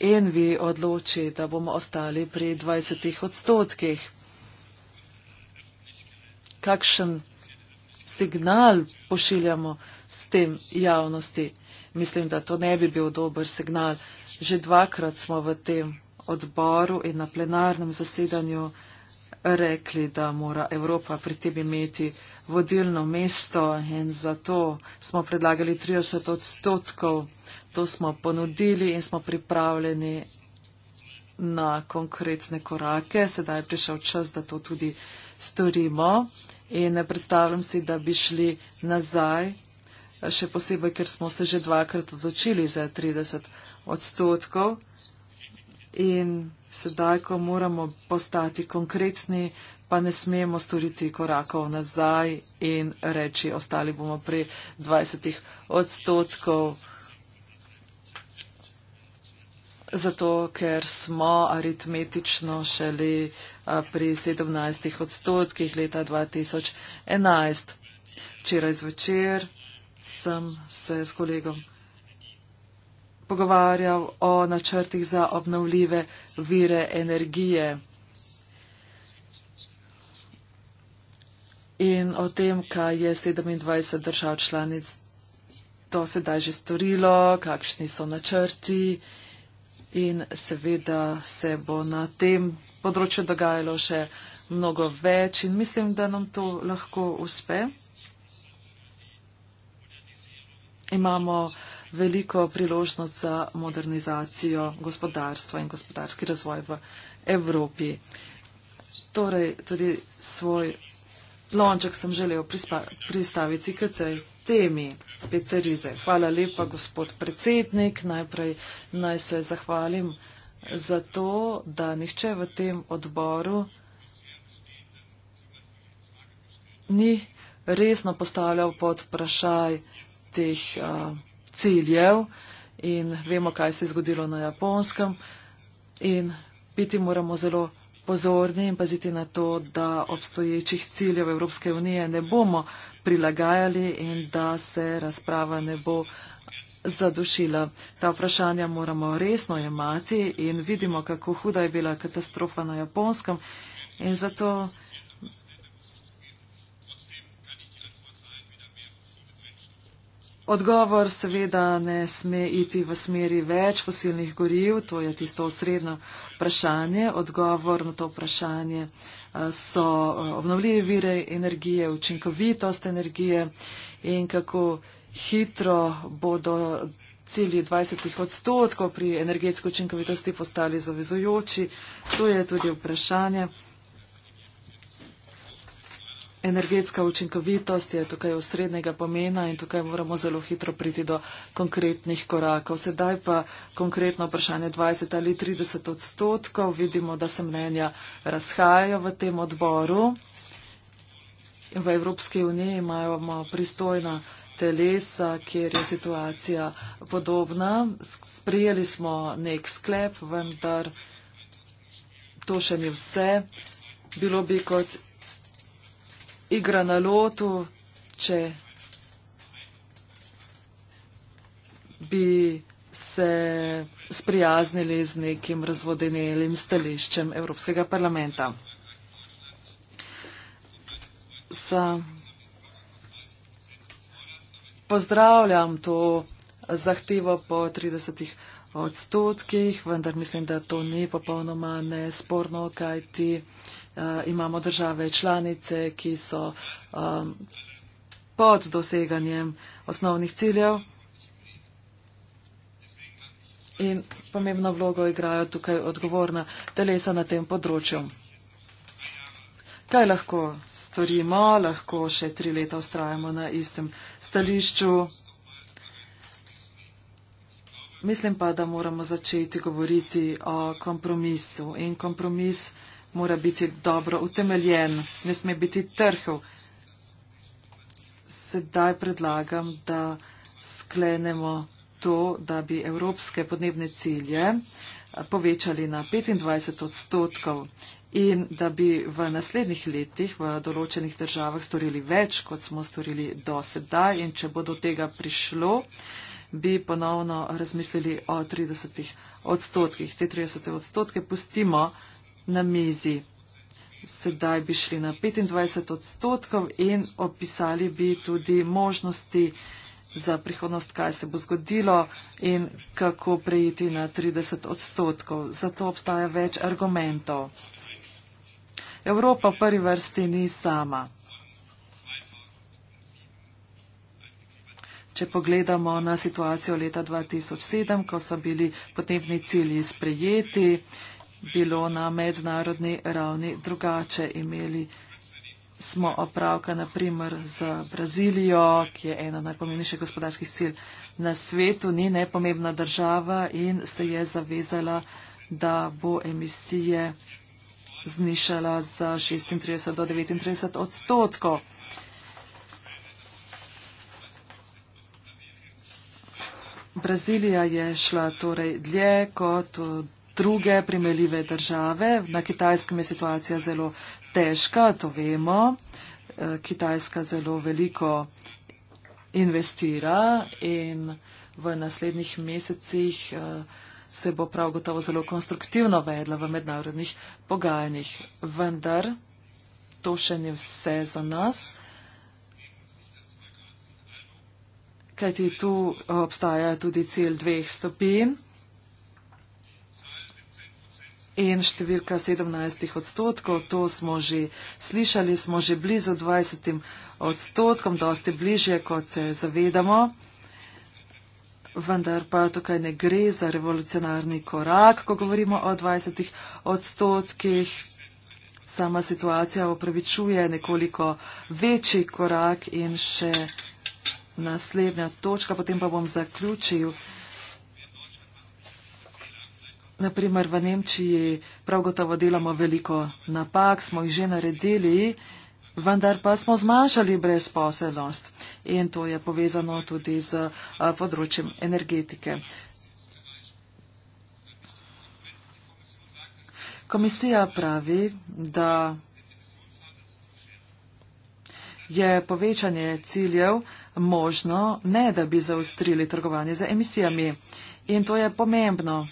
Envi odloči, da bomo ostali pri 20 odstotkih. Kakšen signal pošiljamo s tem javnosti? Mislim, da to ne bi bil dober signal. Že dvakrat smo v tem odboru in na plenarnem zasedanju rekli, da mora Evropa pri tem imeti vodilno mesto in zato smo predlagali 30 odstotkov. To smo ponudili in smo pripravljeni na konkretne korake. Sedaj je prišel čas, da to tudi storimo in ne predstavljam si, da bi šli nazaj, še posebej, ker smo se že dvakrat odločili za 30 odstotkov. In sedaj, ko moramo postati konkretni, pa ne smemo storiti korakov nazaj in reči, ostali bomo pri 20 odstotkov. Zato, ker smo aritmetično šele pri 17 odstotkih leta 2011. Včeraj zvečer sem se s kolegom pogovarjal o načrtih za obnovljive vire energije in o tem, kaj je 27 držav članic to sedaj že storilo, kakšni so načrti in seveda se bo na tem področju dogajalo še mnogo več in mislim, da nam to lahko uspe. Imamo veliko priložnost za modernizacijo gospodarstva in gospodarski razvoj v Evropi. Torej, tudi svoj lonček sem želel pristaviti k tej temi Peterize. Hvala lepa, gospod predsednik. Najprej naj se zahvalim za to, da nihče v tem odboru ni resno postavljal pod vprašaj teh. Uh, ciljev in vemo, kaj se je zgodilo na japonskem. In biti moramo zelo pozorni in paziti na to, da obstoječih ciljev Evropske unije ne bomo prilagajali in da se razprava ne bo zadušila. Ta vprašanja moramo resno jemati in vidimo, kako huda je bila katastrofa na japonskem. In zato Odgovor seveda ne sme iti v smeri več fosilnih goriv, to je tisto osredno vprašanje. Odgovor na to vprašanje eh, so eh, obnovljive vire energije, učinkovitost energije in kako hitro bodo cilji 20 odstotkov pri energetski učinkovitosti postali zavezujoči. To je tudi vprašanje. Energetska učinkovitost je tukaj osrednjega pomena in tukaj moramo zelo hitro priti do konkretnih korakov. Sedaj pa konkretno vprašanje 20 ali 30 odstotkov. Vidimo, da se mnenja razhajajo v tem odboru. V Evropski uniji imamo pristojna telesa, kjer je situacija podobna. Sprijeli smo nek sklep, vendar to še ni vse. Bilo bi kot igra na lotu, če bi se sprijaznili z nekim razvodenelim stališčem Evropskega parlamenta. Sam pozdravljam to zahtevo po 30 odstotkih, vendar mislim, da to ni popolnoma nesporno, kajti uh, Eh, imamo države članice, ki so um, pod doseganjem osnovnih ciljev. In pomembno vlogo igrajo tukaj odgovorna telesa na tem področju. Kaj lahko storimo? Lahko še tri leta ustrajamo na istem stališču. Mislim pa, da moramo začeti govoriti o kompromisu. In kompromis uh, mora biti dobro utemeljen, ne sme biti trhel. Sedaj predlagam, da sklenemo to, da bi evropske podnebne cilje povečali na 25 odstotkov in da bi v naslednjih letih v določenih državah storili več, kot smo storili do sedaj in če bo do tega prišlo, bi ponovno razmislili o 30 odstotkih. Te 30 odstotke pustimo na mizi. Sedaj bi šli na 25 odstotkov in opisali bi tudi možnosti za prihodnost, kaj se bo zgodilo in kako prejiti na 30 odstotkov. Zato obstaja več argumentov. Evropa v prvi vrsti ni sama. Če pogledamo na situacijo leta 2007, ko so bili potrebni cilji sprejeti, bilo na mednarodni ravni drugače. Imeli smo opravka naprimer z Brazilijo, ki je ena najpomembnejših gospodarskih sil na svetu, ni najpomembna država in se je zavezala, da bo emisije znišala za 36 do 39 odstotkov. Brazilija je šla torej dlje kot druge primeljive države. Na kitajskem je situacija zelo težka, to vemo. Eh, Kitajska zelo veliko investira in v naslednjih mesecih eh, se bo prav gotovo zelo konstruktivno vedla v mednarodnih pogajanjih. Vendar to še ni vse za nas, kajti tu obstaja tudi cilj dveh stopinj in številka 17 odstotkov, to smo že slišali, smo že blizu 20 odstotkom, dosti bližje, kot se zavedamo. Vendar pa tukaj ne gre za revolucionarni korak, ko govorimo o 20 odstotkih. Sama situacija upravičuje nekoliko večji korak in še naslednja točka, potem pa bom zaključil naprimer v Nemčiji prav gotovo delamo veliko napak, smo jih že naredili, vendar pa smo zmanjšali brezposelnost in to je povezano tudi z eh, področjem energetike. Komisija pravi, da je povečanje ciljev možno, ne da bi zaustrili trgovanje z emisijami. In to je pomembno.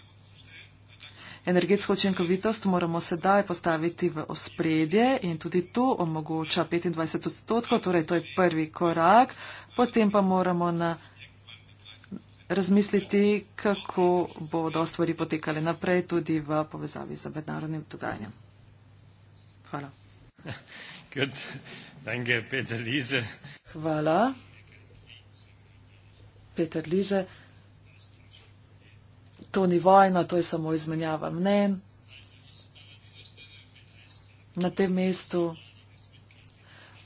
Energetsko učinkovitost moramo sedaj postaviti v ospredje in tudi to omogoča 25 odstotkov, torej to je prvi korak. Potem pa moramo na razmisliti, kako bodo stvari potekale naprej tudi v povezavi z mednarodnim dogajanjem. Hvala. Hvala. Peter Lize to ni vojna, to je samo izmenjava mnen. Na tem mestu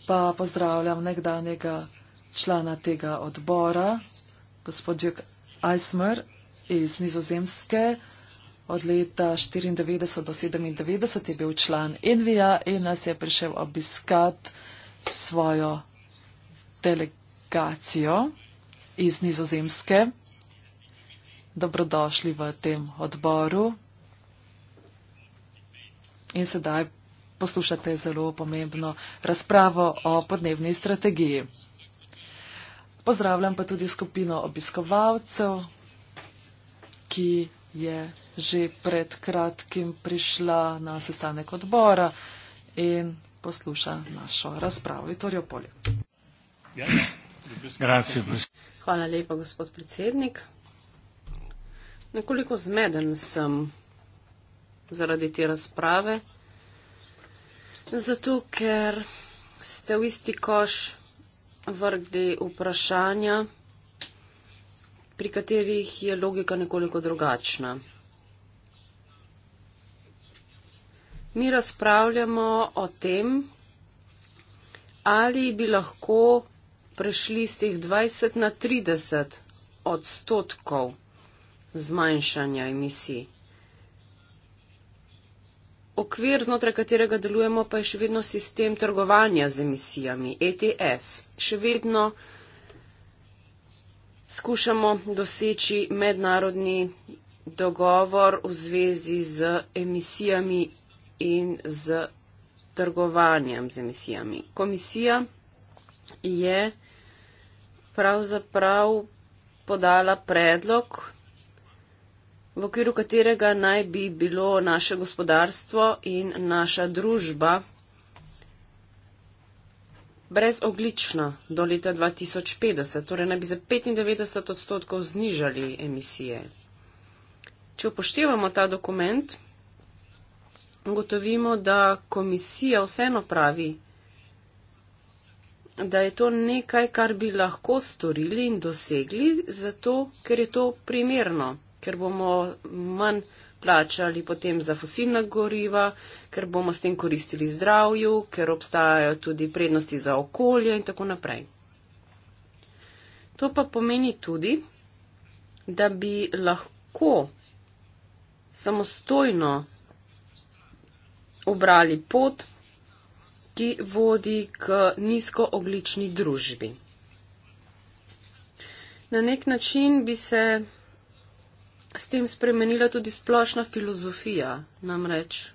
pa pozdravljam nekdanjega člana tega odbora, gospod Jörg Eismer iz Nizozemske. Od leta 1994 do 1997 je bil član Envija in nas je prišel obiskat svojo delegacijo iz Nizozemske dobrodošli v tem odboru. In sedaj poslušate zelo pomembno razpravo o podnebni strategiji. Pozdravljam pa tudi skupino obiskovalcev, ki je že pred kratkim prišla na sestanek odbora in posluša našo razpravo. Vitorijo Polje. Hvala lepa, gospod predsednik. Nekoliko zmeden sem zaradi te razprave, zato ker ste v isti koš vrgli vprašanja, pri katerih je logika nekoliko drugačna. Mi razpravljamo o tem, ali bi lahko prešli z teh 20 na 30 odstotkov zmanjšanja emisij. Okvir, znotraj katerega delujemo, pa je še vedno sistem trgovanja z emisijami, ETS. Še vedno skušamo doseči mednarodni dogovor v zvezi z emisijami in z trgovanjem z emisijami. Komisija je pravzaprav podala predlog v okviru katerega naj bi bilo naše gospodarstvo in naša družba brezoglična do leta 2050, torej naj bi za 95 odstotkov znižali emisije. Če upoštevamo ta dokument, gotovimo, da komisija vseeno pravi, da je to nekaj, kar bi lahko storili in dosegli, zato ker je to primerno ker bomo manj plačali potem za fosilna goriva, ker bomo s tem koristili zdravju, ker obstajajo tudi prednosti za okolje in tako naprej. To pa pomeni tudi, da bi lahko samostojno obrali pot, ki vodi k nizkooglični družbi. Na nek način bi se s tem spremenila tudi splošna filozofija. Namreč,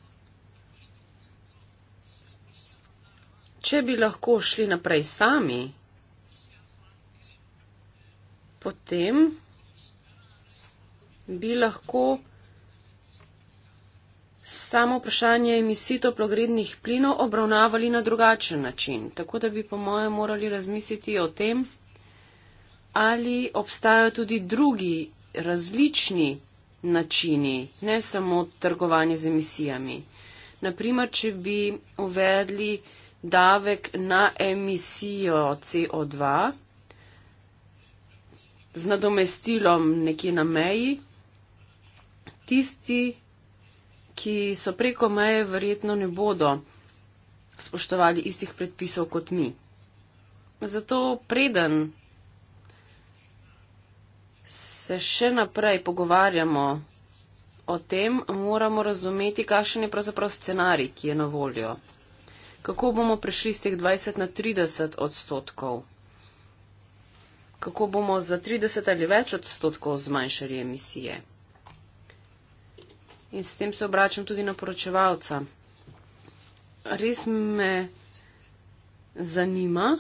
če bi lahko šli naprej sami, potem bi lahko samo vprašanje emisij toplogrednih plinov obravnavali na drugačen način. Tako da bi, po mojem, morali razmisliti o tem, ali obstajajo tudi drugi različni načini, ne samo trgovanje z emisijami. Naprimer, če bi uvedli davek na emisijo CO2 z nadomestilom nekje na meji, tisti, ki so preko meje, verjetno ne bodo spoštovali istih predpisov kot mi. Zato preden se še naprej pogovarjamo o tem, moramo razumeti, kakšen je pravzaprav scenarij, ki je na voljo. Kako bomo prišli z teh 20 na 30 odstotkov? Kako bomo za 30 ali več odstotkov zmanjšali emisije? In s tem se obračam tudi na poročevalca. Res me zanima,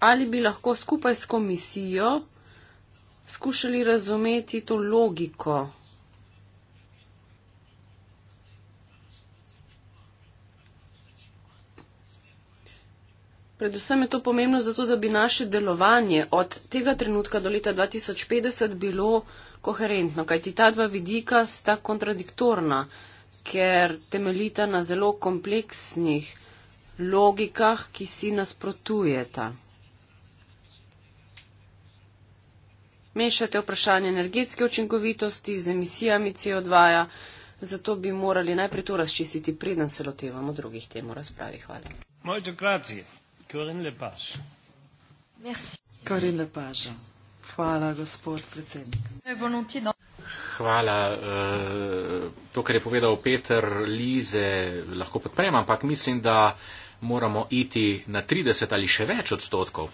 ali bi lahko skupaj s komisijo skušali razumeti to logiko. Predvsem je to pomembno zato, da bi naše delovanje od tega trenutka do leta 2050 bilo koherentno, kajti ta dva vidika sta kontradiktorna, ker temeljita na zelo kompleksnih logikah, ki si nasprotujeta. mešate vprašanje energetske učinkovitosti z emisijami CO2. -ja. Zato bi morali najprej to razčistiti, preden se lotevamo drugih tem v razpravi. Hvala. Hvala, gospod predsednik. Hvala. Eh, to, kar je povedal Peter Lize, lahko podprem, ampak mislim, da moramo iti na 30 ali še več odstotkov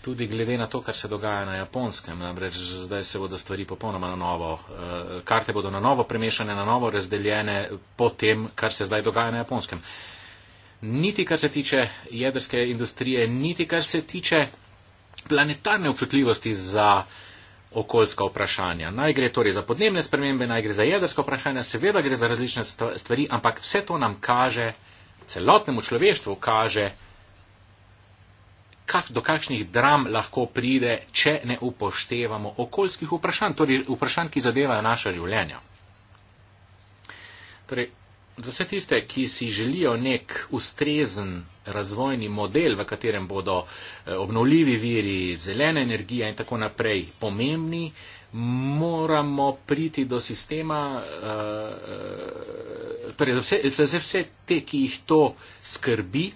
Tudi glede na to, kar se dogaja na japonskem, namreč zdaj se bodo stvari popolnoma na novo, eh, karte bodo na novo premešane, na novo razdeljene po tem, kar se zdaj dogaja na japonskem. Niti kar se tiče jedrske industrije, niti kar se tiče planetarne občutljivosti za okoljska vprašanja. Naj gre torej za podnebne spremembe, naj gre za jedrska vprašanja, seveda gre za različne stvari, ampak vse to nam kaže, celotnemu človeštvu kaže, kak, do kakšnih dram lahko pride, če ne upoštevamo okoljskih vprašanj, torej vprašanj, ki zadevajo naša življenja. Torej, za vse tiste, ki si želijo nek ustrezen razvojni model, v katerem bodo eh, obnovljivi viri, zelena energija in tako naprej pomembni, moramo priti do sistema, uh, torej za vse, za vse te, ki jih to skrbi,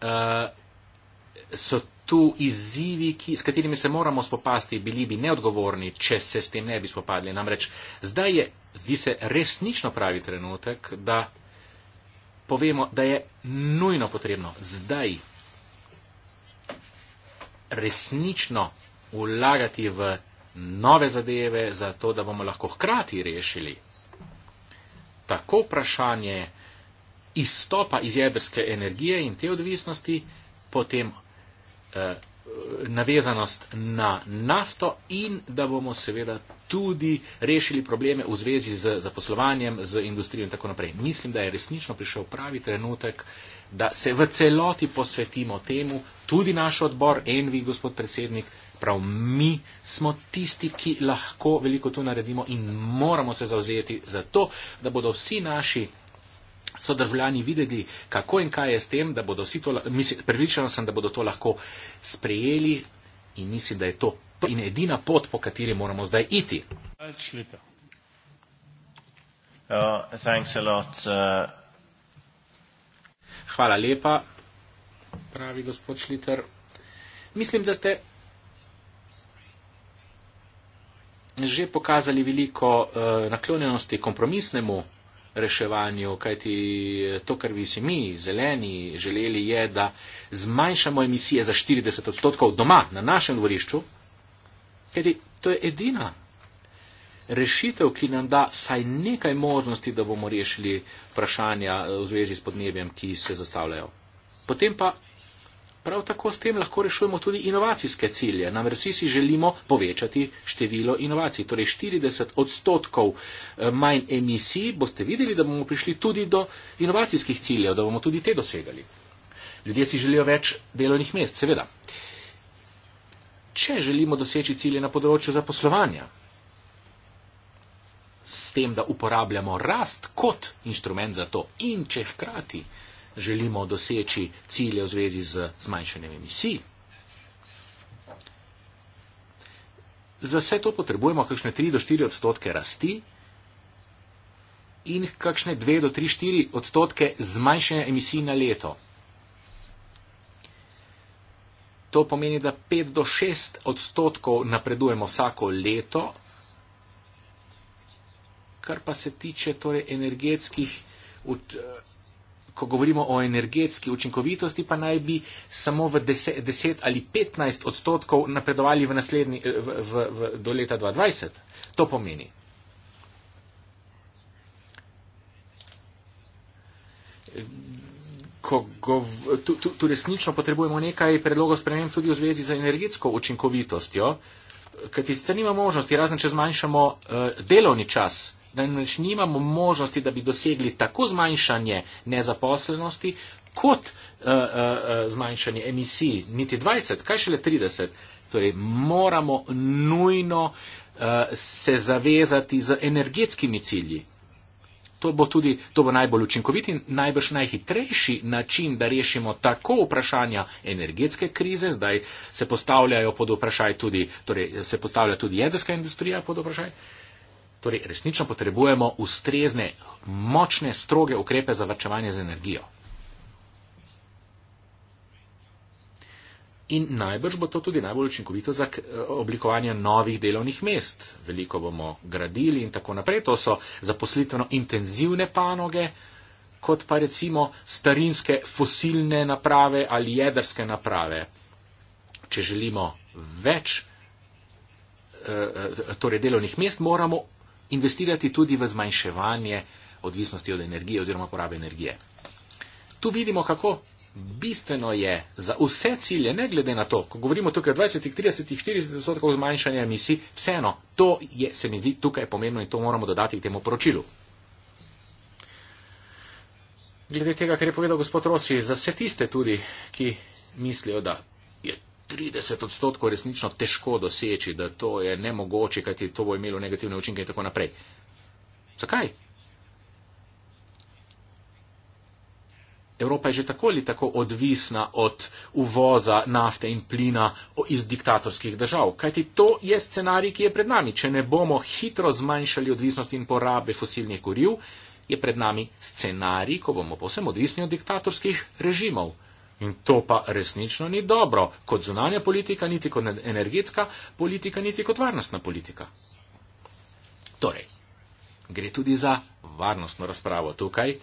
Eh, so tu izzivi, ki, s katerimi se moramo spopasti, bili bi neodgovorni, če se s tem ne bi spopadli. Namreč zdaj je, zdi se, resnično pravi trenutek, da povemo, da je nujno potrebno zdaj resnično vlagati v nove zadeve, zato da bomo lahko hkrati rešili tako vprašanje, izstopa iz jedrske energije in te odvisnosti, potem eh, navezanost na nafto in da bomo seveda tudi rešili probleme v zvezi z zaposlovanjem, z industrijo in tako naprej. Mislim, da je resnično prišel pravi trenutek, da se v celoti posvetimo temu, tudi naš odbor, Envi, gospod predsednik, prav mi smo tisti, ki lahko veliko to naredimo in moramo se zauzeti za to, da bodo vsi naši so državljani videli, kako in kaj je s tem, da bodo vsi to, prepričana sem, da bodo to lahko sprejeli in mislim, da je to in edina pot, po kateri moramo zdaj iti. Uh, lot, uh... Hvala lepa, pravi gospod Šliter. Mislim, da ste že pokazali veliko uh, naklonjenosti kompromisnemu reševanju, kajti eh, to, kar bi si mi, zeleni, želeli, je, da zmanjšamo emisije za 40 odstotkov doma, na našem dvorišču, kajti to je edina rešitev, ki nam da vsaj nekaj možnosti, da bomo rešili vprašanja eh, v zvezi s podnebjem, ki se zastavljajo. Potem pa Prav tako s tem lahko rešujemo tudi inovacijske cilje. Namreč vsi si želimo povečati število inovacij. Torej 40 odstotkov eh, manj emisij boste videli, da bomo prišli tudi do inovacijskih ciljev, da bomo tudi te dosegali. Ljudje si želijo več delovnih mest, seveda. Če želimo doseči cilje na področju zaposlovanja, s tem, da uporabljamo rast kot inštrument za to in če hkrati želimo doseči cilje v zvezi z zmanjšanjem emisij. Za vse to potrebujemo kakšne 3 do 4 odstotke rasti in kakšne 2 do 3, 4 odstotke zmanjšanja emisij na leto. To pomeni, da 5 do 6 odstotkov napredujemo vsako leto, kar pa se tiče torej energetskih ko govorimo o energetski učinkovitosti, pa naj bi samo v 10, 10 ali 15 odstotkov napredovali v naslednji, eh, v, v, v, do leta 2020. To pomeni. Ko, ko, tu, tu, tu resnično potrebujemo nekaj predlogov sprememb tudi v zvezi z energetsko učinkovitostjo, kajti sicer nima možnosti, razen če zmanjšamo uh, delovni čas uh, namreč nimamo možnosti, da bi dosegli tako zmanjšanje nezaposlenosti, kot uh, uh, zmanjšanje emisij, niti 20, kaj šele 30. Torej, moramo nujno uh, se zavezati z energetskimi cilji. To bo tudi to bo najbolj učinkoviti in najbrž najhitrejši način, da rešimo tako vprašanja energetske krize. Zdaj se postavljajo pod vprašaj tudi, torej se postavlja tudi jedrska industrija pod vprašaj. Uh, Torej, resnično potrebujemo ustrezne, močne, stroge ukrepe za vrčevanje z energijo. In najbrž bo to tudi najbolj učinkovito za eh, oblikovanje novih delovnih mest. Veliko bomo gradili in tako naprej. To so zaposlitveno intenzivne panoge, kot pa recimo starinske fosilne naprave ali jedrske naprave. Če želimo več eh, eh, torej delovnih mest, moramo investirati tudi v zmanjševanje odvisnosti od energije oziroma porabe energije. Tu vidimo, kako bistveno je za vse cilje, ne glede na to, ko govorimo tukaj o 20, 30, 40 odstotkov zmanjšanja emisij, vseeno, to je, se mi zdi tukaj pomembno in to moramo dodati k temu poročilu. Glede tega, kar je povedal gospod Rossi, za vse tiste tudi, ki mislijo, da 30 odstotkov resnično težko doseči, da to je nemogoče, kajti to bo imelo negativne učinke in tako naprej. Zakaj? Evropa je že tako ali tako odvisna od uvoza nafte in plina iz diktatorskih držav, kajti to je scenarij, ki je pred nami. Če ne bomo hitro zmanjšali odvisnosti in porabe fosilnih goriv, je pred nami scenarij, ko bomo povsem odvisni od diktatorskih režimov. In to pa resnično ni dobro, kot zunanja politika, niti kot energetska politika, niti kot varnostna politika. Torej, gre tudi za varnostno razpravo tukaj.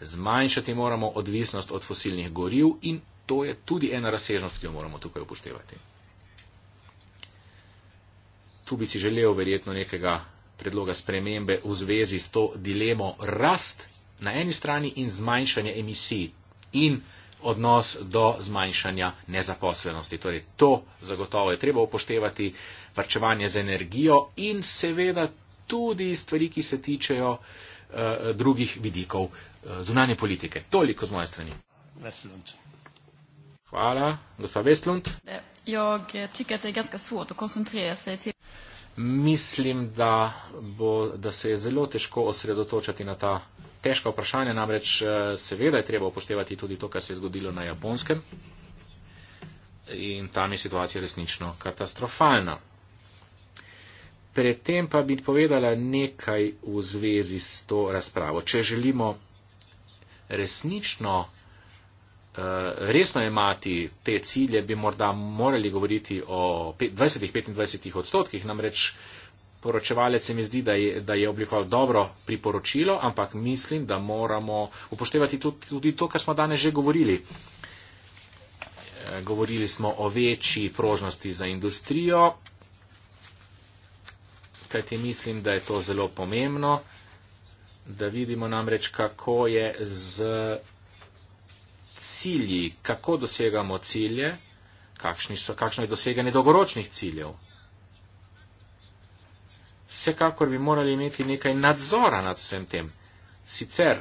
Zmanjšati moramo odvisnost od fosilnih goriv in to je tudi ena razsežnost, ki jo moramo tukaj upoštevati. Tu bi si želel verjetno nekega predloga spremembe v zvezi s to dilemo rast na eni strani in zmanjšanje emisij in odnos do zmanjšanja nezaposlenosti. Torej, to zagotovo je treba upoštevati, varčevanje z energijo in seveda tudi stvari, ki se tičejo uh, drugih vidikov uh, zunanje politike. Toliko z moje strani. Veselund. Hvala, gospa Veslund. Mislim, da, bo, da se je zelo težko osredotočati na ta težka vprašanja, namreč eh, seveda je treba upoštevati tudi to, kar se je zgodilo na Japonskem. In tam je situacija resnično katastrofalna. Predtem pa bi povedala nekaj v zvezi s to razpravo. Če želimo resnično, eh, resno imati te cilje, bi morda morali govoriti o 20-25 odstotkih, namreč poročevalec se mi zdi, da je, da je oblikoval dobro priporočilo, ampak mislim, da moramo upoštevati tudi, tudi to, kar smo danes že govorili. Eh, govorili smo o večji prožnosti za industrijo, kajti mislim, da je to zelo pomembno, da vidimo namreč, kako je z cilji, kako dosegamo cilje, kakšno je doseganje dolgoročnih ciljev vsekakor bi morali imeti nekaj nadzora nad vsem tem. Sicer,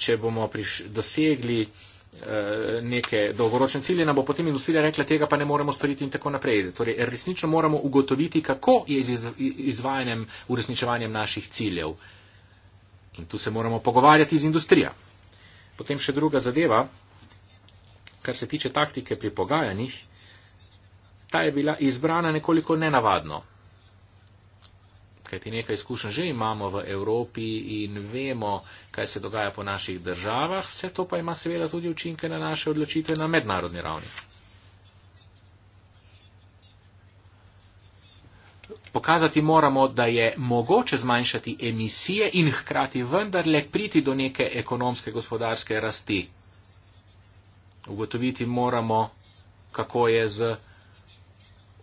če bomo priš, dosegli e, neke dolgoročne cilje, nam bo potem industrija rekla, tega pa ne moremo storiti in tako naprej. Torej, resnično moramo ugotoviti, kako je z iz, izvajanjem, uresničevanjem naših ciljev. In tu se moramo pogovarjati z industrijo. Potem še druga zadeva, kar se tiče taktike pri pogajanjih ta je bila izbrana nekoliko nenavadno. Kajti nekaj izkušenj že imamo v Evropi in vemo, kaj se dogaja po naših državah, vse to pa ima seveda tudi učinke na naše odločitve na mednarodni ravni. Pokazati moramo, da je mogoče zmanjšati emisije in hkrati vendarle priti do neke ekonomske gospodarske rasti. Ugotoviti moramo, kako je z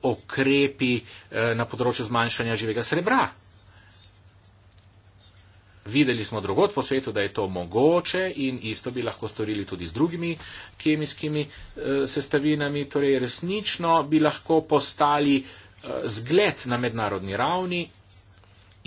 okrepi eh, na področju zmanjšanja živega srebra. Videli smo drugot po svetu, da je to mogoče in isto bi lahko storili tudi z drugimi kemijskimi eh, sestavinami. Torej, resnično bi lahko postali eh, zgled na mednarodni ravni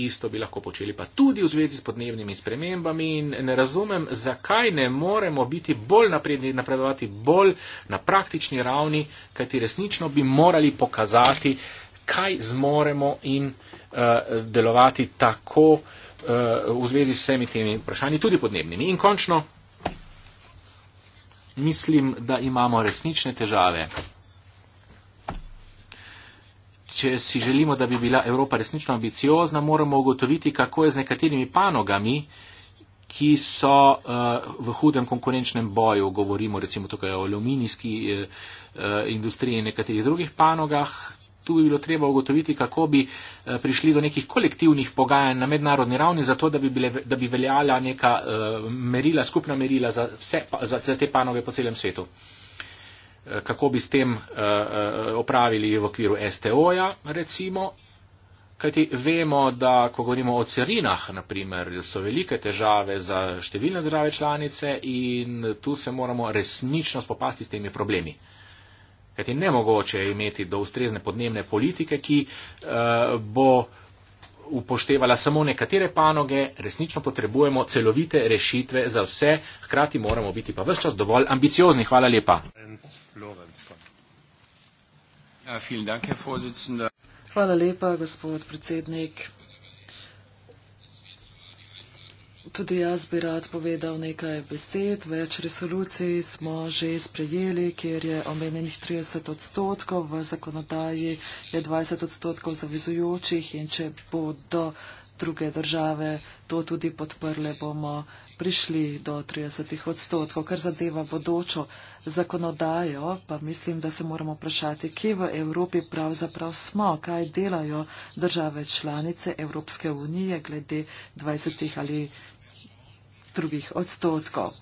isto bi lahko počeli pa tudi v zvezi s podnebnimi spremembami in ne razumem, zakaj ne moremo biti bolj napredni, napredovati bolj na praktični ravni, kajti resnično bi morali pokazati, kaj zmoremo in uh, delovati tako uh, v zvezi s vsemi temi vprašanji, tudi podnebnimi. In končno, mislim, da imamo resnične težave če si želimo, da bi bila Evropa resnično ambiciozna, moramo ugotoviti, kako je z nekaterimi panogami, ki so uh, v hudem konkurenčnem boju, govorimo recimo tukaj o aluminijski uh, industriji in nekaterih drugih panogah. Tu bi bilo treba ugotoviti, kako bi prišli do nekih kolektivnih pogajanj na mednarodni ravni, zato da bi, bile, da bi veljala neka merila, skupna merila za, vse, za, za te panove po celem svetu kako bi s tem eh, eh, opravili v okviru STO-ja, recimo. Kajti vemo, da ko govorimo o carinah, naprimer, so velike težave za številne države članice in tu se moramo resnično spopasti s temi problemi. Kajti nemogoče je imeti do ustrezne podnebne politike, ki uh, bo uh, upoštevala samo nekatere panoge, resnično potrebujemo celovite rešitve za vse, hkrati moramo biti pa vse čas dovolj ambiciozni. Hvala lepa. Ja, Hvala lepa, gospod predsednik. Tudi jaz bi rad povedal nekaj besed. Več resolucij smo že sprejeli, kjer je omenjenih 30 odstotkov, v zakonodaji je 20 odstotkov zavezujočih in če bodo druge države to tudi podprle, bomo prišli do 30 odstotkov. Kar zadeva bodočo zakonodajo, pa mislim, da se moramo vprašati, kje v Evropi pravzaprav smo, kaj delajo države članice Evropske unije glede 20 ali 30 drugih odstotkov.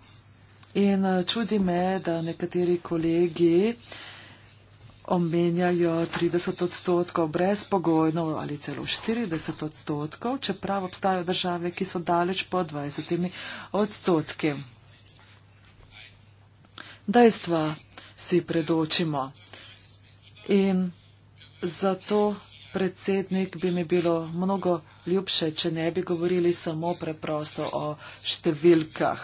In eh, čudi me, da nekateri kolegi omenjajo 30 odstotkov brezpogojno ali celo 40 odstotkov, čeprav obstajajo države, ki so daleč po 20 odstotki. Dejstva si predočimo. In zato, predsednik, bi mi bilo mnogo ljubše, če ne bi govorili samo preprosto o številkah.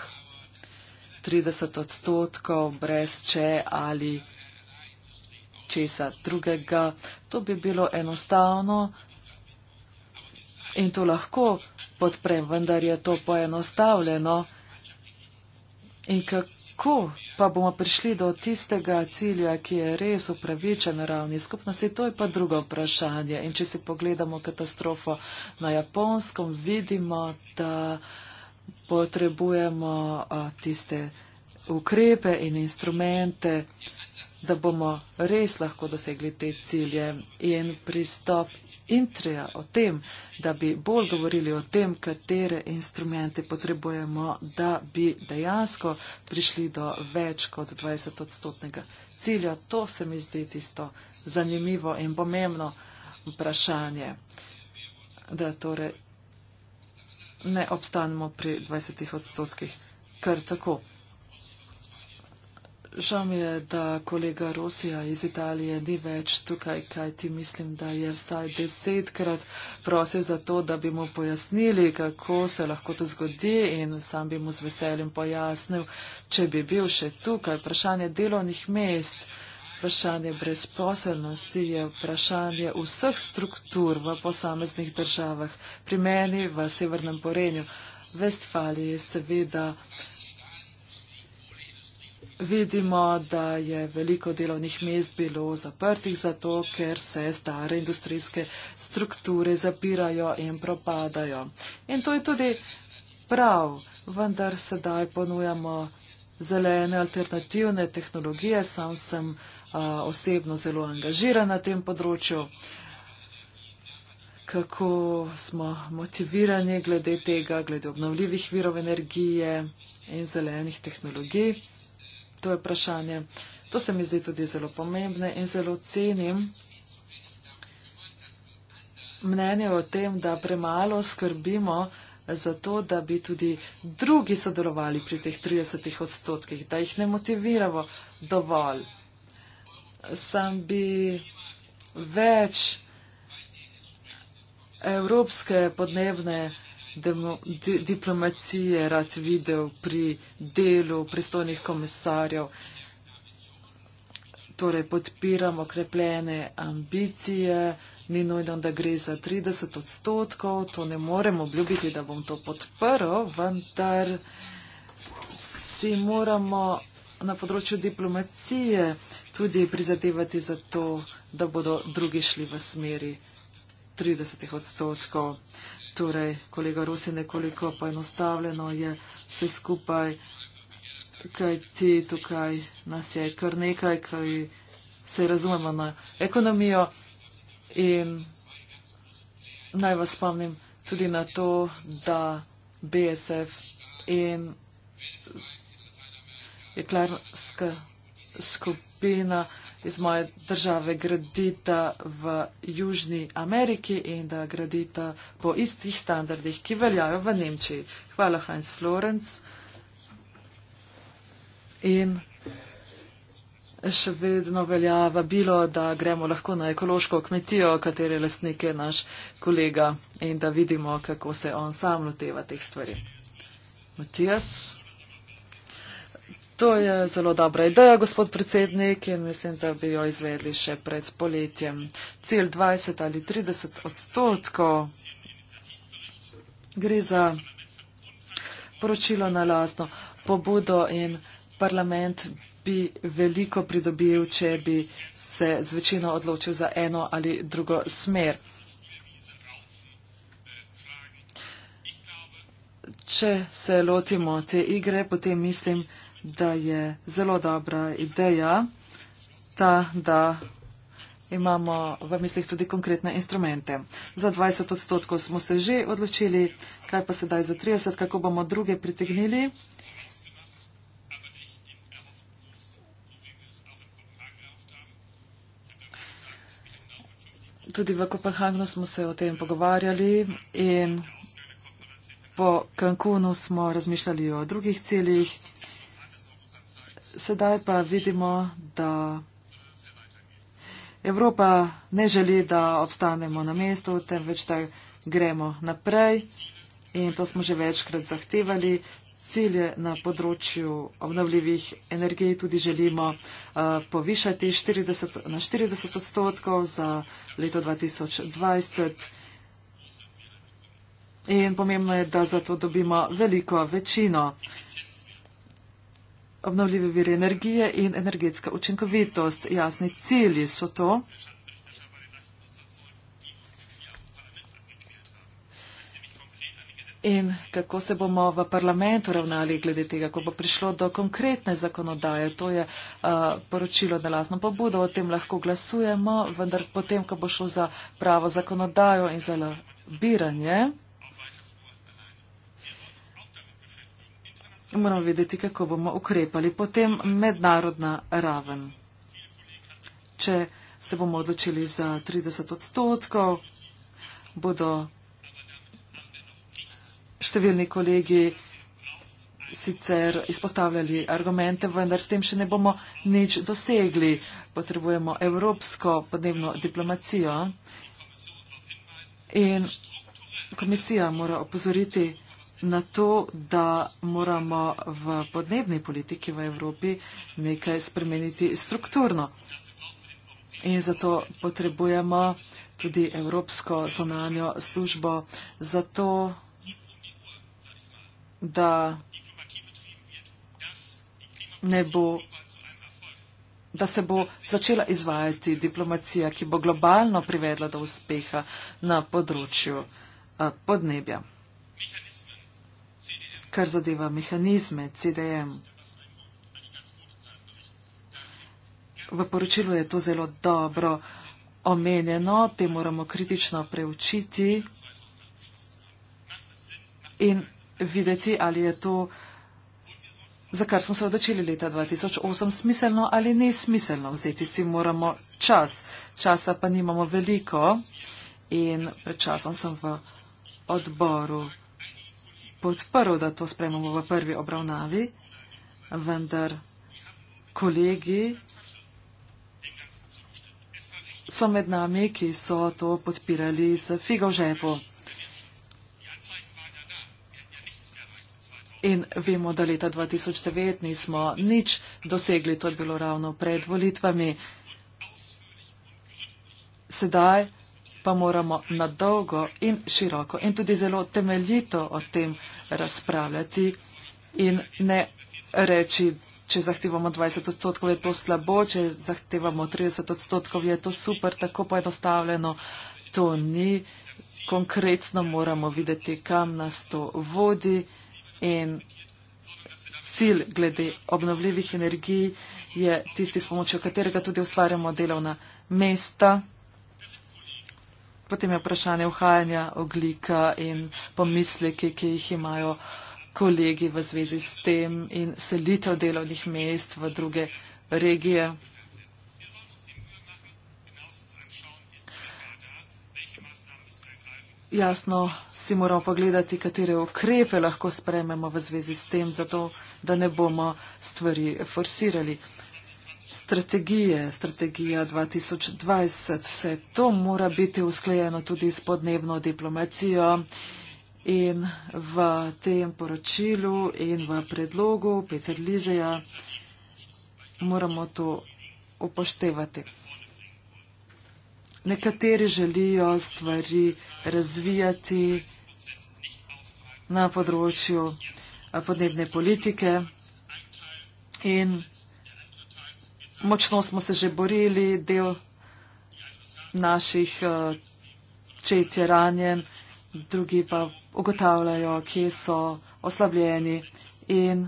30 odstotkov brez če ali česa drugega. To bi bilo enostavno in to lahko podprem, vendar je to poenostavljeno. In kako pa bomo prišli do tistega cilja, ki je res upravičen na ravni skupnosti. To je pa drugo vprašanje. In če si pogledamo katastrofo na japonskem, vidimo, da potrebujemo tiste ukrepe in instrumente, da bomo res lahko dosegli te cilje in pristop intrija o tem, da bi bolj govorili o tem, katere instrumente potrebujemo, da bi dejansko prišli do več kot 20 odstotnega cilja. To se mi zdi tisto zanimivo in pomembno vprašanje, da torej ne obstanemo pri 20 odstotkih kar tako. Žal mi je, da kolega Rosija iz Italije ni več tukaj, kaj ti mislim, da je vsaj desetkrat prosil za to, da bi mu pojasnili, kako se lahko to zgodi in sam bi mu z veseljem pojasnil, če bi bil še tukaj. Vprašanje delovnih mest, vprašanje brezposelnosti je vprašanje vseh struktur v posameznih državah. Pri meni v Severnem Porenju, Vestfaliji, seveda vidimo, da je veliko delovnih mest bilo zaprtih zato, ker se stare industrijske strukture zapirajo in propadajo. In to je tudi prav, vendar sedaj ponujamo zelene alternativne tehnologije. Sam sem a, osebno zelo angažiran na tem področju. Kako smo motivirani glede tega, glede obnovljivih virov energije in zelenih tehnologij to je vprašanje. To se mi zdi tudi zelo pomembno in zelo cenim mnenje o tem, da premalo skrbimo za to, da bi tudi drugi sodelovali pri teh 30 odstotkih, da jih ne motiviramo dovolj. Sam bi več evropske podnebne demo, di, diplomacije rad videl pri delu pristojnih komisarjev. Torej podpiramo krepljene ambicije, ni nujno, da gre za 30 odstotkov, to ne morem obljubiti, da bom to podprl, vendar si moramo na področju diplomacije tudi prizadevati za to, da bodo drugi šli v smeri 30 odstotkov. Torej, kolega Rusi, nekoliko poenostavljeno je vse skupaj, kaj ti tukaj nas je kar nekaj, kaj se razumemo na ekonomijo in naj vas spomnim tudi na to, da BSF in Jeklarska skupina iz moje države gradita v Južni Ameriki in da gradita po istih standardih, ki veljajo v Nemčiji. Hvala, Heinz Florenc. In še vedno velja vabilo, da gremo lahko na ekološko kmetijo, katere lasnik je naš kolega in da vidimo, kako se on sam loteva teh stvari. Matijas. To je zelo dobra ideja, gospod predsednik, in mislim, da bi jo izvedli še pred poletjem. Cilj 20 ali 30 odstotkov gre za poročilo na lastno pobudo in parlament bi veliko pridobil, če bi se z večino odločil za eno ali drugo smer. Če se lotimo te igre, potem mislim, da da je zelo dobra ideja ta, da imamo v mislih tudi konkretne instrumente. Za 20 odstotkov smo se že odločili, kaj pa sedaj za 30, kako bomo druge pritegnili. Tudi v Kopenhagnu smo se o tem pogovarjali in po Cancunu smo razmišljali o drugih ciljih sedaj pa vidimo, da Evropa ne želi, da obstanemo na mestu, temveč da gremo naprej. In to smo že večkrat zahtevali. Cilje na področju obnovljivih energij tudi želimo uh, povišati 40, na 40 odstotkov za leto 2020. In pomembno je, da zato dobimo veliko večino obnovljivi viri energije in energetska učinkovitost. Jasni cilji so to. In kako se bomo v parlamentu ravnali glede tega, ko bo prišlo do konkretne zakonodaje, to je uh, poročilo na lasno pobudo, o tem lahko glasujemo, vendar potem, ko bo šlo za pravo zakonodajo in za lobiranje. moramo vedeti, kako bomo ukrepali. Potem mednarodna raven. Če se bomo odločili za 30 odstotkov, bodo številni kolegi sicer izpostavljali argumente, vendar s tem še ne bomo nič dosegli. Potrebujemo evropsko podnebno diplomacijo in komisija mora opozoriti, na to, da moramo v podnebni politiki v Evropi nekaj spremeniti strukturno. In zato potrebujemo tudi Evropsko zonanjo službo za to, da ne bo da se bo začela izvajati diplomacija, ki bo globalno privedla do uspeha na področju eh, podnebja kar zadeva mehanizme CDM. V poročilu je to zelo dobro omenjeno, te moramo kritično preučiti in videti, ali je to, za kar smo se odločili leta 2008, smiselno ali nesmiselno. Vzeti si moramo čas, časa pa nimamo veliko in pred časom sem v odboru podprl, da to spremamo v prvi obravnavi, vendar kolegi so med nami, ki so to podpirali z figo v žepu. In vemo, da leta 2009 nismo nič dosegli, to je bilo ravno pred volitvami. Sedaj pa moramo na dolgo in široko in tudi zelo temeljito o tem razpravljati in ne reči, če zahtevamo 20 odstotkov, je to slabo, če zahtevamo 30 odstotkov, je to super, tako poenostavljeno. To ni. Konkretno moramo videti, kam nas to vodi in cilj glede obnovljivih energij je tisti, s pomočjo katerega tudi ustvarjamo delovna mesta potem je vprašanje ohajanja oglika in pomisleki, ki jih imajo kolegi v zvezi s tem in selitev delovnih mest v druge regije. Jasno si moramo pogledati, katere ukrepe lahko sprememo v zvezi s tem, zato da ne bomo stvari forsirali strategije, strategija 2020, vse to mora biti usklajeno tudi s podnebno diplomacijo. In v tem poročilu in v predlogu Peter Lizeja moramo to upoštevati. Nekateri želijo stvari razvijati na področju podnebne politike in Močno smo se že borili, del naših eh, čet je ranjen, drugi pa ugotavljajo, kje so oslabljeni in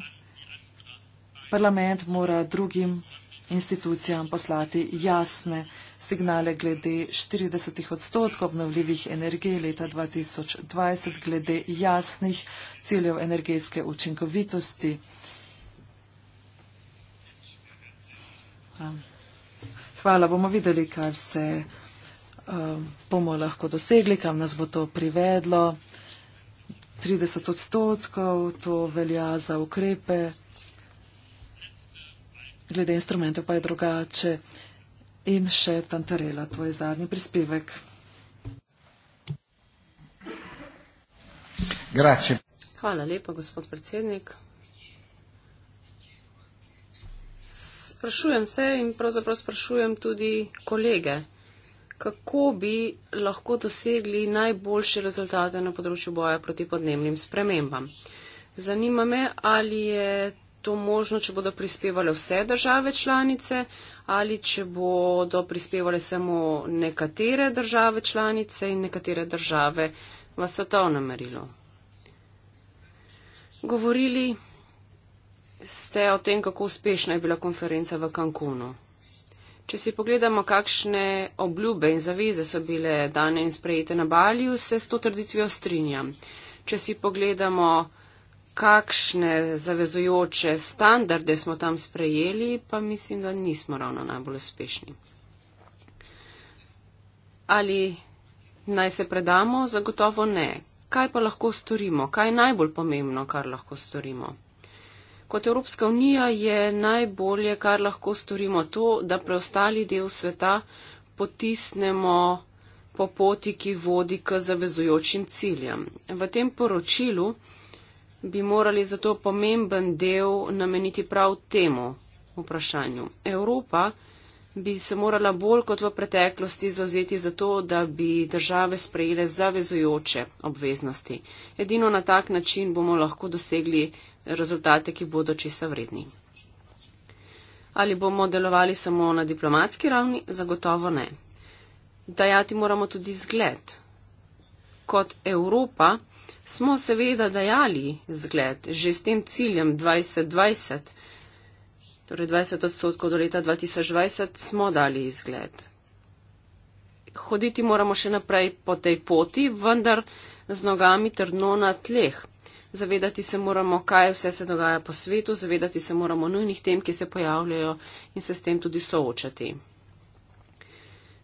parlament mora drugim institucijam poslati jasne signale glede 40 odstotkov obnovljivih energij leta 2020, glede jasnih ciljev energetske učinkovitosti. Hvala, bomo videli, kaj vse um, bomo lahko dosegli, kam nas bo to privedlo. 30 odstotkov to velja za ukrepe, glede instrumentov pa je drugače. In še Tantarela, to je zadnji prispevek. Grazie. Hvala lepa, gospod predsednik. sprašujem se in pravzaprav sprašujem tudi kolege, kako bi lahko dosegli najboljše rezultate na področju boja proti podnebnim spremembam. Zanima me, ali je to možno, če bodo prispevale vse države članice ali če bodo prispevale samo nekatere države članice in nekatere države v svetovnem merilu. Govorili ste o tem, kako uspešna je bila konferenca v Cancunu. Če si pogledamo, kakšne obljube in zaveze so bile dane in sprejete na Balju, se s to trditvijo strinjam. Če si pogledamo, kakšne zavezujoče standarde smo tam sprejeli, pa mislim, da nismo ravno najbolj uspešni. Ali naj se predamo? Zagotovo ne. Kaj pa lahko storimo? Kaj je najbolj pomembno, kar lahko storimo? Kot Evropska unija je najbolje, kar lahko storimo, to, da preostali del sveta potisnemo po poti, ki vodi k zavezujočim ciljem. V tem poročilu bi morali zato pomemben del nameniti prav temu vprašanju. Evropa bi se morala bolj kot v preteklosti zauzeti za to, da bi države sprejele zavezujoče obveznosti. Edino na tak način bomo lahko dosegli rezultate, ki bodo česa vredni. Ali bomo delovali samo na diplomatski ravni? Zagotovo ne. Dajati moramo tudi zgled. Kot Evropa smo seveda dajali zgled že s tem ciljem 2020, torej 20 odstotkov do leta 2020 smo dali zgled. Hoditi moramo še naprej po tej poti, vendar z nogami trdno na tleh zavedati se moramo, kaj vse se dogaja po svetu, zavedati se moramo nujnih tem, ki se pojavljajo in se s tem tudi soočati.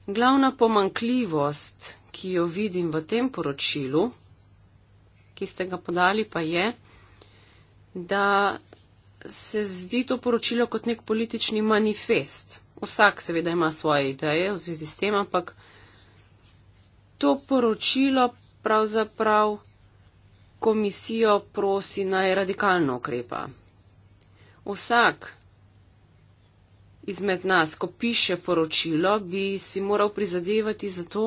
Glavna pomankljivost, ki jo vidim v tem poročilu, ki ste ga podali, pa je, da se zdi to poročilo kot nek politični manifest. Vsak seveda ima svoje ideje v zvezi s tem, ampak to poročilo pravzaprav komisijo prosi naj radikalno ukrepa. Vsak izmed nas, ko piše poročilo, bi si moral prizadevati za to,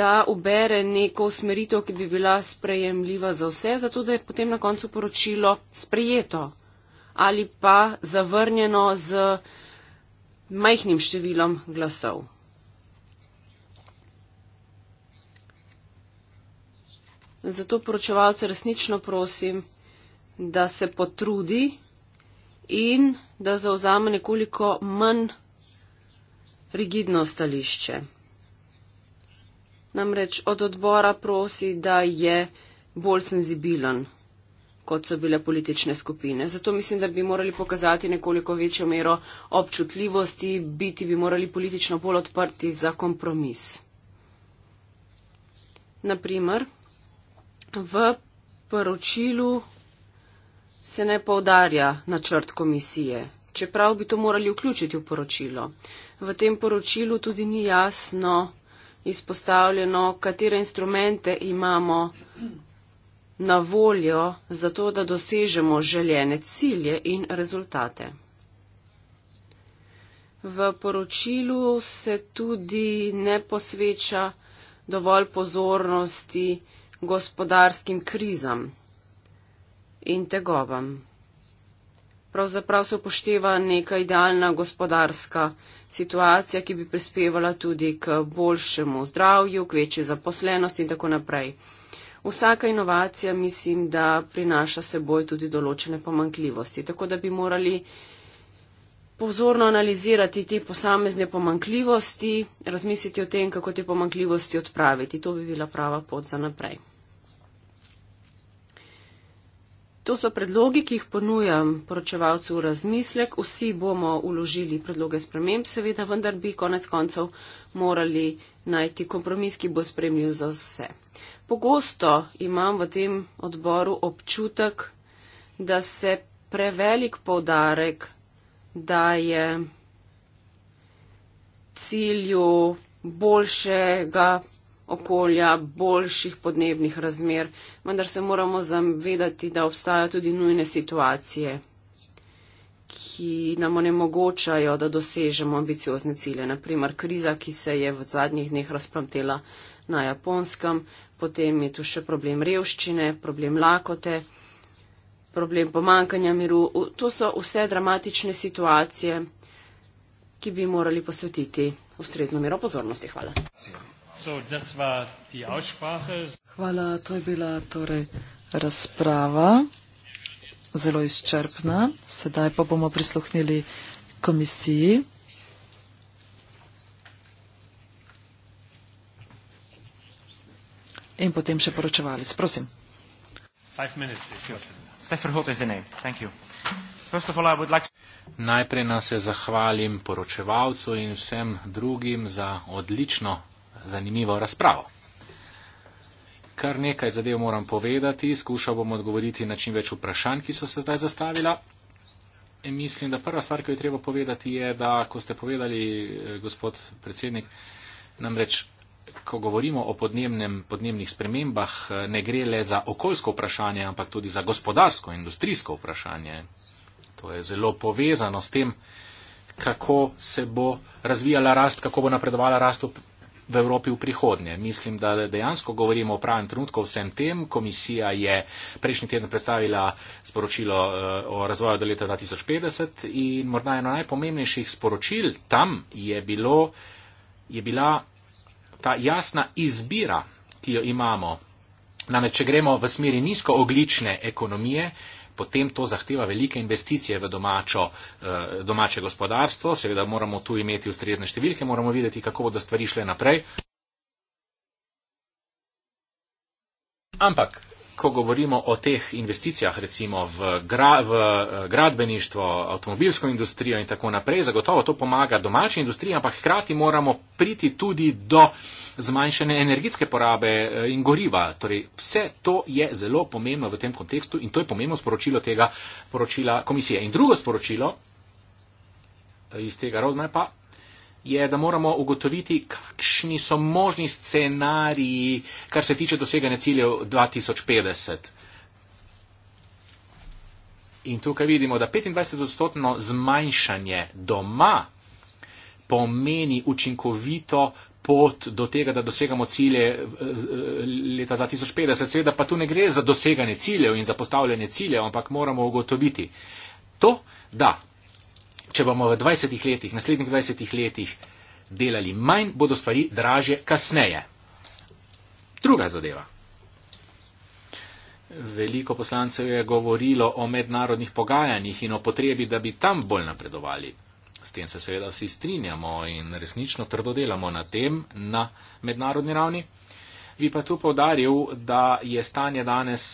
da ubere neko usmeritev, ki bi bila sprejemljiva za vse, zato da je potem na koncu poročilo sprejeto ali pa zavrnjeno z majhnim številom glasov. Zato poročevalce resnično prosim, da se potrudi in da zauzame nekoliko manj rigidno stališče. Namreč od odbora prosi, da je bolj senzibilen, kot so bile politične skupine. Zato mislim, da bi morali pokazati nekoliko večjo mero občutljivosti, biti bi morali politično bolj odprti za kompromis. Naprimer, v poročilu se ne povdarja načrt komisije, čeprav bi to morali vključiti v poročilo. V tem poročilu tudi ni jasno izpostavljeno, katere instrumente imamo na voljo za to, da dosežemo željene cilje in rezultate. V poročilu se tudi ne posveča dovolj pozornosti, gospodarskim krizam in tegobam. Pravzaprav se upošteva neka idealna gospodarska situacija, ki bi prispevala tudi k boljšemu zdravju, k večji zaposlenosti in tako naprej. Vsaka inovacija mislim, da prinaša seboj tudi določene pomankljivosti, tako da bi morali pozorno analizirati te posamezne pomankljivosti, razmisliti o tem, kako te pomankljivosti odpraviti. To bi bila prava pot za naprej. To so predlogi, ki jih ponujam poročevalcu v razmislek. Vsi bomo uložili predloge sprememb, seveda, vendar bi konec koncev morali najti kompromis, ki bo spremljiv za vse. Pogosto imam v tem odboru občutek, da se prevelik povdarek daje cilju boljšega okolja, boljših podnebnih razmer, vendar se moramo zavedati, da obstajajo tudi nujne situacije, ki nam onemogočajo, da dosežemo ambiciozne cilje. Naprimer, kriza, ki se je v zadnjih dneh razplamtela na japonskem, potem je tu še problem revščine, problem lakote, problem pomankanja miru. To so vse dramatične situacije, ki bi morali posvetiti ustrezno mero pozornosti. Hvala. Cijem. Hvala, to je bila torej razprava, zelo izčrpna. Sedaj pa bomo prisluhnili komisiji. In potem še poročevalec. Prosim. Najprej nas je zahvalim poročevalcu in vsem drugim za odlično zanimivo razpravo. Kar nekaj zadev moram povedati, skušal bom odgovoriti na čim več vprašanj, ki so se zdaj zastavila. In mislim, da prva stvar, ki jo je treba povedati, je, da ko ste povedali, eh, gospod predsednik, namreč, ko govorimo o podnebnih spremembah, eh, ne gre le za okoljsko vprašanje, ampak tudi za gospodarsko, industrijsko vprašanje. To je zelo povezano s tem, kako se bo razvijala rast, kako bo napredovala rast v Evropi v prihodnje. Mislim, da dejansko govorimo o pravem trenutku vsem tem. Komisija je prejšnji teden predstavila sporočilo eh, o razvoju do leta 2050 in morda eno najpomembnejših sporočil tam je, bilo, je bila ta jasna izbira, ki jo imamo. Namreč, če gremo v smeri nizkooglične ekonomije, potem to zahteva velike investicije v domačo, eh, domače gospodarstvo. Seveda moramo tu imeti ustrezne številke, moramo videti, kako bodo stvari šle naprej. Ampak ko govorimo o teh investicijah, recimo v, gra, v eh, gradbeništvo, avtomobilsko industrijo in tako naprej, zagotovo to pomaga domači industriji, ampak hkrati moramo priti tudi do zmanjšene energetske porabe eh, in goriva. Torej, vse to je zelo pomembno v tem kontekstu in to je pomembno sporočilo tega poročila komisije. In drugo sporočilo eh, iz tega roadmapa je, da moramo ugotoviti, kakšni so možni scenariji, kar se tiče doseganja ciljev 2050. In tukaj vidimo, da 25-odstotno zmanjšanje doma pomeni učinkovito pot do tega, da dosegamo cilje eh, eh, leta 2050. Seveda pa tu ne gre za doseganje ciljev in za postavljanje ciljev, ampak moramo ugotoviti to, da če bomo v 20 letih, naslednjih 20 letih delali manj, bodo stvari draže kasneje. Druga zadeva. Veliko poslancev je govorilo o mednarodnih pogajanjih in o potrebi, da bi tam bolj napredovali. S tem se seveda vsi strinjamo in resnično trdo delamo na tem, na mednarodni ravni. Bi pa tu povdaril, da je stanje danes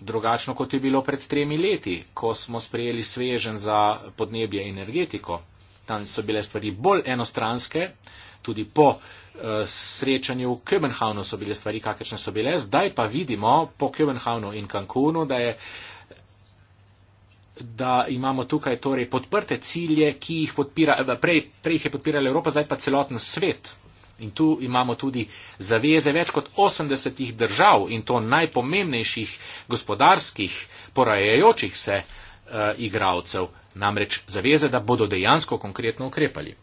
drugačno, kot je bilo pred tremi leti, ko smo sprejeli svežen za podnebje in energetiko. Tam so bile stvari bolj enostranske, tudi po eh, srečanju v Köbenhavnu so bile stvari, kakršne so bile. Zdaj pa vidimo po Köbenhavnu in Cancunu, da, je, da imamo tukaj torej podprte cilje, ki jih podpira, eh, prej, prej jih je podpirala Evropa, zdaj pa celoten svet. In tu imamo tudi zaveze več kot 80 držav in to najpomembnejših gospodarskih porajajočih se uh, igralcev, namreč zaveze, da bodo dejansko konkretno ukrepali.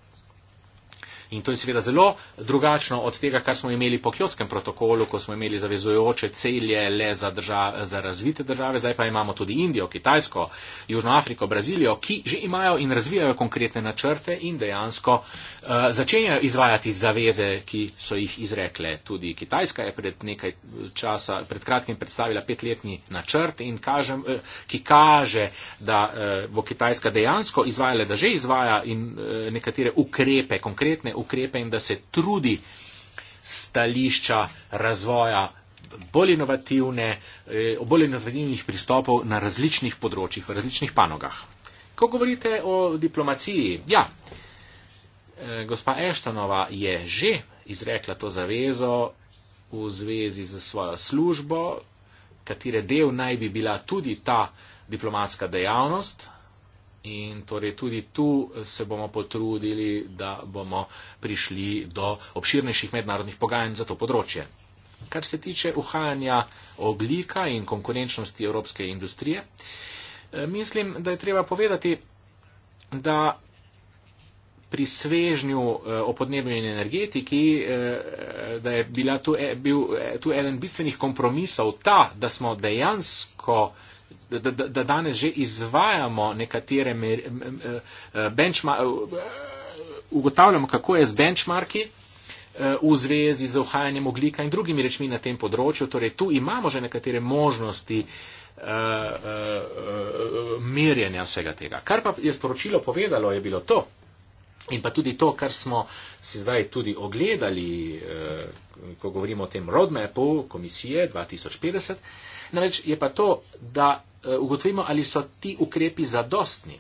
In to je seveda zelo drugačno od tega, kar smo imeli po kjotskem protokolu, ko smo imeli zavezujoče celje le za, držav, za razvite države. Zdaj pa imamo tudi Indijo, Kitajsko, Južno Afriko, Brazilijo, ki že imajo in razvijajo konkretne načrte in dejansko uh, začenjajo izvajati zaveze, ki so jih izrekle. Tudi Kitajska je pred nekaj časa, pred kratkim predstavila petletni načrt, kažem, uh, ki kaže, da uh, bo Kitajska dejansko izvajala, da že izvaja in uh, nekatere ukrepe, konkretne ukrepe in da se trudi stališča razvoja bolj, eh, bolj inovativnih pristopov na različnih področjih, v različnih panogah. Ko govorite o diplomaciji, ja, eh, gospa Eštonova je že izrekla to zavezo v zvezi z svojo službo, katere del naj bi bila tudi ta diplomatska dejavnost, In torej tudi tu se bomo potrudili, da bomo prišli do obširnejših mednarodnih pogajanj za to področje. Kar se tiče uhajanja oglika in konkurenčnosti evropske industrije, eh, mislim, da je treba povedati, da pri svežnju eh, o podnebju in energetiki, eh, da je bila tu, bil tu eden bistvenih kompromisov ta, da smo dejansko da, da, da danes že izvajamo nekatere eh, eh, benchmarki, eh, ugotavljamo, kako je z benchmarki v zvezi z ohajanjem oglika in drugimi rečmi na tem področju. Torej, tu imamo že nekatere možnosti merjenja vsega tega. Kar pa je sporočilo povedalo, je bilo to. In pa tudi to, kar smo si zdaj tudi ogledali, ko govorimo o tem roadmapu komisije 2050. Namreč je pa to, da eh, ugotovimo, ali so ti ukrepi zadostni.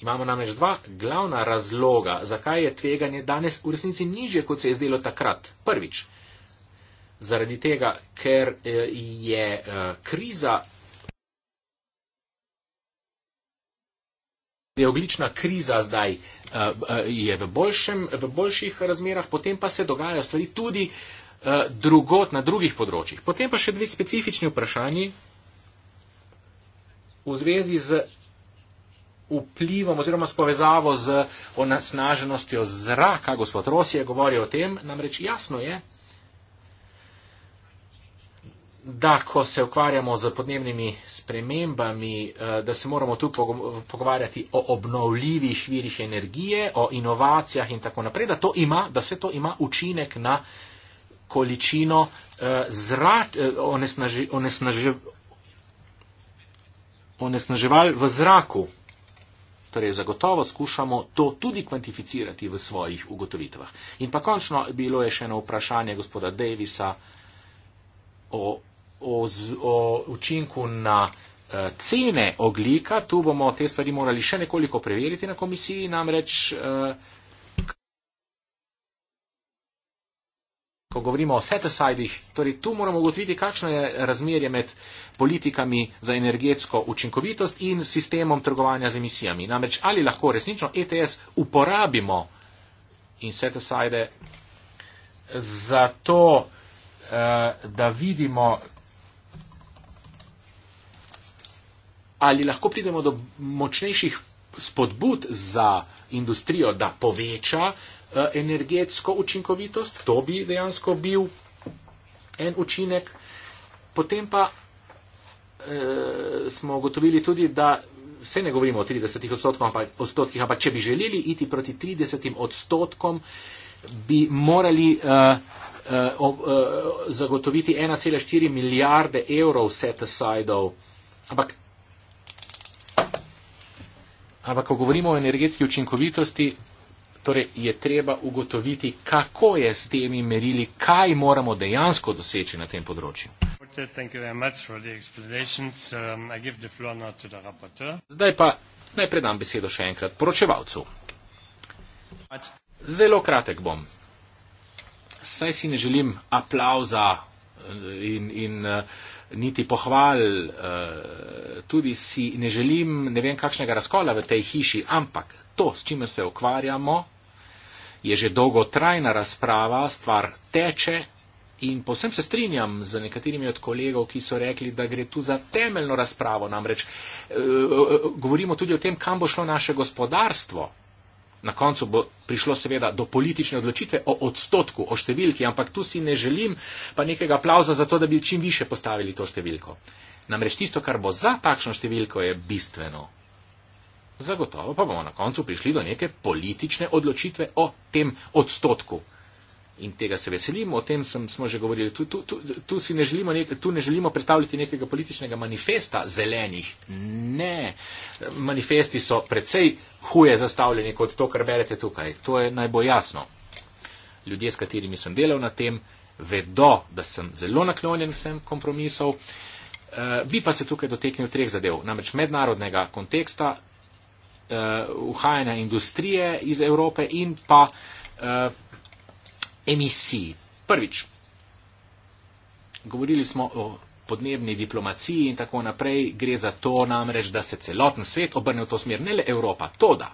Imamo namreč dva glavna razloga, zakaj je tveganje danes v resnici niže, kot se je zdelo takrat. Prvič, zaradi tega, ker eh, je eh, kriza. Je oglična kriza zdaj je v, boljšem, v boljših razmerah, potem pa se dogajajo stvari tudi uh, Eh, drugot na drugih področjih. Potem pa še dve specifični vprašanji v zvezi z vplivom oziroma s povezavo z onasnaženostjo zraka. Gospod Rosi je govoril o tem, namreč jasno je, da ko se ukvarjamo z podnebnimi spremembami, eh, da se moramo tu pogovarjati o obnovljivih virih energije, o inovacijah in tako naprej, da, to ima, da se to ima učinek na količino eh, zrak, eh, onesnaževal onesnaže, onesnaže v zraku. Torej, zagotovo skušamo to tudi kvantificirati v svojih ugotovitvah. In pa končno bilo je še eno vprašanje gospoda Davisa o, o, o učinku na eh, cene oglika. Tu bomo te stvari morali še nekoliko preveriti na komisiji, namreč. ko govorimo o set-asidih, torej tu moramo ugotoviti, kakšno je razmerje med politikami za energetsko učinkovitost in sistemom trgovanja z emisijami. Namreč ali lahko resnično ETS uporabimo in set-aside za to, eh, da vidimo, ali lahko pridemo do močnejših spodbud za industrijo, da poveča Eh, energetsko učinkovitost, to bi dejansko bil en učinek. Potem pa e, smo ugotovili tudi, da vse ne govorimo o 30 odstotkih, ampak, odstotkih, ampak če bi želeli iti proti 30 odstotkom, bi morali e, e, e, zagotoviti 1,4 milijarde evrov set-asidov. Ampak Ampak, ko govorimo o energetski učinkovitosti, Torej je treba ugotoviti, kako je s temi merili, kaj moramo dejansko doseči na tem področju. Um, Zdaj pa naj predam besedo še enkrat poročevalcu. Zelo kratek bom. Saj si ne želim aplauza eh, in, in eh, niti pohval, eh, tudi si ne želim ne vem kakšnega razkola v tej hiši, ampak to, s čimer se ukvarjamo, je že dolgotrajna razprava, stvar teče in posebno se strinjam z nekaterimi od kolegov, ki so rekli, da gre tu za temeljno razpravo. Namreč eh, eh, govorimo tudi o tem, kam bo šlo naše gospodarstvo. Na koncu bo prišlo seveda do politične odločitve o odstotku, o številki, ampak tu si ne želim pa nekega aplauza za to, da bi čim više postavili to številko. Namreč tisto, kar bo za takšno številko, je bistveno. Zagotovo pa bomo na koncu prišli do neke politične odločitve o tem odstotku. In tega se veselimo, o tem sem, smo že govorili. Tu, tu, tu, tu, ne nek, tu ne želimo predstavljati nekega političnega manifesta zelenih. Ne. Manifesti so precej huje zastavljeni kot to, kar berete tukaj. To je najbolj jasno. Ljudje, s katerimi sem delal na tem, vedo, da sem zelo naklonjen vsem kompromisov. Uh, bi pa se tukaj dotekli treh zadev, namreč mednarodnega konteksta, Eh, uhajanja industrije iz Evrope in pa eh, emisij. Prvič, govorili smo o podnebni diplomaciji in tako naprej, gre za to namreč, da se celoten svet obrne v to smer, ne le Evropa, to da.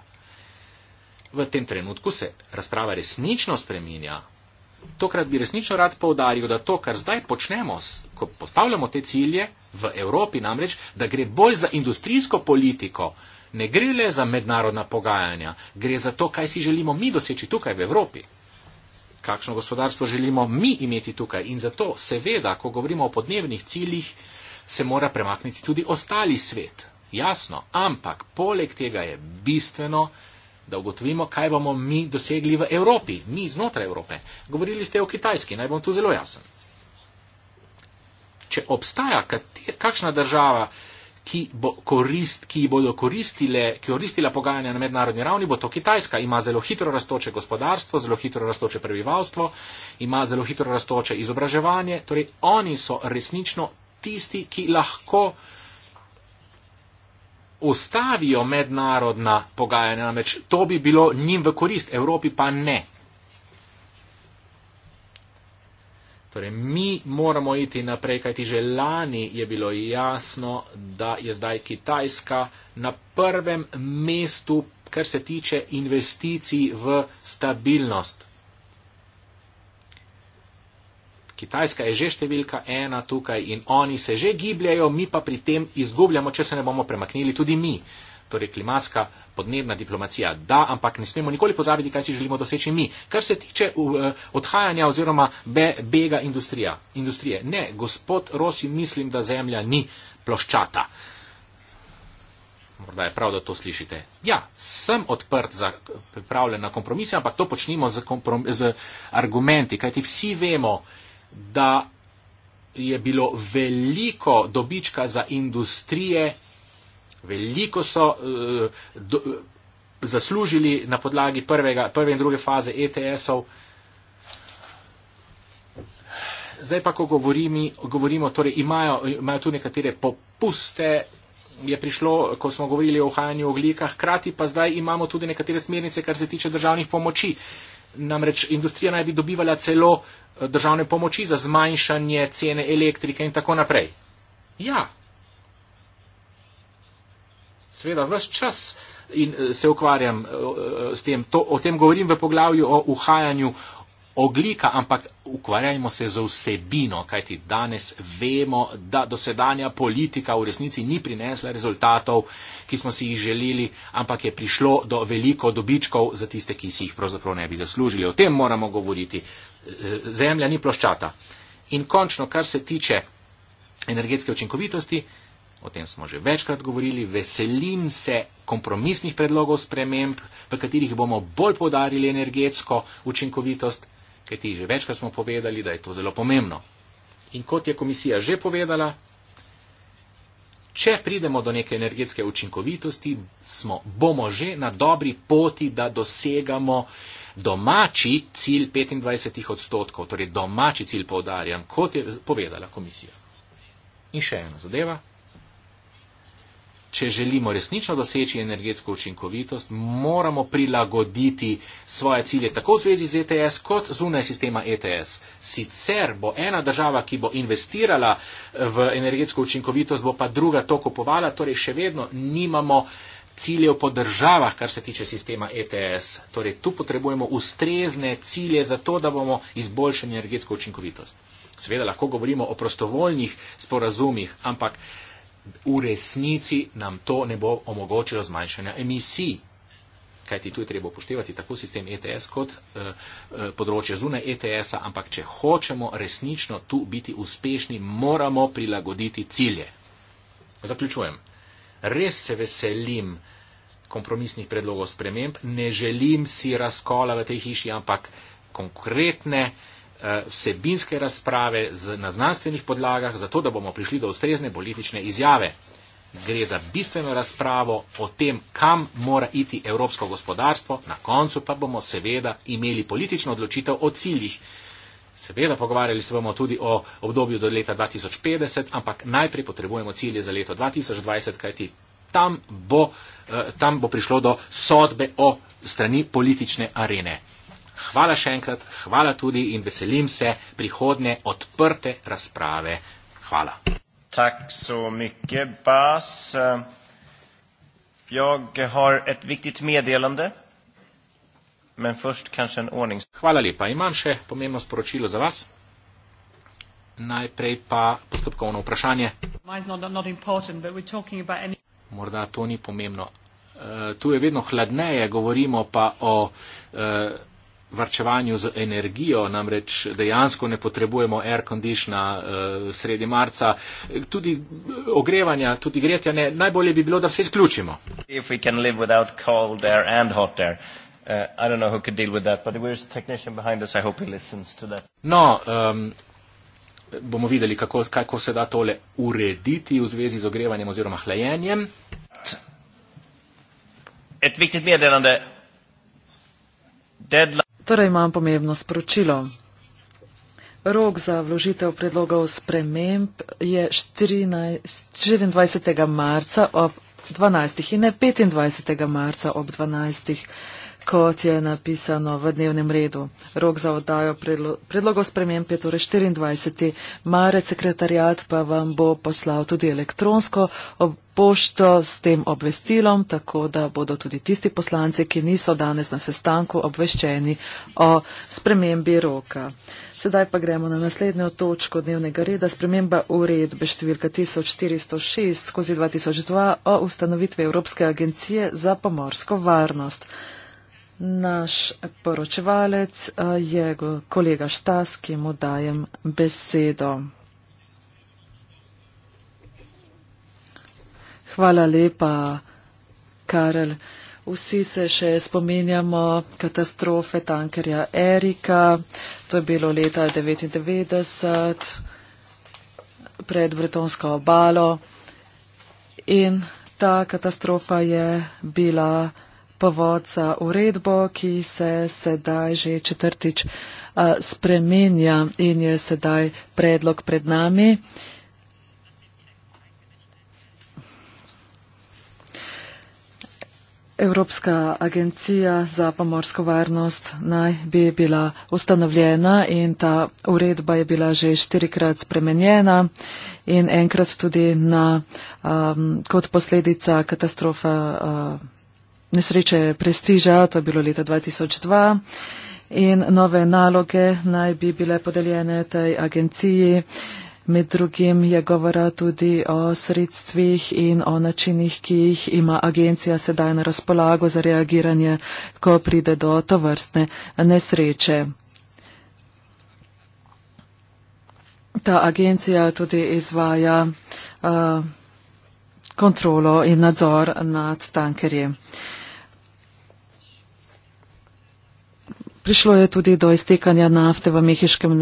V tem trenutku se razprava resnično spreminja. Tokrat bi resnično rad povdaril, da to, kar zdaj počnemo, ko postavljamo te cilje v Evropi, namreč, da gre bolj za industrijsko politiko, uh, ne gre le za mednarodna pogajanja, gre za to, kaj si želimo mi doseči tukaj v Evropi. Kakšno gospodarstvo želimo mi imeti tukaj in zato, seveda, ko govorimo o podnebnih ciljih, se mora premakniti tudi ostali svet. Jasno, ampak poleg tega je bistveno, da ugotovimo, kaj bomo mi dosegli v Evropi, mi znotraj Evrope. Govorili ste o Kitajski, naj bom tu zelo jasen. Če obstaja kakšna država, ki bo korist, ki bodo koristile, ki koristila pogajanja na mednarodni ravni, bo to Kitajska. Ima zelo hitro raztoče gospodarstvo, zelo hitro raztoče prebivalstvo, ima zelo hitro raztoče izobraževanje. Torej, oni so resnično tisti, ki lahko ustavijo mednarodna pogajanja. Namreč to bi bilo njim v korist, Evropi pa ne. Torej, mi moramo iti naprej, kajti že lani je bilo jasno, da je zdaj Kitajska na prvem mestu, kar se tiče investicij v stabilnost. Kitajska je že številka ena tukaj in oni se že gibljajo, mi pa pri tem izgubljamo, če se ne bomo premaknili tudi mi. Torej, klimatska podnebna diplomacija, da, ampak ne smemo nikoli pozabiti, kaj si želimo doseči mi. Kar se tiče eh, odhajanja oziroma be, bega industrija, industrije. Ne, gospod Rosi, mislim, da zemlja ni ploščata. Morda je prav, da to slišite. Ja, sem odprt za pripravljen na kompromise, ampak to počnimo z, z argumenti, kajti vsi vemo, da je bilo veliko dobička za industrije Veliko so uh, do, zaslužili na podlagi prvega, prve in druge faze ETS-ov. Zdaj pa, ko govorimi, govorimo, torej imajo, imajo tu nekatere popuste, je prišlo, ko smo govorili o ohajanju oglika, hkrati pa zdaj imamo tudi nekatere smernice, kar se tiče državnih pomoči. Namreč industrija naj bi dobivala celo eh, državne pomoči za zmanjšanje cene elektrike in tako naprej. Ja, Sveda, vse čas in, eh, se ukvarjam eh, eh, s tem. To, o tem govorim v poglavju o uhajanju oglika, ampak ukvarjajmo se z vsebino, kajti danes vemo, da dosedanja politika v resnici ni prinesla rezultatov, ki smo si jih želeli, ampak je prišlo do veliko dobičkov za tiste, ki si jih pravzaprav ne bi zaslužili. O tem moramo govoriti. Zemlja ni ploščata. In končno, kar se tiče energetske učinkovitosti, O tem smo že večkrat govorili. Veselim se kompromisnih predlogov sprememb, v katerih bomo bolj podarili energetsko učinkovitost, ker ti že večkrat smo povedali, da je to zelo pomembno. In kot je komisija že povedala, če pridemo do neke energetske učinkovitosti, smo, bomo že na dobri poti, da dosegamo domači cilj 25 odstotkov, torej domači cilj poudarjam, kot je povedala komisija. In še ena zadeva če želimo resnično doseči energetsko učinkovitost, moramo prilagoditi svoje cilje tako v zvezi z ETS kot zunaj sistema ETS. Sicer bo ena država, ki bo investirala v energetsko učinkovitost, bo pa druga to kupovala, torej še vedno nimamo ciljev po državah, kar se tiče sistema ETS. Torej tu potrebujemo ustrezne cilje za to, da bomo izboljšali energetsko učinkovitost. Seveda lahko govorimo o prostovoljnih sporazumih, ampak v resnici nam to ne bo omogočilo zmanjšanja emisij. Kaj ti tu je treba upoštevati tako sistem ETS kot eh, eh področje zune ETS-a, ampak če hočemo resnično tu biti uspešni, moramo prilagoditi cilje. Zaključujem. Res se veselim kompromisnih predlogov sprememb, ne želim si razkola v tej hiši, ampak konkretne eh, Eh, vsebinske razprave na znanstvenih podlagah, zato da bomo prišli do ustrezne politične izjave. Gre za bistveno razpravo o tem, kam mora iti evropsko gospodarstvo, na koncu pa bomo seveda imeli politično odločitev o ciljih. Seveda pogovarjali se bomo tudi o obdobju do leta 2050, ampak najprej potrebujemo cilje za leto 2020, kajti tam bo, eh, tam bo prišlo do sodbe o strani politične arene. Hvala še enkrat, hvala tudi in veselim se prihodne odprte razprave. Hvala. Takso mikke, Bas. Jag har ett viktigt meddelande. Men först kanske en ordning. Hvala lepa. Imam še pomembno sporočilo za vas. Najprej pa postopkovno vprašanje. Not, not any... Morda to ni pomembno. Uh, tu je vedno hladneje, govorimo pa o uh, varčevanju z energijo, namreč dejansko ne potrebujemo air conditiona uh, eh, sredi marca, tudi eh, ogrevanja, tudi gretja ne. Najbolje bi bilo, da vse izključimo. Eh, no, ehm, bomo videli, kako, kako se da tole urediti v zvezi z ogrevanjem oziroma hlajenjem. Ett viktigt meddelande. Deadline. Torej imam pomembno sporočilo. Rok za vložitev predlogov sprememb je 14, 24. marca ob 12. in ne 25. marca ob 12. kot je napisano v dnevnem redu. Rok za oddajo predlo, predlogov sprememb je torej 24. marec, sekretarjat pa vam bo poslal tudi elektronsko ob, pošto s tem obvestilom, tako da bodo tudi tisti poslanci, ki niso danes na sestanku, obveščeni o spremembi roka. Sedaj pa gremo na naslednjo točko dnevnega reda. Sprememba uredbe številka 1406 skozi 2002 o ustanovitvi Evropske agencije za pomorsko varnost. Naš poročevalec eh, je kolega Štas, ki mu dajem besedo. Hvala lepa, Karel. Vsi se še spominjamo katastrofe tankerja Erika. To je bilo leta 1999 pred Bretonsko obalo. In ta katastrofa je bila povod za uredbo, ki se sedaj že četrtič uh, spremenja in je sedaj predlog pred nami. Uh, Evropska agencija za pomorsko varnost naj bi bila ustanovljena in ta uredba je bila že štirikrat spremenjena in enkrat tudi na, um, kot posledica katastrofe uh, nesreče prestiža, to je bilo leta 2002 in nove naloge naj bi bile podeljene tej agenciji. Uh, Med drugim je govora tudi o sredstvih in o načinih, ki jih ima agencija sedaj na razpolago za reagiranje, ko pride do tovrstne nesreče. Ta agencija tudi izvaja uh, kontrolo in nadzor nad tankerji. Uh, Prišlo je tudi do iztekanja nafte v Mehiškem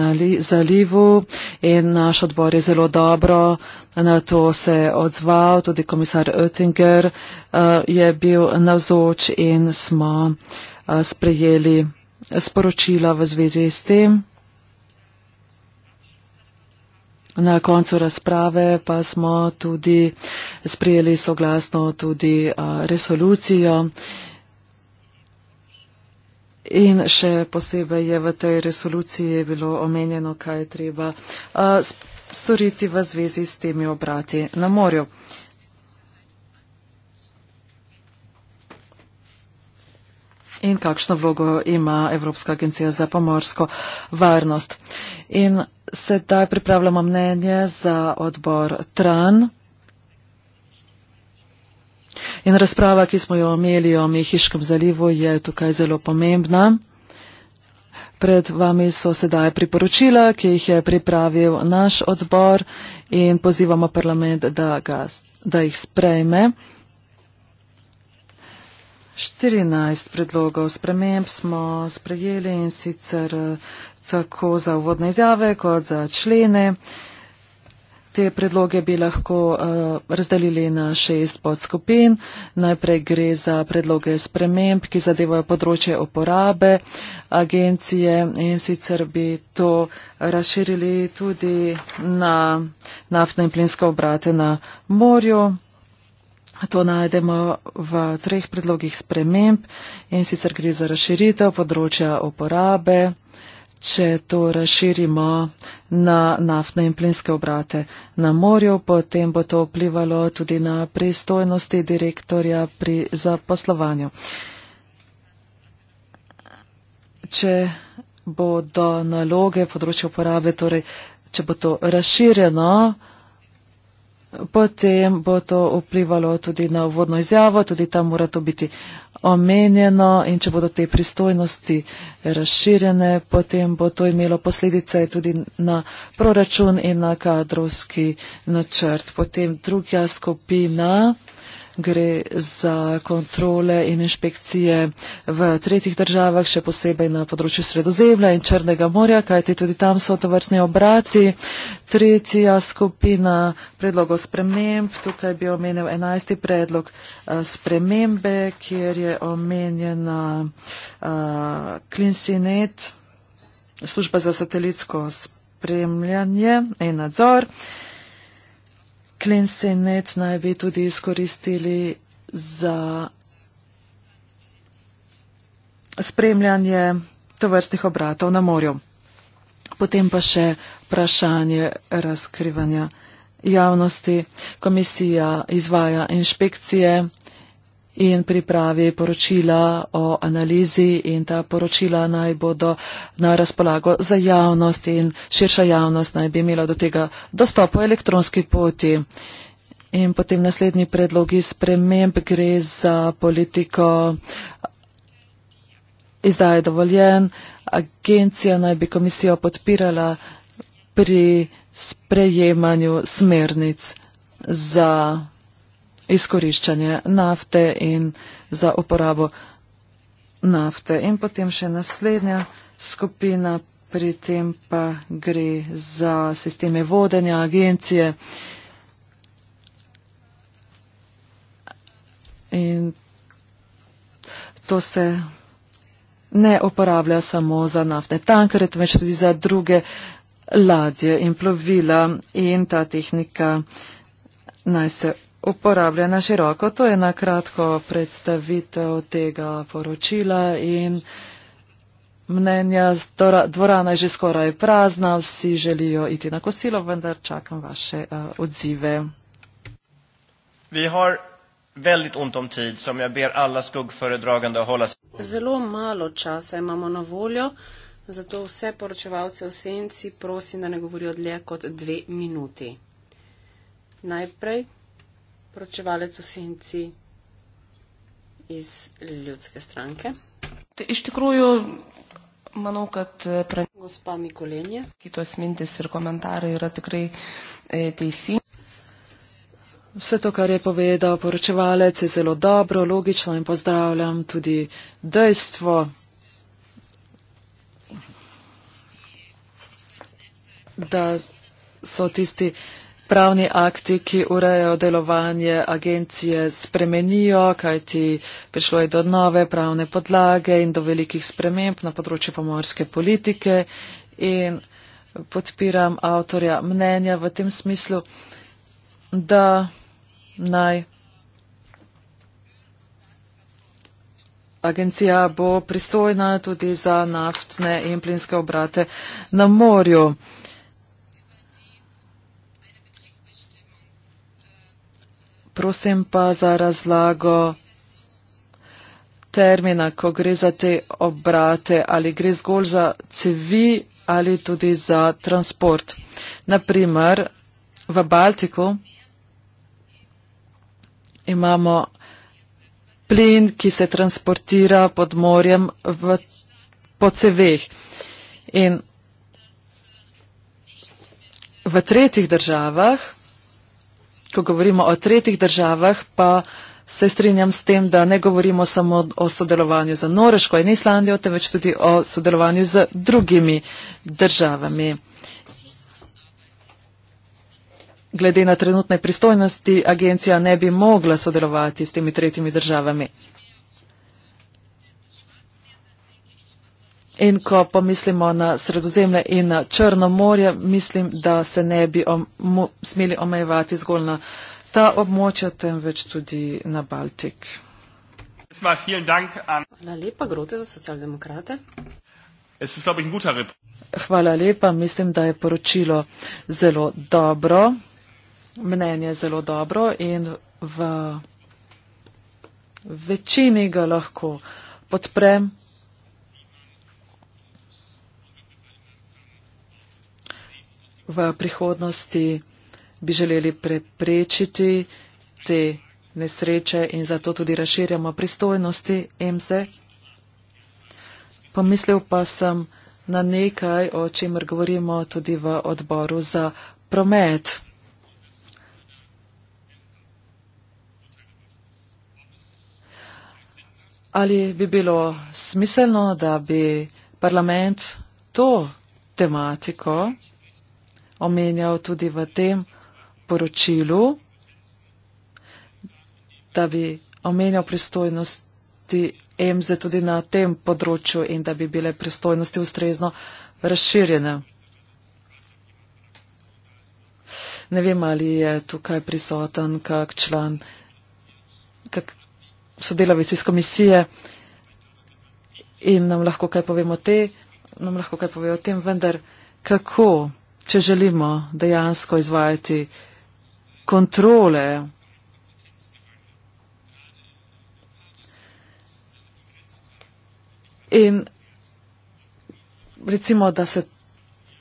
zalivu in naš odbor je zelo dobro na to se odzval. Tudi komisar Oettinger eh, je bil navzoč in smo eh, sprejeli sporočila v zvezi s tem. Na koncu razprave pa smo tudi sprejeli soglasno tudi eh, resolucijo. In še posebej je v tej resoluciji bilo omenjeno, kaj je treba storiti v zvezi s temi obrati na morju. In kakšno vlogo ima Evropska agencija za pomorsko varnost. In sedaj pripravljamo mnenje za odbor TRAN. In razprava, ki smo jo imeli o Mehiškem zalivu, je tukaj zelo pomembna. Pred vami so sedaj priporočila, ki jih je pripravil naš odbor in pozivamo parlament, da, ga, da jih sprejme. 14 predlogov sprememb smo sprejeli in sicer tako za uvodne izjave kot za člene. Uh, Te predloge bi lahko uh, razdelili na šest podskupin. Najprej gre za predloge sprememb, ki zadevajo področje uporabe agencije in sicer bi to razširili tudi na naftne in plinske obrate na morju. To najdemo v treh predlogih sprememb in sicer gre za razširitev področja uporabe. Če to razširimo na naftne in plinske obrate na morju, potem bo to vplivalo tudi na pristojnosti direktorja pri zaposlovanju. Če bodo naloge področja uporabe, torej če bo to razširjeno, potem bo to vplivalo tudi na vodno izjavo, tudi tam mora to biti omenjeno in če bodo te pristojnosti razširjene, potem bo to imelo posledice tudi na proračun in na kadrovski načrt. Potem druga skupina gre za kontrole in inšpekcije v tretjih državah, še posebej na področju Sredozemlja in Črnega morja, kajti tudi tam so tovrstni obrati. Tretja skupina predlogov sprememb, tukaj bi omenil enajsti predlog eh, spremembe, kjer je omenjena eh, ClinCinet, služba za satelitsko spremljanje in nadzor. Uh, Klinsenet naj bi tudi izkoristili za spremljanje tovrstnih obratov na morju. Potem pa še vprašanje razkrivanja javnosti. Komisija izvaja inšpekcije in pripravi poročila o analizi in ta poročila naj bodo na razpolago za javnost in širša javnost naj bi imela do tega dostop po elektronski poti. In potem naslednji predlogi sprememb gre za politiko izdaje dovoljen. Agencija naj bi komisijo podpirala pri sprejemanju smernic za izkoriščanje nafte in za uporabo nafte. In potem še naslednja skupina, pri tem pa gre za sisteme vodenja agencije. In to se ne uporablja samo za naftne tankere, temveč tudi za druge ladje in plovila in ta tehnika naj se uporablja na široko. To je na kratko predstavitev tega poročila in mnenja dvorana je že skoraj prazna, vsi želijo iti na kosilo, vendar čakam vaše uh, odzive. Vi har tid, som jag ber alla hålla... Zelo malo časa imamo na voljo, zato vse poročevalce v senci prosim, da ne govorijo dlje kot dve minuti. Najprej poročevalec v senci iz ljudske stranke. Iš tikrųjų, manau, kad e, pranešimas, kitos mintis ir komentarai yra tikrai e, teisingi. Vse to, kar je povedal poročevalec, je zelo dobro, logično in pozdravljam tudi dejstvo. da so tisti pravni akti, ki urejajo delovanje agencije, spremenijo, kajti prišlo je do nove pravne podlage in do velikih sprememb na področju pomorske politike in podpiram avtorja mnenja v tem smislu, da naj agencija bo pristojna tudi za naftne in plinske obrate na morju. prosim pa za razlago termina, ko gre za te obrate, ali gre zgolj za cevi ali tudi za transport. Naprimer, v Baltiku imamo plin, ki se transportira pod morjem v, po ceveh. In v tretjih državah ko govorimo o tretjih državah, pa se strinjam s tem, da ne govorimo samo o sodelovanju z Noreško in Islandijo, temveč tudi o sodelovanju z drugimi državami. Glede na trenutne pristojnosti, agencija ne bi mogla sodelovati s temi tretjimi državami. In ko pomislimo na Sredozemlje in na Črno morje, mislim, da se ne bi om smeli omejevati zgolj na ta območja, temveč tudi na Baltik. Hvala lepa, Grote za socialdemokrate. Hvala lepa, mislim, da je poročilo zelo dobro, mnenje je zelo dobro in v večini ga lahko podprem. v prihodnosti bi želeli preprečiti te nesreče in zato tudi razširjamo pristojnosti EMSE. Pomislil pa sem na nekaj, o čemer govorimo tudi v odboru za promet. Ali bi bilo smiselno, da bi parlament to tematiko omenjal tudi v tem poročilu, da bi omenjal pristojnosti EMZE tudi na tem področju in da bi bile pristojnosti ustrezno razširjene. Ne vem, ali je tukaj prisoten kak član, kak sodelavec iz komisije in nam lahko kaj povemo o tem, vendar kako če želimo dejansko izvajati kontrole. In recimo, da se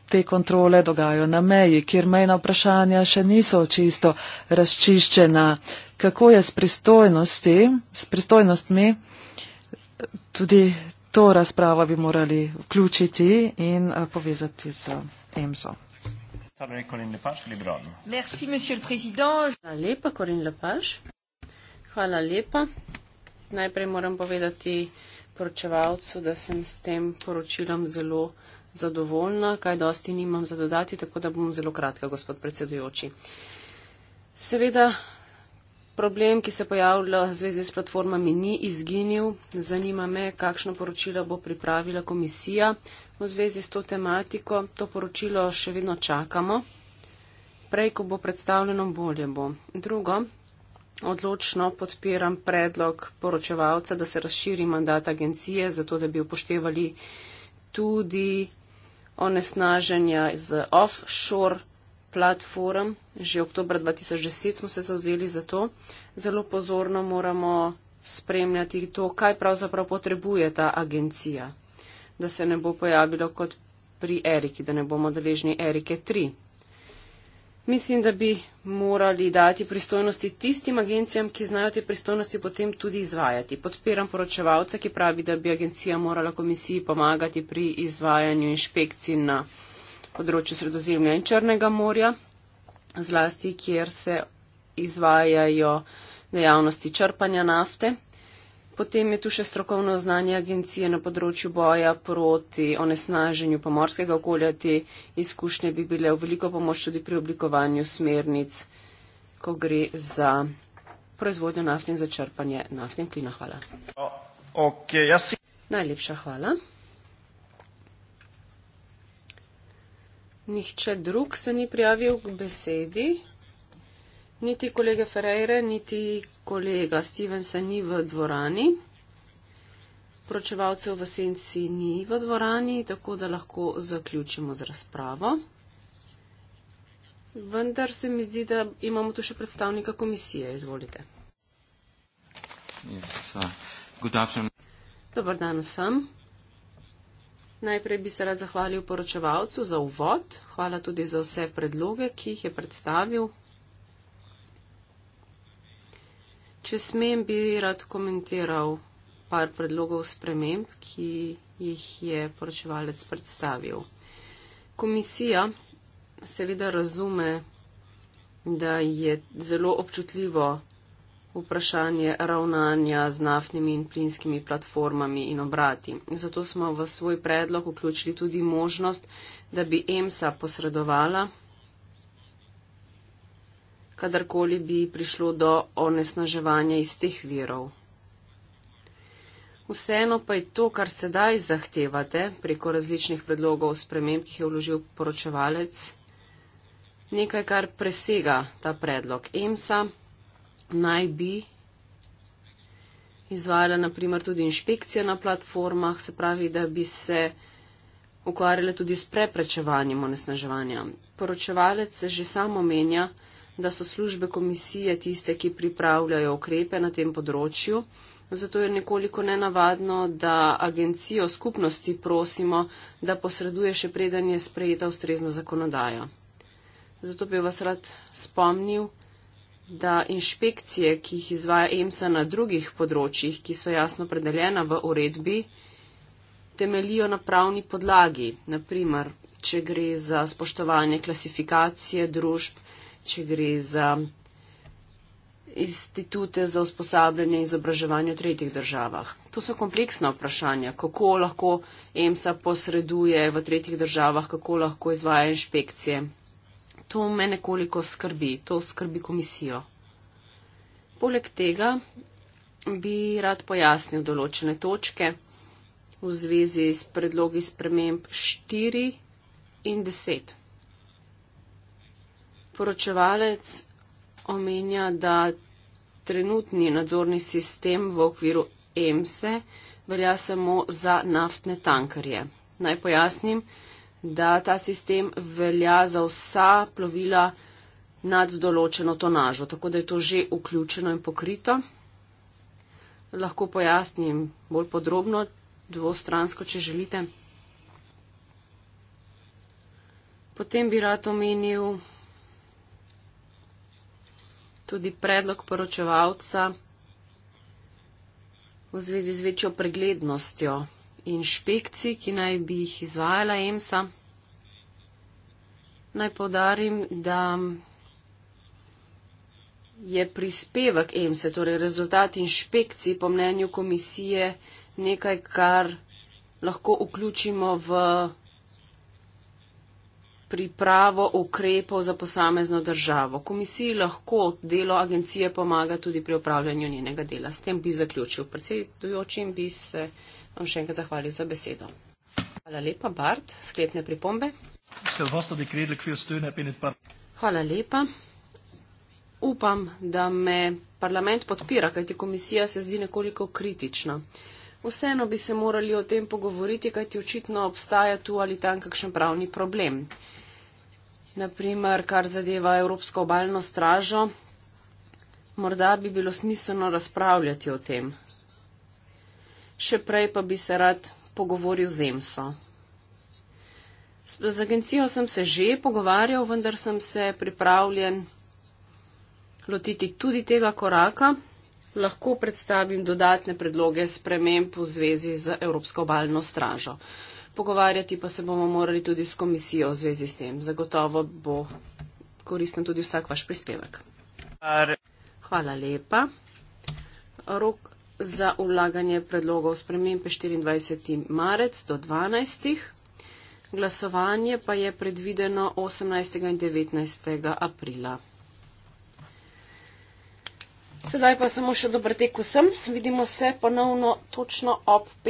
te kontrole dogajajo na meji, kjer mejna vprašanja še niso čisto razčiščena. Kako je s, pristojnosti, s pristojnostmi? Tudi to razpravo bi morali vključiti in eh, povezati z EMSO. Merci, Monsieur le Président. Hvala lepa, Corin Lepage. Hvala lepa. Najprej moram povedati poročevalcu, da sem s tem poročilom zelo zadovoljna, kaj dosti nimam za dodati, tako da bom zelo kratka, gospod predsedujoči. Seveda, problem, ki se pojavlja v zvezi s platformami, ni izginil. Zanima me, kakšno poročilo bo pripravila komisija v zvezi s to tematiko. To poročilo še vedno čakamo. Prej, ko bo predstavljeno, bolje bo. Drugo, odločno podpiram predlog poročevalca, da se razširi mandat agencije, zato da bi upoštevali tudi onesnaženja z offshore platform. Že oktober 2010 smo se zavzeli za to. Zelo pozorno moramo spremljati to, kaj pravzaprav potrebuje ta agencija da se ne bo pojavilo kot pri Eriki, da ne bomo deležni Erike 3. Mislim, da bi morali dati pristojnosti tistim agencijam, ki znajo te pristojnosti potem tudi izvajati. Podpiram poročevalca, ki pravi, da bi agencija morala komisiji pomagati pri izvajanju inšpekcij na področju Sredozemlja in Črnega morja, zlasti kjer se izvajajo dejavnosti črpanja nafte. Potem je tu še strokovno znanje agencije na področju boja proti onesnaženju pomorskega okolja. Te izkušnje bi bile v veliko pomoč tudi pri oblikovanju smernic, ko gre za proizvodnjo nafte in za črpanje nafte in plina. Hvala. Okay, jaz... Najlepša hvala. Nihče drug se ni prijavil k besedi. Niti kolege Ferreira, niti kolega Stevensa ni v dvorani. Pročevalcev v senci ni v dvorani, tako da lahko zaključimo z razpravo. Vendar se mi zdi, da imamo tu še predstavnika komisije. Izvolite. Yes, uh, Dobar dan vsem. Najprej bi se rad zahvalil poročevalcu za uvod. Hvala tudi za vse predloge, ki jih je predstavil Če smem, bi rad komentiral par predlogov sprememb, ki jih je poročevalec predstavil. Komisija seveda razume, da je zelo občutljivo vprašanje ravnanja z naftnimi in plinskimi platformami in obrati. Zato smo v svoj predlog vključili tudi možnost, da bi EMSA posredovala kadarkoli bi prišlo do onesnaževanja iz teh virov. Vseeno pa je to, kar sedaj zahtevate preko različnih predlogov sprememb, ki jih je vložil poročevalec, nekaj, kar presega ta predlog. EMSA naj bi izvajala naprimer tudi inšpekcije na platformah, se pravi, da bi se ukvarjala tudi s preprečevanjem onesnaževanja. Poročevalec se že samo menja, da so službe komisije tiste, ki pripravljajo ukrepe na tem področju. Zato je nekoliko nenavadno, da agencijo skupnosti prosimo, da posreduje še preden je sprejeta ustrezna zakonodaja. Zato bi vas rad spomnil, da inšpekcije, ki jih izvaja EMSA na drugih področjih, ki so jasno predeljena v uredbi, temelijo na pravni podlagi, naprimer, če gre za spoštovanje klasifikacije družb, če gre za institute za usposabljanje in izobraževanje v tretjih državah. To so kompleksna vprašanja, kako lahko EMSA posreduje v tretjih državah, kako lahko izvaja inšpekcije. To me nekoliko skrbi, to skrbi komisijo. Poleg tega bi rad pojasnil določene točke v zvezi s predlogi sprememb 4 in 10 poročevalec omenja, da trenutni nadzorni sistem v okviru EMSE velja samo za naftne tankarje. Naj pojasnim, da ta sistem velja za vsa plovila nad določeno tonažo, tako da je to že vključeno in pokrito. Lahko pojasnim bolj podrobno, dvostransko, če želite. Potem bi rad omenil tudi predlog poročevalca v zvezi z večjo preglednostjo inšpekcij, ki naj bi jih izvajala EMSA. Naj podarim, da je prispevek EMSA, torej rezultat inšpekcij po mnenju komisije, nekaj, kar lahko vključimo v pripravo ukrepov za posamezno državo. Komisiji lahko delo agencije pomaga tudi pri upravljanju njenega dela. S tem bi zaključil. Predsedujočim bi se vam še enkrat zahvalil za besedo. Hvala lepa, Bart. Sklepne pripombe. Hvala lepa. Upam, da me parlament podpira, kajti komisija se zdi nekoliko kritična. Vseeno bi se morali o tem pogovoriti, kajti očitno obstaja tu ali tam kakšen pravni problem naprimer kar zadeva Evropsko obaljno stražo, morda bi bilo smiselno razpravljati o tem. Še prej pa bi se rad pogovoril z EMSO. Z agencijo sem se že pogovarjal, vendar sem se pripravljen lotiti tudi tega koraka. Lahko predstavim dodatne predloge sprememb v zvezi z Evropsko obaljno stražo pogovarjati, pa se bomo morali tudi s komisijo v zvezi s tem. Zagotovo bo koristen tudi vsak vaš prispevek. Hvala lepa. Rok za ulaganje predlogov spremembe 24. marec do 12. Glasovanje pa je predvideno 18. in 19. aprila. Sedaj pa samo še dober tek vsem. Vidimo se ponovno točno ob 5.